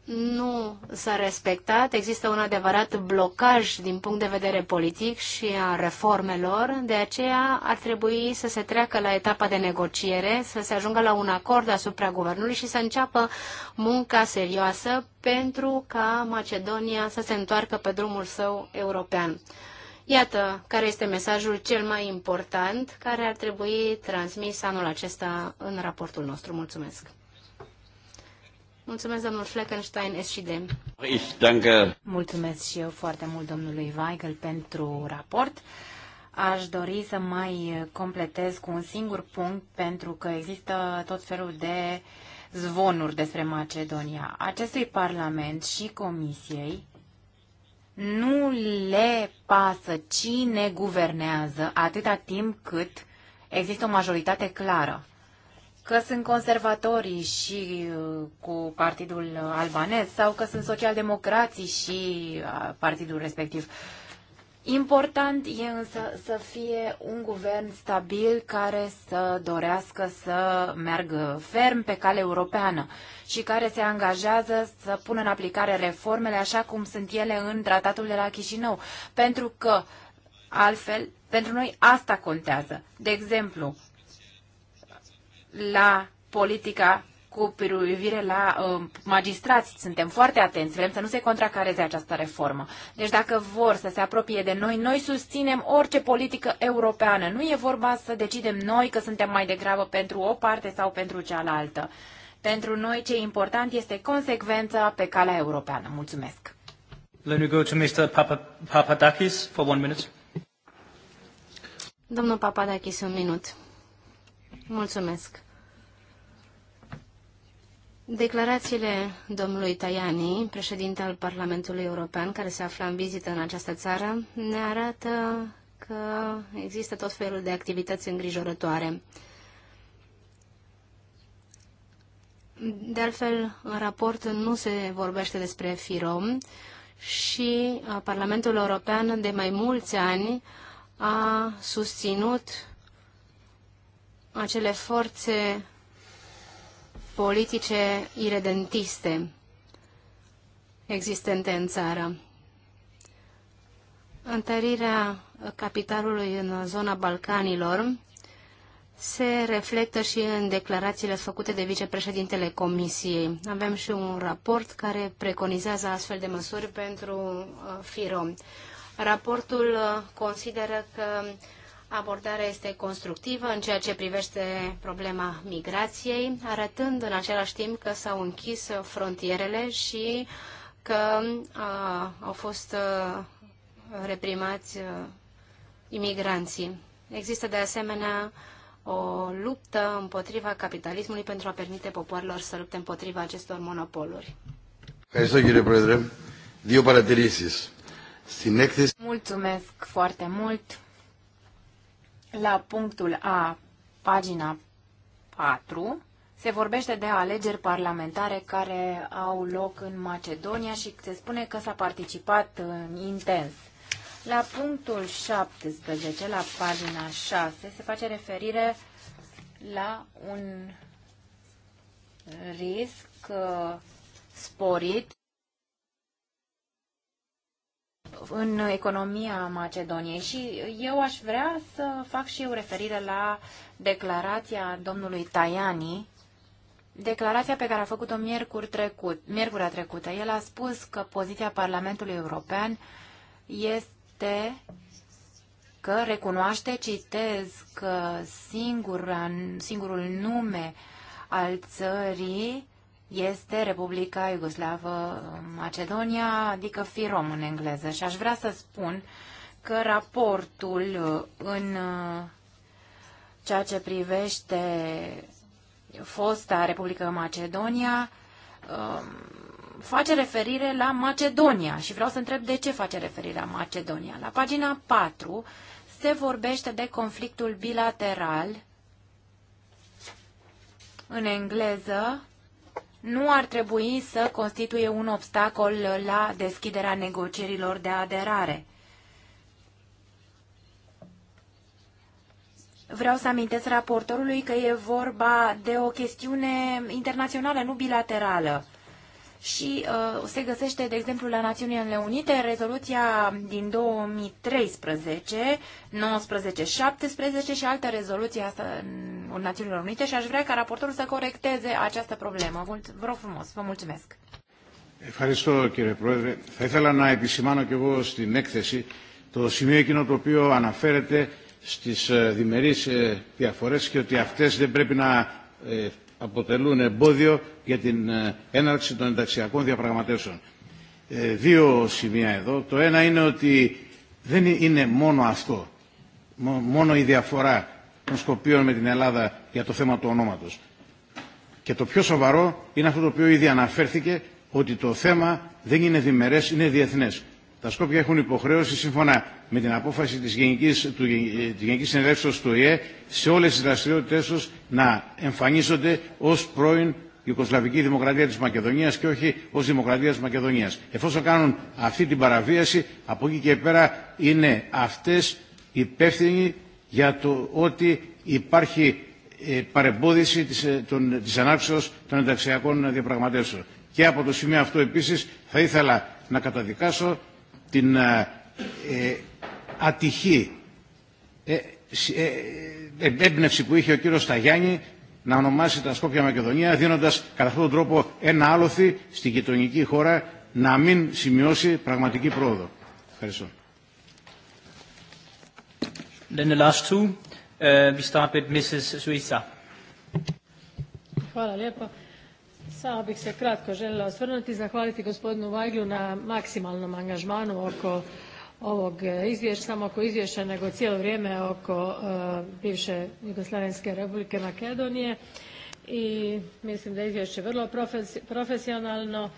nu s-a respectat, există un adevărat blocaj din punct de vedere politic și a reformelor, de aceea ar trebui să se treacă la etapa de negociere, să se ajungă la un acord asupra guvernului și să înceapă munca serioasă pentru ca Macedonia să se întoarcă pe drumul său european. Iată care este mesajul cel mai important care ar trebui transmis anul acesta în raportul nostru. Mulțumesc! Mulțumesc, domnul Fleckenstein, SCD. Mulțumesc și eu foarte mult domnului Weigel pentru raport. Aș dori să mai completez cu un singur punct, pentru că există tot felul de zvonuri despre Macedonia. Acestui Parlament și Comisiei nu le pasă cine guvernează atâta timp cât există o majoritate clară că sunt conservatorii și uh, cu partidul albanez sau că sunt socialdemocrații și uh, partidul respectiv. Important e însă să fie un guvern stabil care să dorească să meargă ferm pe cale europeană și care se angajează să pună în aplicare reformele așa cum sunt ele în tratatul de la Chișinău. Pentru că, altfel, pentru noi asta contează. De exemplu, la politica cu privire la uh, magistrați. Suntem foarte atenți, vrem să nu se contracareze această reformă. Deci dacă vor să se apropie de noi, noi susținem orice politică europeană. Nu e vorba să decidem noi că suntem mai degrabă pentru o parte sau pentru cealaltă. Pentru noi ce important este consecvența pe calea europeană. Mulțumesc. Let me go to Mr. Papa, Papadakis for one minute. Domnul Papadakis, un minut. Mulțumesc. Declarațiile domnului Tajani, președinte al Parlamentului European, care se află în vizită în această țară, ne arată că există tot felul de activități îngrijorătoare. De altfel, în raport nu se vorbește despre FIROM și uh, Parlamentul European de mai mulți ani a susținut acele forțe politice iredentiste existente în țară. Întărirea capitalului în zona Balcanilor se reflectă și în declarațiile făcute de vicepreședintele Comisiei. Avem și un raport care preconizează astfel de măsuri pentru uh, FIRO. Raportul uh, consideră că Abordarea este constructivă în ceea ce privește problema migrației, arătând în același timp că s-au închis frontierele și că a, au fost a, reprimați a, imigranții. Există de asemenea o luptă împotriva capitalismului pentru a permite popoarelor să lupte împotriva acestor monopoluri. Mulțumesc foarte mult! La punctul A, pagina 4, se vorbește de alegeri parlamentare care au loc în Macedonia și se spune că s-a participat uh, intens. La punctul 17, la pagina 6, se face referire la un risc uh, sporit în economia Macedoniei și eu aș vrea să fac și eu referire la declarația domnului Tajani, declarația pe care a făcut-o miercuri trecut, miercurea trecută. El a spus că poziția Parlamentului European este că recunoaște, citez, că singura, singurul nume al țării este Republica Iugoslavă um, Macedonia, adică FIROM în engleză. Și aș vrea să spun că raportul uh, în uh, ceea ce privește fosta Republică Macedonia um, face referire la Macedonia și vreau să întreb de ce face referire la Macedonia. La pagina 4 se vorbește de conflictul bilateral în engleză nu ar trebui să constituie un obstacol la deschiderea negocierilor de aderare. Vreau să amintesc raportorului că e vorba de o chestiune internațională, nu bilaterală și uh, se găsește, de exemplu, la Națiunile Unite, rezoluția din 2013, 17 și altă rezoluție asta în Națiunile Unite și aș vrea ca raportorul să corecteze această problemă. Vă rog frumos, vă mulțumesc. Ευχαριστώ κύριε Πρόεδρε. Θα ήθελα να επισημάνω και εγώ στην έκθεση το σημείο εκείνο το οποίο αναφέρεται στις διμερείς διαφορές και ότι αυτές δεν πρέπει να αποτελούν εμπόδιο για την έναρξη των ενταξιακών διαπραγματεύσεων. Ε, δύο σημεία εδώ. Το ένα είναι ότι δεν είναι μόνο αυτό, μόνο η διαφορά των Σκοπίων με την Ελλάδα για το θέμα του ονόματος. Και το πιο σοβαρό είναι αυτό το οποίο ήδη αναφέρθηκε, ότι το θέμα δεν είναι διμερές, είναι διεθνές. Τα Σκόπια έχουν υποχρέωση σύμφωνα με την απόφαση της Γενικής, του, της Γενικής Συνελεύσεως του ΟΗΕ σε όλες τις δραστηριότητες τους να εμφανίζονται ως πρώην Ιουκοσλαβική Δημοκρατία της Μακεδονίας και όχι ως Δημοκρατία της Μακεδονίας. Εφόσον κάνουν αυτή την παραβίαση, από εκεί και πέρα είναι αυτές υπεύθυνοι για το ότι υπάρχει ε, παρεμπόδιση της, των, της ανάξεως των ενταξιακών διαπραγματεύσεων. Και από το σημείο αυτό επίσης θα ήθελα να καταδικάσω την ε, ατυχή ε, ε, έμπνευση που είχε ο κύριος Σταγιάννη να ονομάσει τα Σκόπια Μακεδονία δίνοντας κατά αυτόν τον τρόπο ένα άλοθη στη γειτονική χώρα να μην σημειώσει πραγματική πρόοδο. Ευχαριστώ. Then the last two, uh, we start with Mrs. Suiza. Hvala lijepo. Samo bih se kratko željela osvrnuti i zahvaliti gospodinu Vajglu na maksimalnom angažmanu oko ovog izvješća, samo oko izvješća nego cijelo vrijeme oko e, bivše Jugoslavenske republike Makedonije i mislim da je izvješće vrlo profesionalno.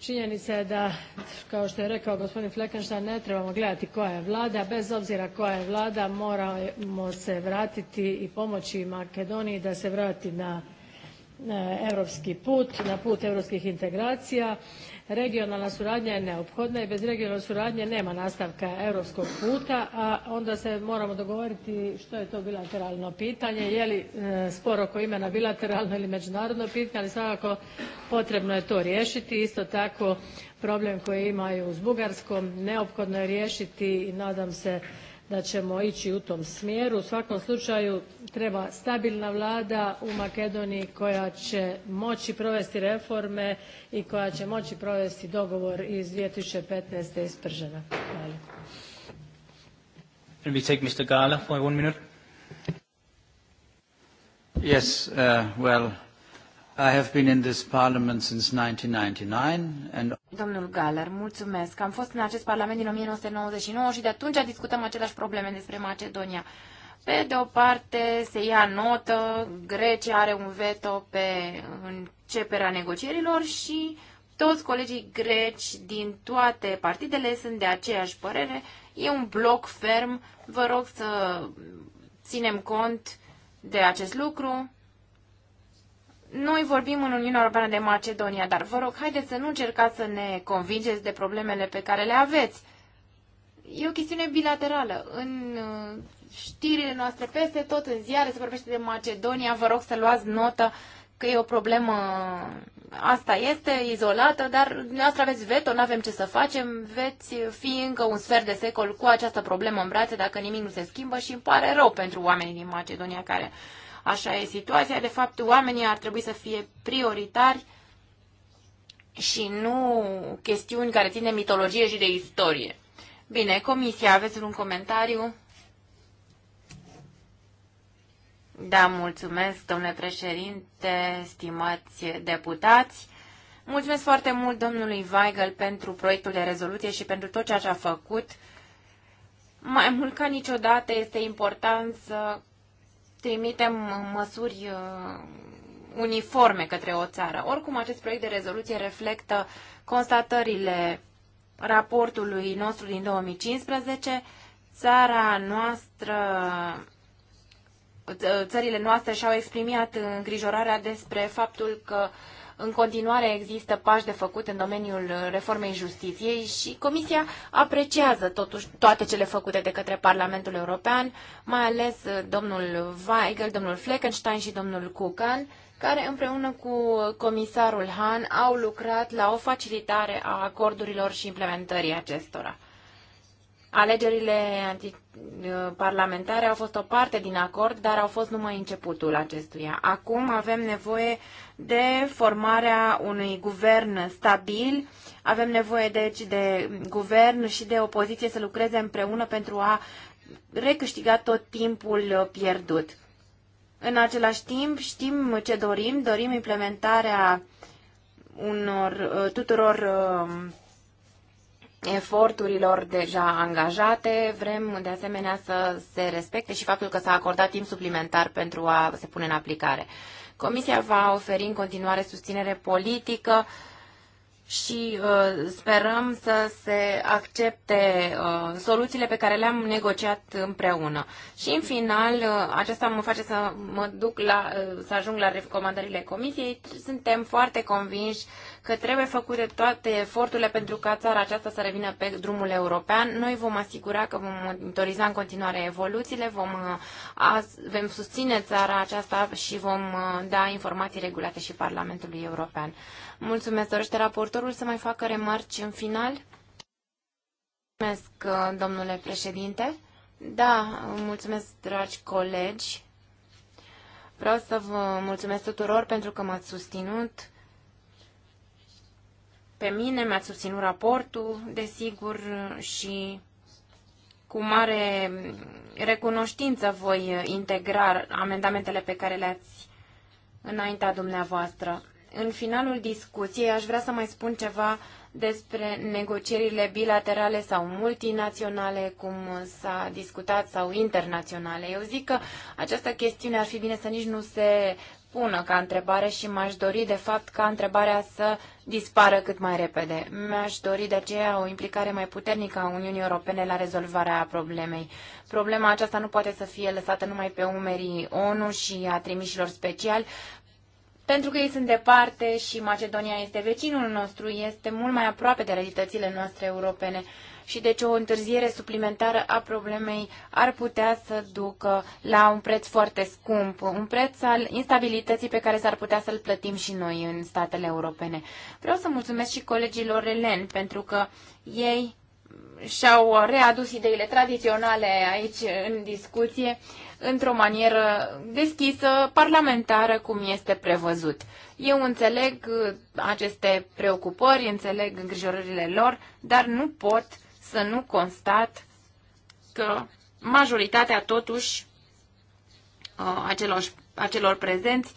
Činjenica je da, kao što je rekao gospodin Fleckenstein, ne trebamo gledati koja je vlada, bez obzira koja je vlada moramo se vratiti i pomoći Makedoniji da se vrati na europski put, na put europskih integracija. Regionalna suradnja je neophodna i bez regionalne suradnje nema nastavka europskog puta, a onda se moramo dogovoriti što je to bilateralno pitanje, je li spor oko imena bilateralno ili međunarodno pitanje, ali svakako potrebno je to riješiti. Isto tako problem koji imaju s Bugarskom neophodno je riješiti i nadam se da ćemo ići u tom smjeru. U svakom slučaju treba stabilna vlada u Makedoniji koja će moći provesti reforme i koja će moći provesti dogovor iz 2015. iz Pržena. Hvala. Can we take Mr. Gala for one minute? Yes, uh, well, I have been in this parliament since 1999 and... Domnul Galler, mulțumesc. Am fost în acest parlament din 1999 și de atunci discutăm aceleași probleme despre Macedonia. Pe de o parte se ia notă, Grecia are un veto pe începerea negocierilor și toți colegii greci din toate partidele sunt de aceeași părere. E un bloc ferm. Vă rog să ținem cont de acest lucru noi vorbim în Uniunea Europeană de Macedonia, dar vă rog, haideți să nu încercați să ne convingeți de problemele pe care le aveți. E o chestiune bilaterală. În uh, știrile noastre peste tot, în ziare se vorbește de Macedonia. Vă rog să luați notă că e o problemă, asta este, izolată, dar dumneavoastră aveți veto, nu avem ce să facem, veți fi încă un sfert de secol cu această problemă în brațe dacă nimic nu se schimbă și îmi pare rău pentru oamenii din Macedonia care Așa e situația. De fapt, oamenii ar trebui să fie prioritari și nu chestiuni care țin de mitologie și de istorie. Bine, comisia, aveți un comentariu? Da, mulțumesc, domnule președinte, stimați deputați. Mulțumesc foarte mult domnului Weigel pentru proiectul de rezoluție și pentru tot ceea ce a făcut. Mai mult ca niciodată este important să trimitem măsuri uh, uniforme către o țară. Oricum, acest proiect de rezoluție reflectă constatările raportului nostru din 2015. Țara noastră, țările noastre și-au exprimat îngrijorarea despre faptul că uh, în continuare există pași de făcut în domeniul reformei justiției și Comisia apreciază totuși toate cele făcute de către Parlamentul European, mai ales uh, domnul Weigel, domnul Fleckenstein și domnul Kukan, care împreună cu comisarul Han au lucrat la o facilitare a acordurilor și implementării acestora. Alegerile parlamentare au fost o parte din acord, dar au fost numai începutul acestuia. Acum avem nevoie de formarea unui guvern stabil, avem nevoie deci de guvern și de opoziție să lucreze împreună pentru a recâștiga tot timpul pierdut. În același timp știm ce dorim, dorim implementarea unor uh, tuturor uh, eforturilor deja angajate. Vrem, de asemenea, să se respecte și faptul că s-a acordat timp suplimentar pentru a se pune în aplicare. Comisia va oferi în continuare susținere politică și uh, sperăm să se accepte uh, soluțiile pe care le-am negociat împreună. Și în final, uh, acesta mă face să mă duc la, uh, să ajung la recomandările comisiei. Suntem foarte convinși că trebuie făcute toate eforturile pentru ca țara aceasta să revină pe drumul european. Noi vom asigura că vom monitoriza în continuare evoluțiile, vom, uh, vom susține țara aceasta și vom uh, da informații regulate și Parlamentului European. Mulțumesc, dorește raportorul să mai facă remarci în final. Mulțumesc, uh, domnule președinte. Da, mulțumesc, dragi colegi. Vreau să vă mulțumesc tuturor pentru că m-ați susținut pe mine, mi-ați susținut raportul, desigur, și cu mare recunoștință voi integra amendamentele pe care le-ați înaintat dumneavoastră. În finalul discuției aș vrea să mai spun ceva despre negocierile bilaterale sau multinaționale, cum s-a discutat, sau internaționale. Eu zic că această chestiune ar fi bine să nici nu se pună ca întrebare și m aș dori, de fapt, ca întrebarea să dispară cât mai repede. Mi-aș dori de aceea o implicare mai puternică a Uniunii Europene la rezolvarea problemei. Problema aceasta nu poate să fie lăsată numai pe umerii ONU și a trimișilor speciali, pentru că ei sunt departe și Macedonia este vecinul nostru, este mult mai aproape de realitățile noastre europene și deci o întârziere suplimentară a problemei ar putea să ducă la un preț foarte scump, un preț al instabilității pe care s-ar putea să-l plătim și noi în statele europene. Vreau să mulțumesc și colegilor elen pentru că ei și-au readus ideile tradiționale aici în discuție într-o manieră deschisă, parlamentară, cum este prevăzut. Eu înțeleg aceste preocupări, înțeleg îngrijorările lor, dar nu pot să nu constat că majoritatea totuși uh, acelor, acelor prezenți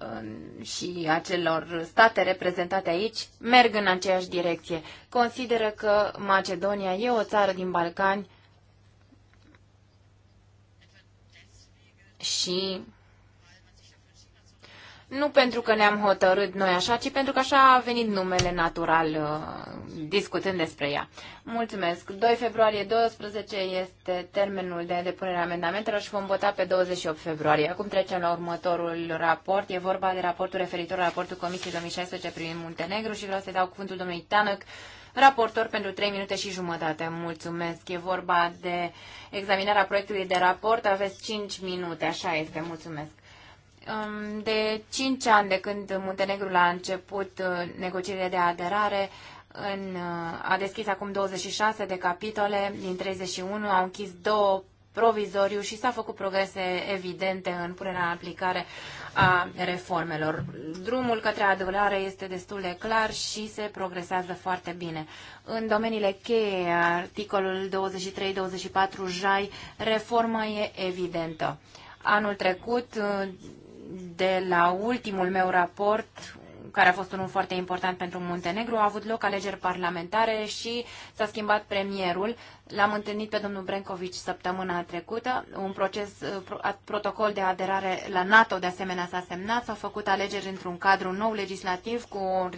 uh, și acelor state reprezentate aici merg în aceeași direcție. Consideră că Macedonia e o țară din Balcani și nu pentru că ne-am hotărât noi așa, ci pentru că așa a venit numele natural uh, discutând despre ea. Mulțumesc. 2 februarie 12 este termenul de depunere a amendamentelor și vom vota pe 28 februarie. Acum trecem la următorul raport. E vorba de raportul referitor la raportul Comisiei 2016 privind Muntenegru și vreau să dau cuvântul domnului Tanăc raportor pentru 3 minute și jumătate. Mulțumesc. E vorba de examinarea proiectului de raport. Aveți 5 minute. Așa este. Mulțumesc. Um, de cinci ani de când Muntenegrul a început uh, negocierile de aderare, în, uh, a deschis acum 26 de capitole din 31, au închis două provizoriu și s-a făcut progrese evidente în punerea în aplicare a reformelor. Drumul către aderare este destul de clar și se progresează foarte bine. În domeniile cheie, articolul 23-24 JAI, reforma e evidentă. Anul trecut, uh, de la ultimul meu raport, care a fost unul foarte important pentru Muntenegru, a avut loc alegeri parlamentare și s-a schimbat premierul. L-am întâlnit pe domnul Brencovici săptămâna trecută. Un proces, eh, protocol de aderare la NATO de asemenea s-a semnat. S-au făcut alegeri într-un cadru nou legislativ cu o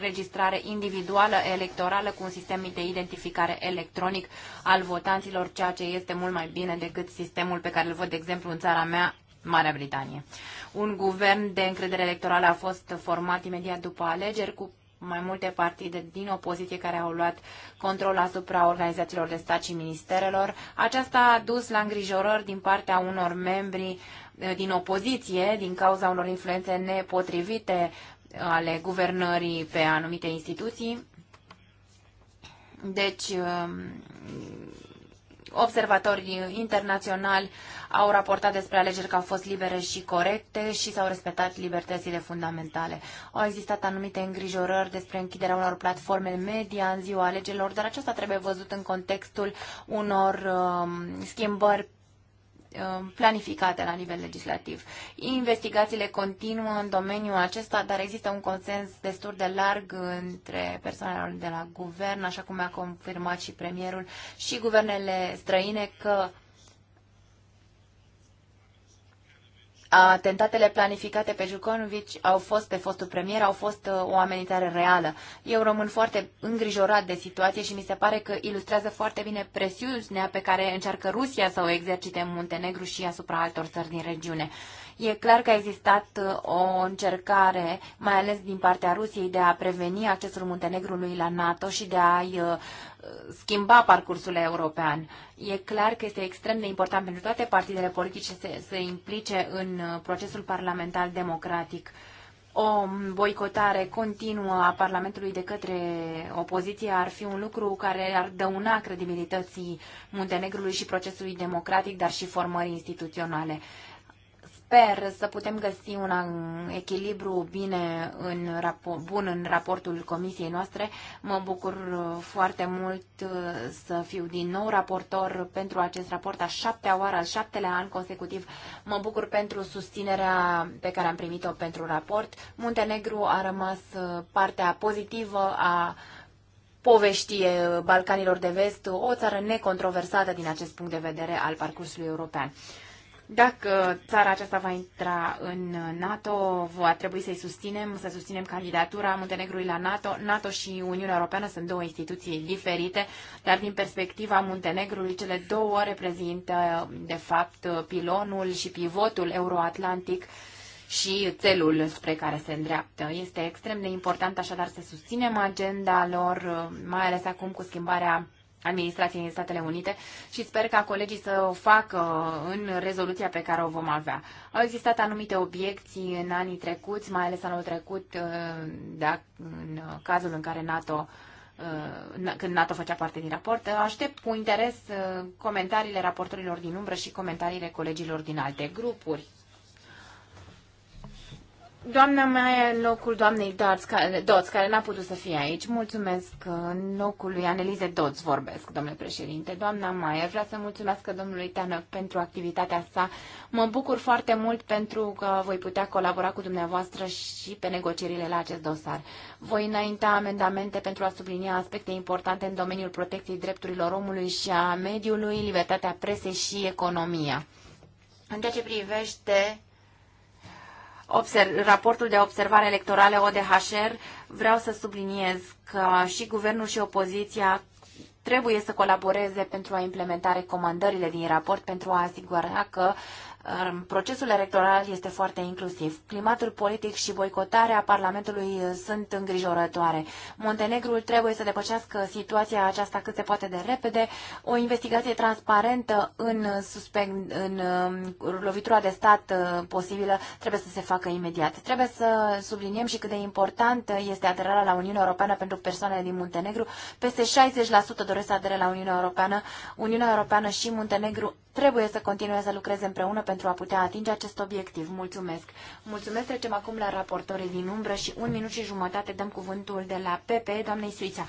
registrare individuală electorală, cu un sistem de identificare electronic al votanților, ceea ce este mult mai bine decât sistemul pe care îl văd, de exemplu, în țara mea, Marea Britanie. Un guvern de încredere electorală a fost format imediat după alegeri cu mai multe partide din opoziție care au luat control asupra organizațiilor de stat și ministerelor. Aceasta a dus la îngrijorări din partea unor membri eh, din opoziție din cauza unor influențe nepotrivite eh, ale guvernării pe anumite instituții. Deci, eh, observatori internaționali au raportat despre alegeri că au fost libere și corecte și s-au respectat libertățile fundamentale. Au existat anumite îngrijorări despre închiderea unor platforme media în ziua alegerilor, dar aceasta trebuie văzut în contextul unor um, schimbări Um, planificate la nivel legislativ. Investigațiile continuă în domeniul acesta, dar există un consens destul de larg între persoanele de la guvern, așa cum a confirmat și premierul, și guvernele străine că Atentatele planificate pe Jukonovic au fost de fostul premier, au fost uh, o amenințare reală. Eu rămân foarte îngrijorat de situație și mi se pare că ilustrează foarte bine presiunea pe care încearcă Rusia să o exercite în Muntenegru și asupra altor țări din regiune. E clar că a existat uh, o încercare, mai ales din partea Rusiei, de a preveni accesul Muntenegrului la NATO și de a-i uh, schimba parcursul european. E clar că este extrem de important pentru toate partidele politice să se implice în uh, procesul parlamentar democratic o boicotare continuă a Parlamentului de către opoziție ar fi un lucru care ar dăuna credibilității Muntenegrului și procesului democratic, dar și formării instituționale sper să putem găsi un echilibru bine în bun în raportul comisiei noastre. Mă bucur uh, foarte mult uh, să fiu din nou raportor pentru acest raport a șaptea oară, al șaptelea an consecutiv. Mă bucur pentru susținerea pe care am primit-o pentru raport. Muntenegru a rămas uh, partea pozitivă a poveștie Balcanilor de Vest, o țară necontroversată din acest punct de vedere al parcursului european. Dacă țara aceasta va intra în NATO, va trebui să-i susținem, să susținem candidatura Muntenegrului la NATO. NATO și Uniunea Europeană sunt două instituții diferite, dar din perspectiva Muntenegrului, cele două reprezintă, de fapt, pilonul și pivotul euroatlantic și țelul spre care se îndreaptă. Este extrem de important așadar să susținem agenda lor, mai ales acum cu schimbarea administrației din Statele Unite și sper ca colegii să o facă în rezoluția pe care o vom avea. Au existat anumite obiecții în anii trecuți, mai ales anul trecut, uh, da, în cazul în care NATO uh, când NATO făcea parte din raport. Aștept cu interes uh, comentariile raportorilor din umbră și comentariile colegilor din alte grupuri. Doamna mea e în locul doamnei Dots, care, Dots, care n-a putut să fie aici. Mulțumesc uh, în locul lui Anelize Dots vorbesc, domnule președinte. Doamna Maia vreau să mulțumesc domnului Teană pentru activitatea sa. Mă bucur foarte mult pentru că voi putea colabora cu dumneavoastră și pe negocierile la acest dosar. Voi înainta amendamente pentru a sublinia aspecte importante în domeniul protecției drepturilor omului și a mediului, libertatea presei și economia. În ceea ce privește raportul de observare electorale ODHR, vreau să subliniez că și guvernul și opoziția trebuie să colaboreze pentru a implementa recomandările din raport pentru a asigura că Procesul electoral este foarte inclusiv. Climatul politic și boicotarea Parlamentului uh, sunt îngrijorătoare. Montenegrul trebuie să depășească situația aceasta cât se poate de repede. O investigație transparentă în, uh, suspect, în uh, lovitura de stat posibilă trebuie să se facă imediat. Trebuie să subliniem și cât de important este aderarea la Uniunea Europeană pentru persoanele din Muntenegru. Peste 60% doresc să adere la Uniunea Europeană. Uniunea Europeană și Muntenegru trebuie să continue să lucreze împreună pentru pentru a putea atinge acest obiectiv. Mulțumesc! Mulțumesc! Trecem acum la raportorii din umbră și un minut și jumătate dăm cuvântul de la PP, doamnei Suița.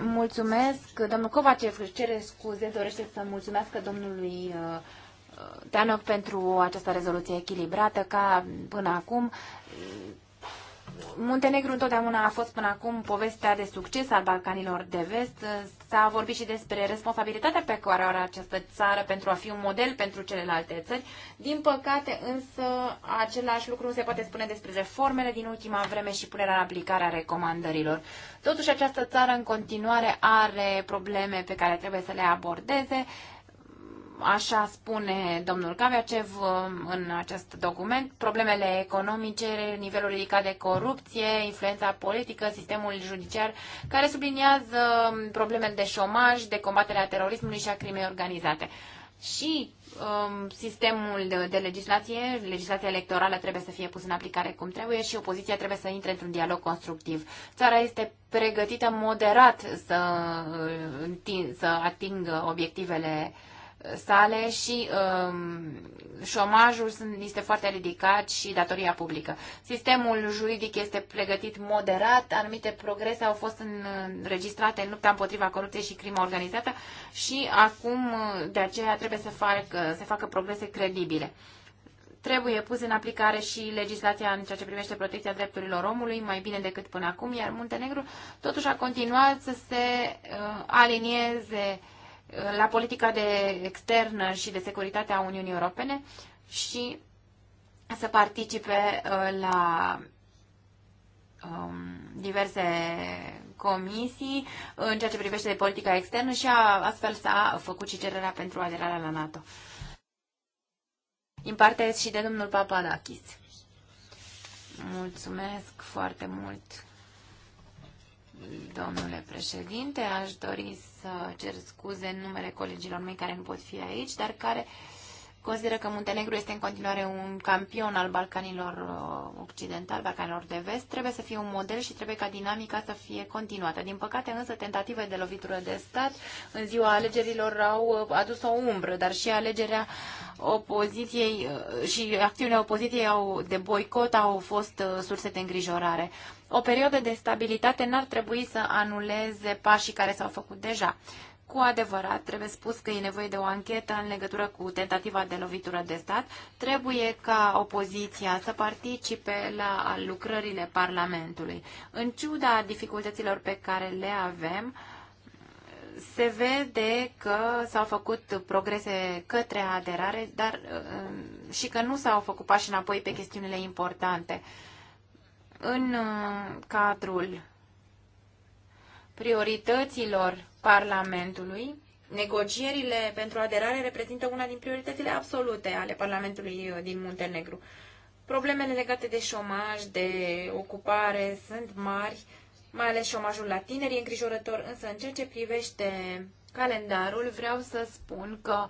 Mulțumesc. Domnul Covacev cere scuze, dorește să mulțumesc domnului Danoc uh, uh, pentru această rezoluție echilibrată, ca până acum Muntenegru întotdeauna a fost până acum povestea de succes al Balcanilor de Vest. S-a vorbit și despre responsabilitatea pe care o are această țară pentru a fi un model pentru celelalte țări. Din păcate, însă, același lucru nu se poate spune despre reformele din ultima vreme și punerea în aplicare a recomandărilor. Totuși, această țară în continuare are probleme pe care trebuie să le abordeze Așa spune domnul Gaviacev um, în acest document, problemele economice, nivelul ridicat de corupție, influența politică, sistemul judiciar, care subliniază um, problemele de șomaj, de combaterea terorismului și a crimei organizate. Și um, sistemul de, de legislație, legislația electorală trebuie să fie pusă în aplicare cum trebuie și opoziția trebuie să intre într-un dialog constructiv. Țara este pregătită moderat să, uh, să atingă obiectivele uh, sale și um, șomajul este foarte ridicat și datoria publică. Sistemul juridic este pregătit moderat, anumite progrese au fost înregistrate în lupta împotriva corupției și crimă organizată și acum de aceea trebuie să, fac, să facă progrese credibile trebuie pus în aplicare și legislația în ceea ce privește protecția drepturilor omului, mai bine decât până acum, iar Muntenegru totuși a continuat să se uh, alinieze la politica de externă și de securitate a Uniunii Europene și să participe uh, la um, diverse comisii în ceea ce privește politica externă și a, astfel s-a făcut și cererea pentru aderarea la NATO. Din partea și de domnul Papadakis. Mulțumesc foarte mult, domnule președinte. Aș dori să cer scuze în numele colegilor mei care nu pot fi aici, dar care consideră că Muntenegru este în continuare un campion al Balcanilor uh, Occidentali, Balcanilor de Vest, trebuie să fie un model și trebuie ca dinamica să fie continuată. Din păcate, însă, tentative de lovitură de stat în ziua alegerilor au uh, adus o umbră, dar și alegerea opoziției uh, și acțiunea opoziției au, de boicot au fost surse de îngrijorare o perioadă de stabilitate n-ar trebui să anuleze pașii care s-au făcut deja. Cu adevărat, trebuie spus că e nevoie de o anchetă în legătură cu tentativa de lovitură de stat. Trebuie ca opoziția să participe la lucrările Parlamentului. În ciuda dificultăților pe care le avem, se vede că s-au făcut progrese către aderare, dar uh, și că nu s-au făcut pași înapoi pe chestiunile importante în uh, cadrul priorităților Parlamentului, negocierile pentru aderare reprezintă una din prioritățile absolute ale Parlamentului uh, din Muntenegru. Problemele legate de șomaj, de ocupare sunt mari, mai ales șomajul la tineri e îngrijorător, însă în ceea ce privește calendarul, vreau să spun că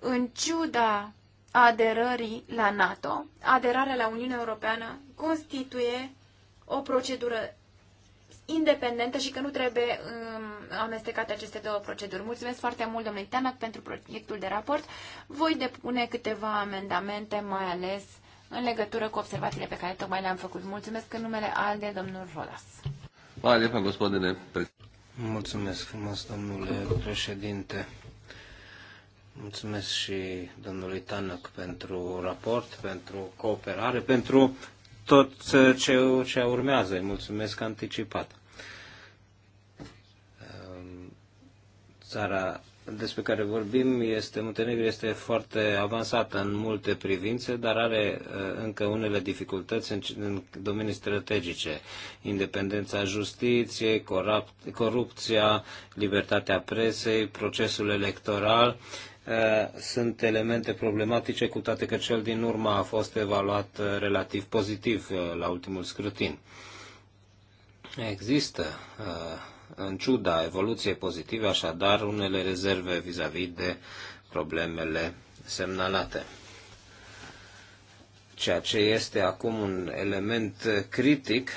în ciuda aderării la NATO, aderarea la Uniunea Europeană constituie o procedură independentă și că nu trebuie um, amestecate aceste două proceduri. Mulțumesc foarte mult, domnule Tanac, pentru proiectul de raport. Voi depune câteva amendamente, mai ales în legătură cu observațiile pe care tocmai le-am făcut. Mulțumesc în numele ALDE, domnul Rodas. Mulțumesc frumos, domnule președinte. Mulțumesc și domnului Tanăc pentru raport, pentru cooperare, pentru tot uh, ce, ce urmează. Îi mulțumesc anticipat. Um, țara despre care vorbim este Muntenegru este foarte avansată în multe privințe, dar are uh, încă unele dificultăți în, în domenii strategice. Independența justiției, corupția, libertatea presei, procesul electoral Uh, sunt elemente problematice, cu toate că cel din urmă a fost evaluat uh, relativ pozitiv uh, la ultimul scrutin. Există, în ciuda evoluției pozitive, așadar, unele rezerve vis-a-vis -vis de problemele semnalate. Ceea ce este acum un element critic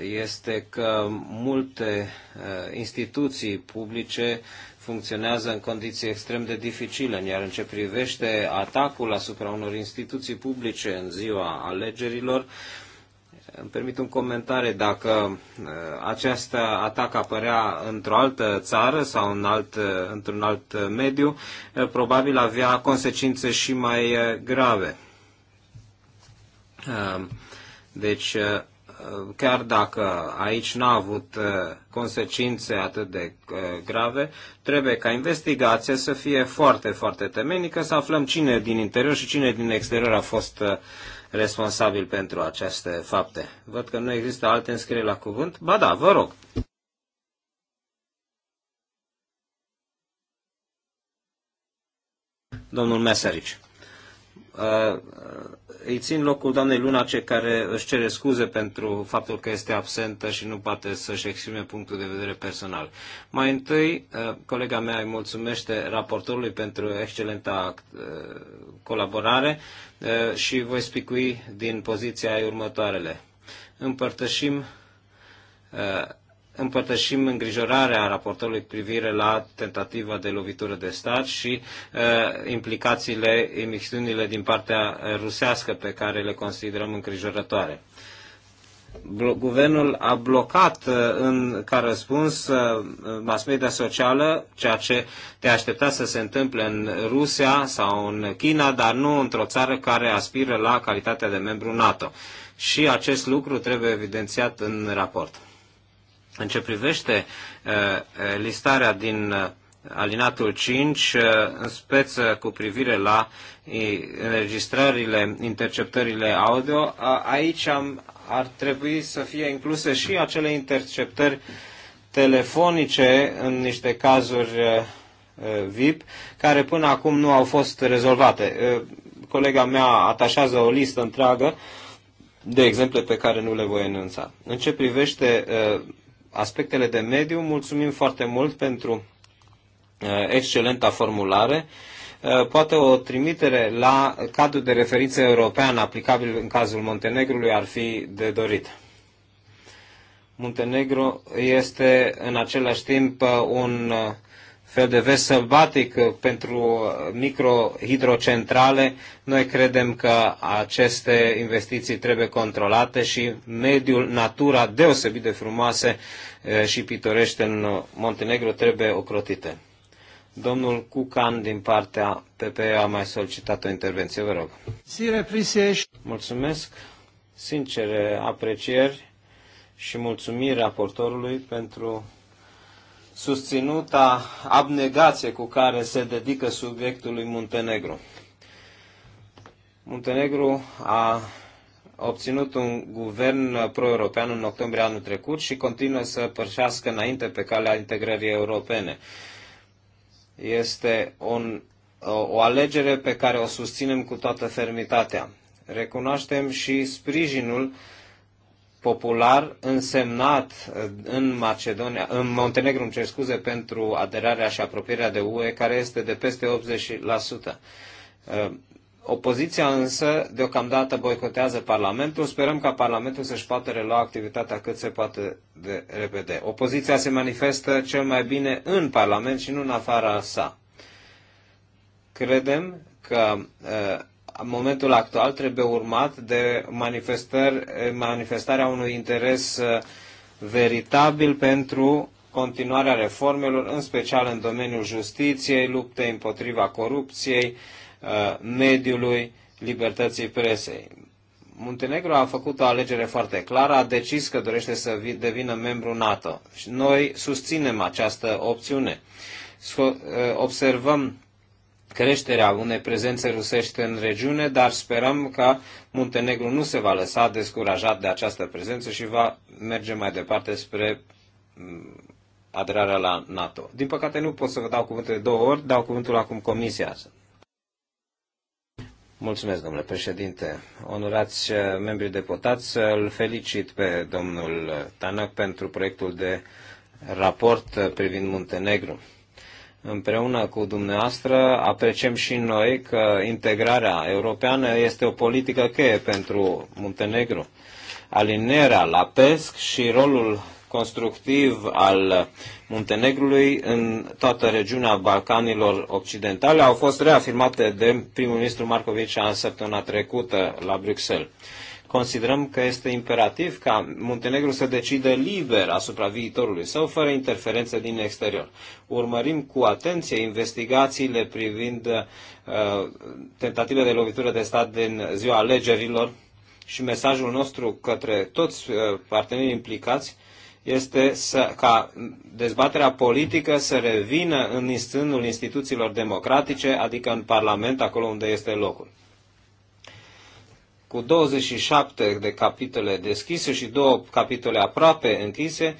este că multe instituții publice funcționează în condiții extrem de dificile, iar în ce privește atacul asupra unor instituții publice în ziua alegerilor, îmi permit un comentare dacă uh, acest atac apărea într-o altă țară sau în alt, uh, într-un alt mediu, uh, probabil avea consecințe și mai grave. Deci, chiar dacă aici n-a avut uh, consecințe atât de uh, grave, trebuie ca investigația să fie foarte, foarte temenică, să aflăm cine din interior și cine din exterior a fost uh, responsabil pentru aceste fapte. Văd că nu există alte înscrieri la cuvânt. Ba da, vă rog. Domnul Meserici. Îi țin locul doamnei Lunace care își cere scuze pentru faptul că este absentă și nu poate să-și exprime punctul de vedere personal. Mai întâi, colega mea îi mulțumește raportorului pentru excelenta colaborare și voi spicui din poziția ei următoarele. Împărtășim împărtășim îngrijorarea raportorului cu privire la tentativa de lovitură de stat și uh, implicațiile, emisiunile din partea rusească pe care le considerăm îngrijorătoare. Guvernul a blocat uh, în, ca răspuns uh, mass media socială, ceea ce te aștepta să se întâmple în Rusia sau în China, dar nu într-o țară care aspiră la calitatea de membru NATO. Și acest lucru trebuie evidențiat în raport. În ce privește uh, uh, listarea din uh, alinatul 5, în speță cu privire la înregistrările, interceptările audio, aici am, ar trebui să fie incluse și acele interceptări telefonice în niște cazuri VIP, care până acum nu au fost rezolvate. Colega mea atașează o listă întreagă de exemple pe care nu le voi enunța. În ce privește aspectele de mediu, mulțumim foarte mult pentru uh, excelenta formulare. Uh, poate o trimitere la cadrul de referință european aplicabil în cazul Montenegrului ar fi de dorit. Muntenegru este în același timp uh, un fel de vest sălbatic pentru microhidrocentrale, noi credem că aceste investiții trebuie controlate și mediul, natura deosebit de frumoase și pitorește în Montenegro trebuie ocrotite. Domnul Cucan din partea PP a mai solicitat o intervenție, vă rog. Mulțumesc, sincere aprecieri și mulțumiri raportorului pentru susținuta abnegație cu care se dedică subiectului Muntenegru. Muntenegru a obținut un guvern pro-european în octombrie anul trecut și continuă să pășească înainte pe calea integrării europene. Este un, o alegere pe care o susținem cu toată fermitatea. Recunoaștem și sprijinul uh, popular însemnat în Macedonia, în Montenegru, îmi cer scuze, pentru aderarea și apropierea de UE, care este de peste 80%. Uh, opoziția însă deocamdată boicotează Parlamentul. Sperăm ca Parlamentul să-și poată relua activitatea cât se poate de repede. Opoziția se manifestă cel mai bine în Parlament și nu în afara sa. Credem că uh, în momentul actual trebuie urmat de manifestarea unui interes uh, veritabil pentru continuarea reformelor, în special în domeniul justiției, luptei împotriva corupției, uh, mediului, libertății presei. Muntenegro a făcut o alegere foarte clară, a decis că dorește să devină membru NATO și noi susținem această opțiune. Uh, observăm creșterea unei prezențe rusești în regiune, dar sperăm că Muntenegru nu se va lăsa descurajat de această prezență și va merge mai departe spre mm, aderarea la NATO. Din păcate nu pot să vă dau cuvântul de două ori, dau cuvântul acum Comisia. Mulțumesc, domnule președinte. Onorați eh, membrii deputați, îl felicit pe domnul Tanac pentru proiectul de raport eh, privind Muntenegru împreună cu dumneavoastră apreciem și noi că integrarea europeană este o politică cheie pentru Muntenegru. Alinerea la PESC și rolul constructiv al Muntenegrului în toată regiunea Balcanilor Occidentale au fost reafirmate de prim-ministru Marcovici în săptămâna trecută la Bruxelles. Considerăm că este imperativ ca Muntenegru să decide liber asupra viitorului său, fără interferențe din exterior. Urmărim cu atenție investigațiile privind uh, tentative de lovitură de stat din ziua alegerilor și mesajul nostru către toți uh, partenerii implicați este să, ca dezbaterea politică să revină în stânul instituțiilor democratice, adică în Parlament, acolo unde este locul cu 27 de capitole deschise și două capitole aproape închise,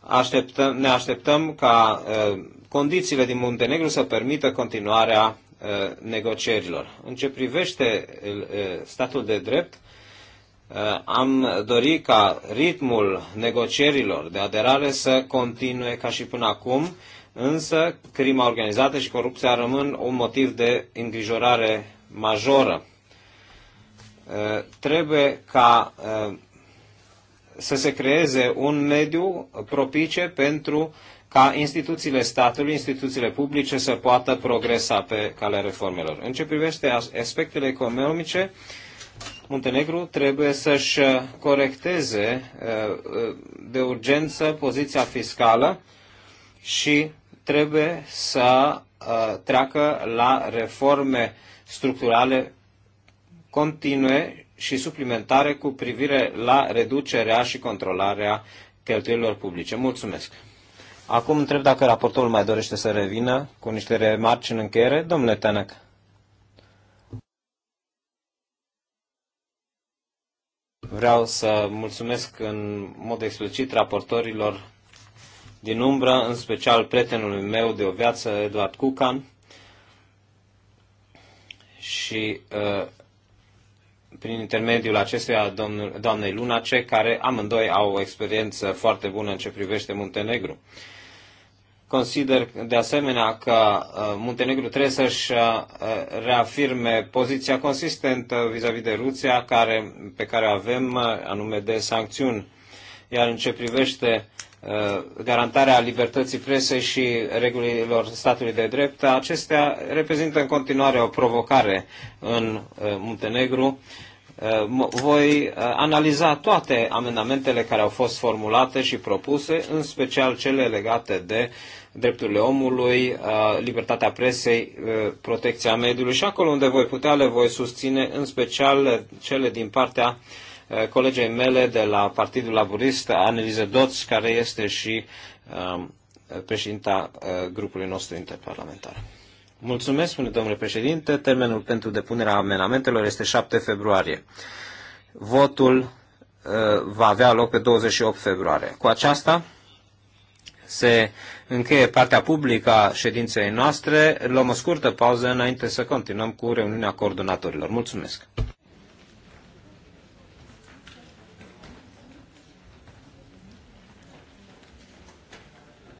așteptăm, ne așteptăm ca uh, condițiile din Muntenegru să permită continuarea uh, negocierilor. În ce privește uh, statul de drept, am dorit ca ritmul negocierilor de aderare să continue ca și până acum, însă crima organizată și corupția rămân un motiv de îngrijorare majoră Eh, trebuie ca eh, să se creeze un mediu propice pentru ca instituțiile statului, instituțiile publice să poată progresa pe calea reformelor. În ce privește aspectele economice, Muntenegru trebuie să-și eh, corecteze de urgență poziția fiscală și trebuie să treacă la reforme structurale continue și suplimentare cu privire la reducerea și controlarea cheltuielilor publice. Mulțumesc! Acum întreb dacă raportorul mai dorește să revină cu niște remarci în încheiere. Domnule Tenec. Vreau să mulțumesc în mod explicit raportorilor din umbră, în special prietenului meu de o viață, Eduard Cucan, și uh, prin intermediul acestuia domnul, doamnei Lunace, care amândoi au o experiență foarte bună în ce privește Muntenegru. Consider de asemenea că uh, Muntenegru trebuie să-și uh, reafirme poziția consistentă vis-a-vis -vis de Rusia care, pe care o avem, uh, anume de sancțiuni. Iar în ce privește garantarea libertății presei și regulilor statului de drept, acestea reprezintă în continuare o provocare în Muntenegru voi uh, analiza toate amendamentele care au fost formulate și propuse, în special cele legate de drepturile omului, uh, libertatea presei, uh, protecția mediului și acolo unde voi putea le voi susține, în special cele din partea colegei mele de la Partidul Laborist, Anelize Doț, care este și um, președinta grupului nostru interparlamentar. Mulțumesc, spune domnule președinte. Termenul pentru depunerea amenamentelor este 7 februarie. Votul uh, va avea loc pe 28 februarie. Cu aceasta se încheie partea publică a ședinței noastre. Luăm o scurtă pauză înainte să continuăm cu reuniunea coordonatorilor. Mulțumesc!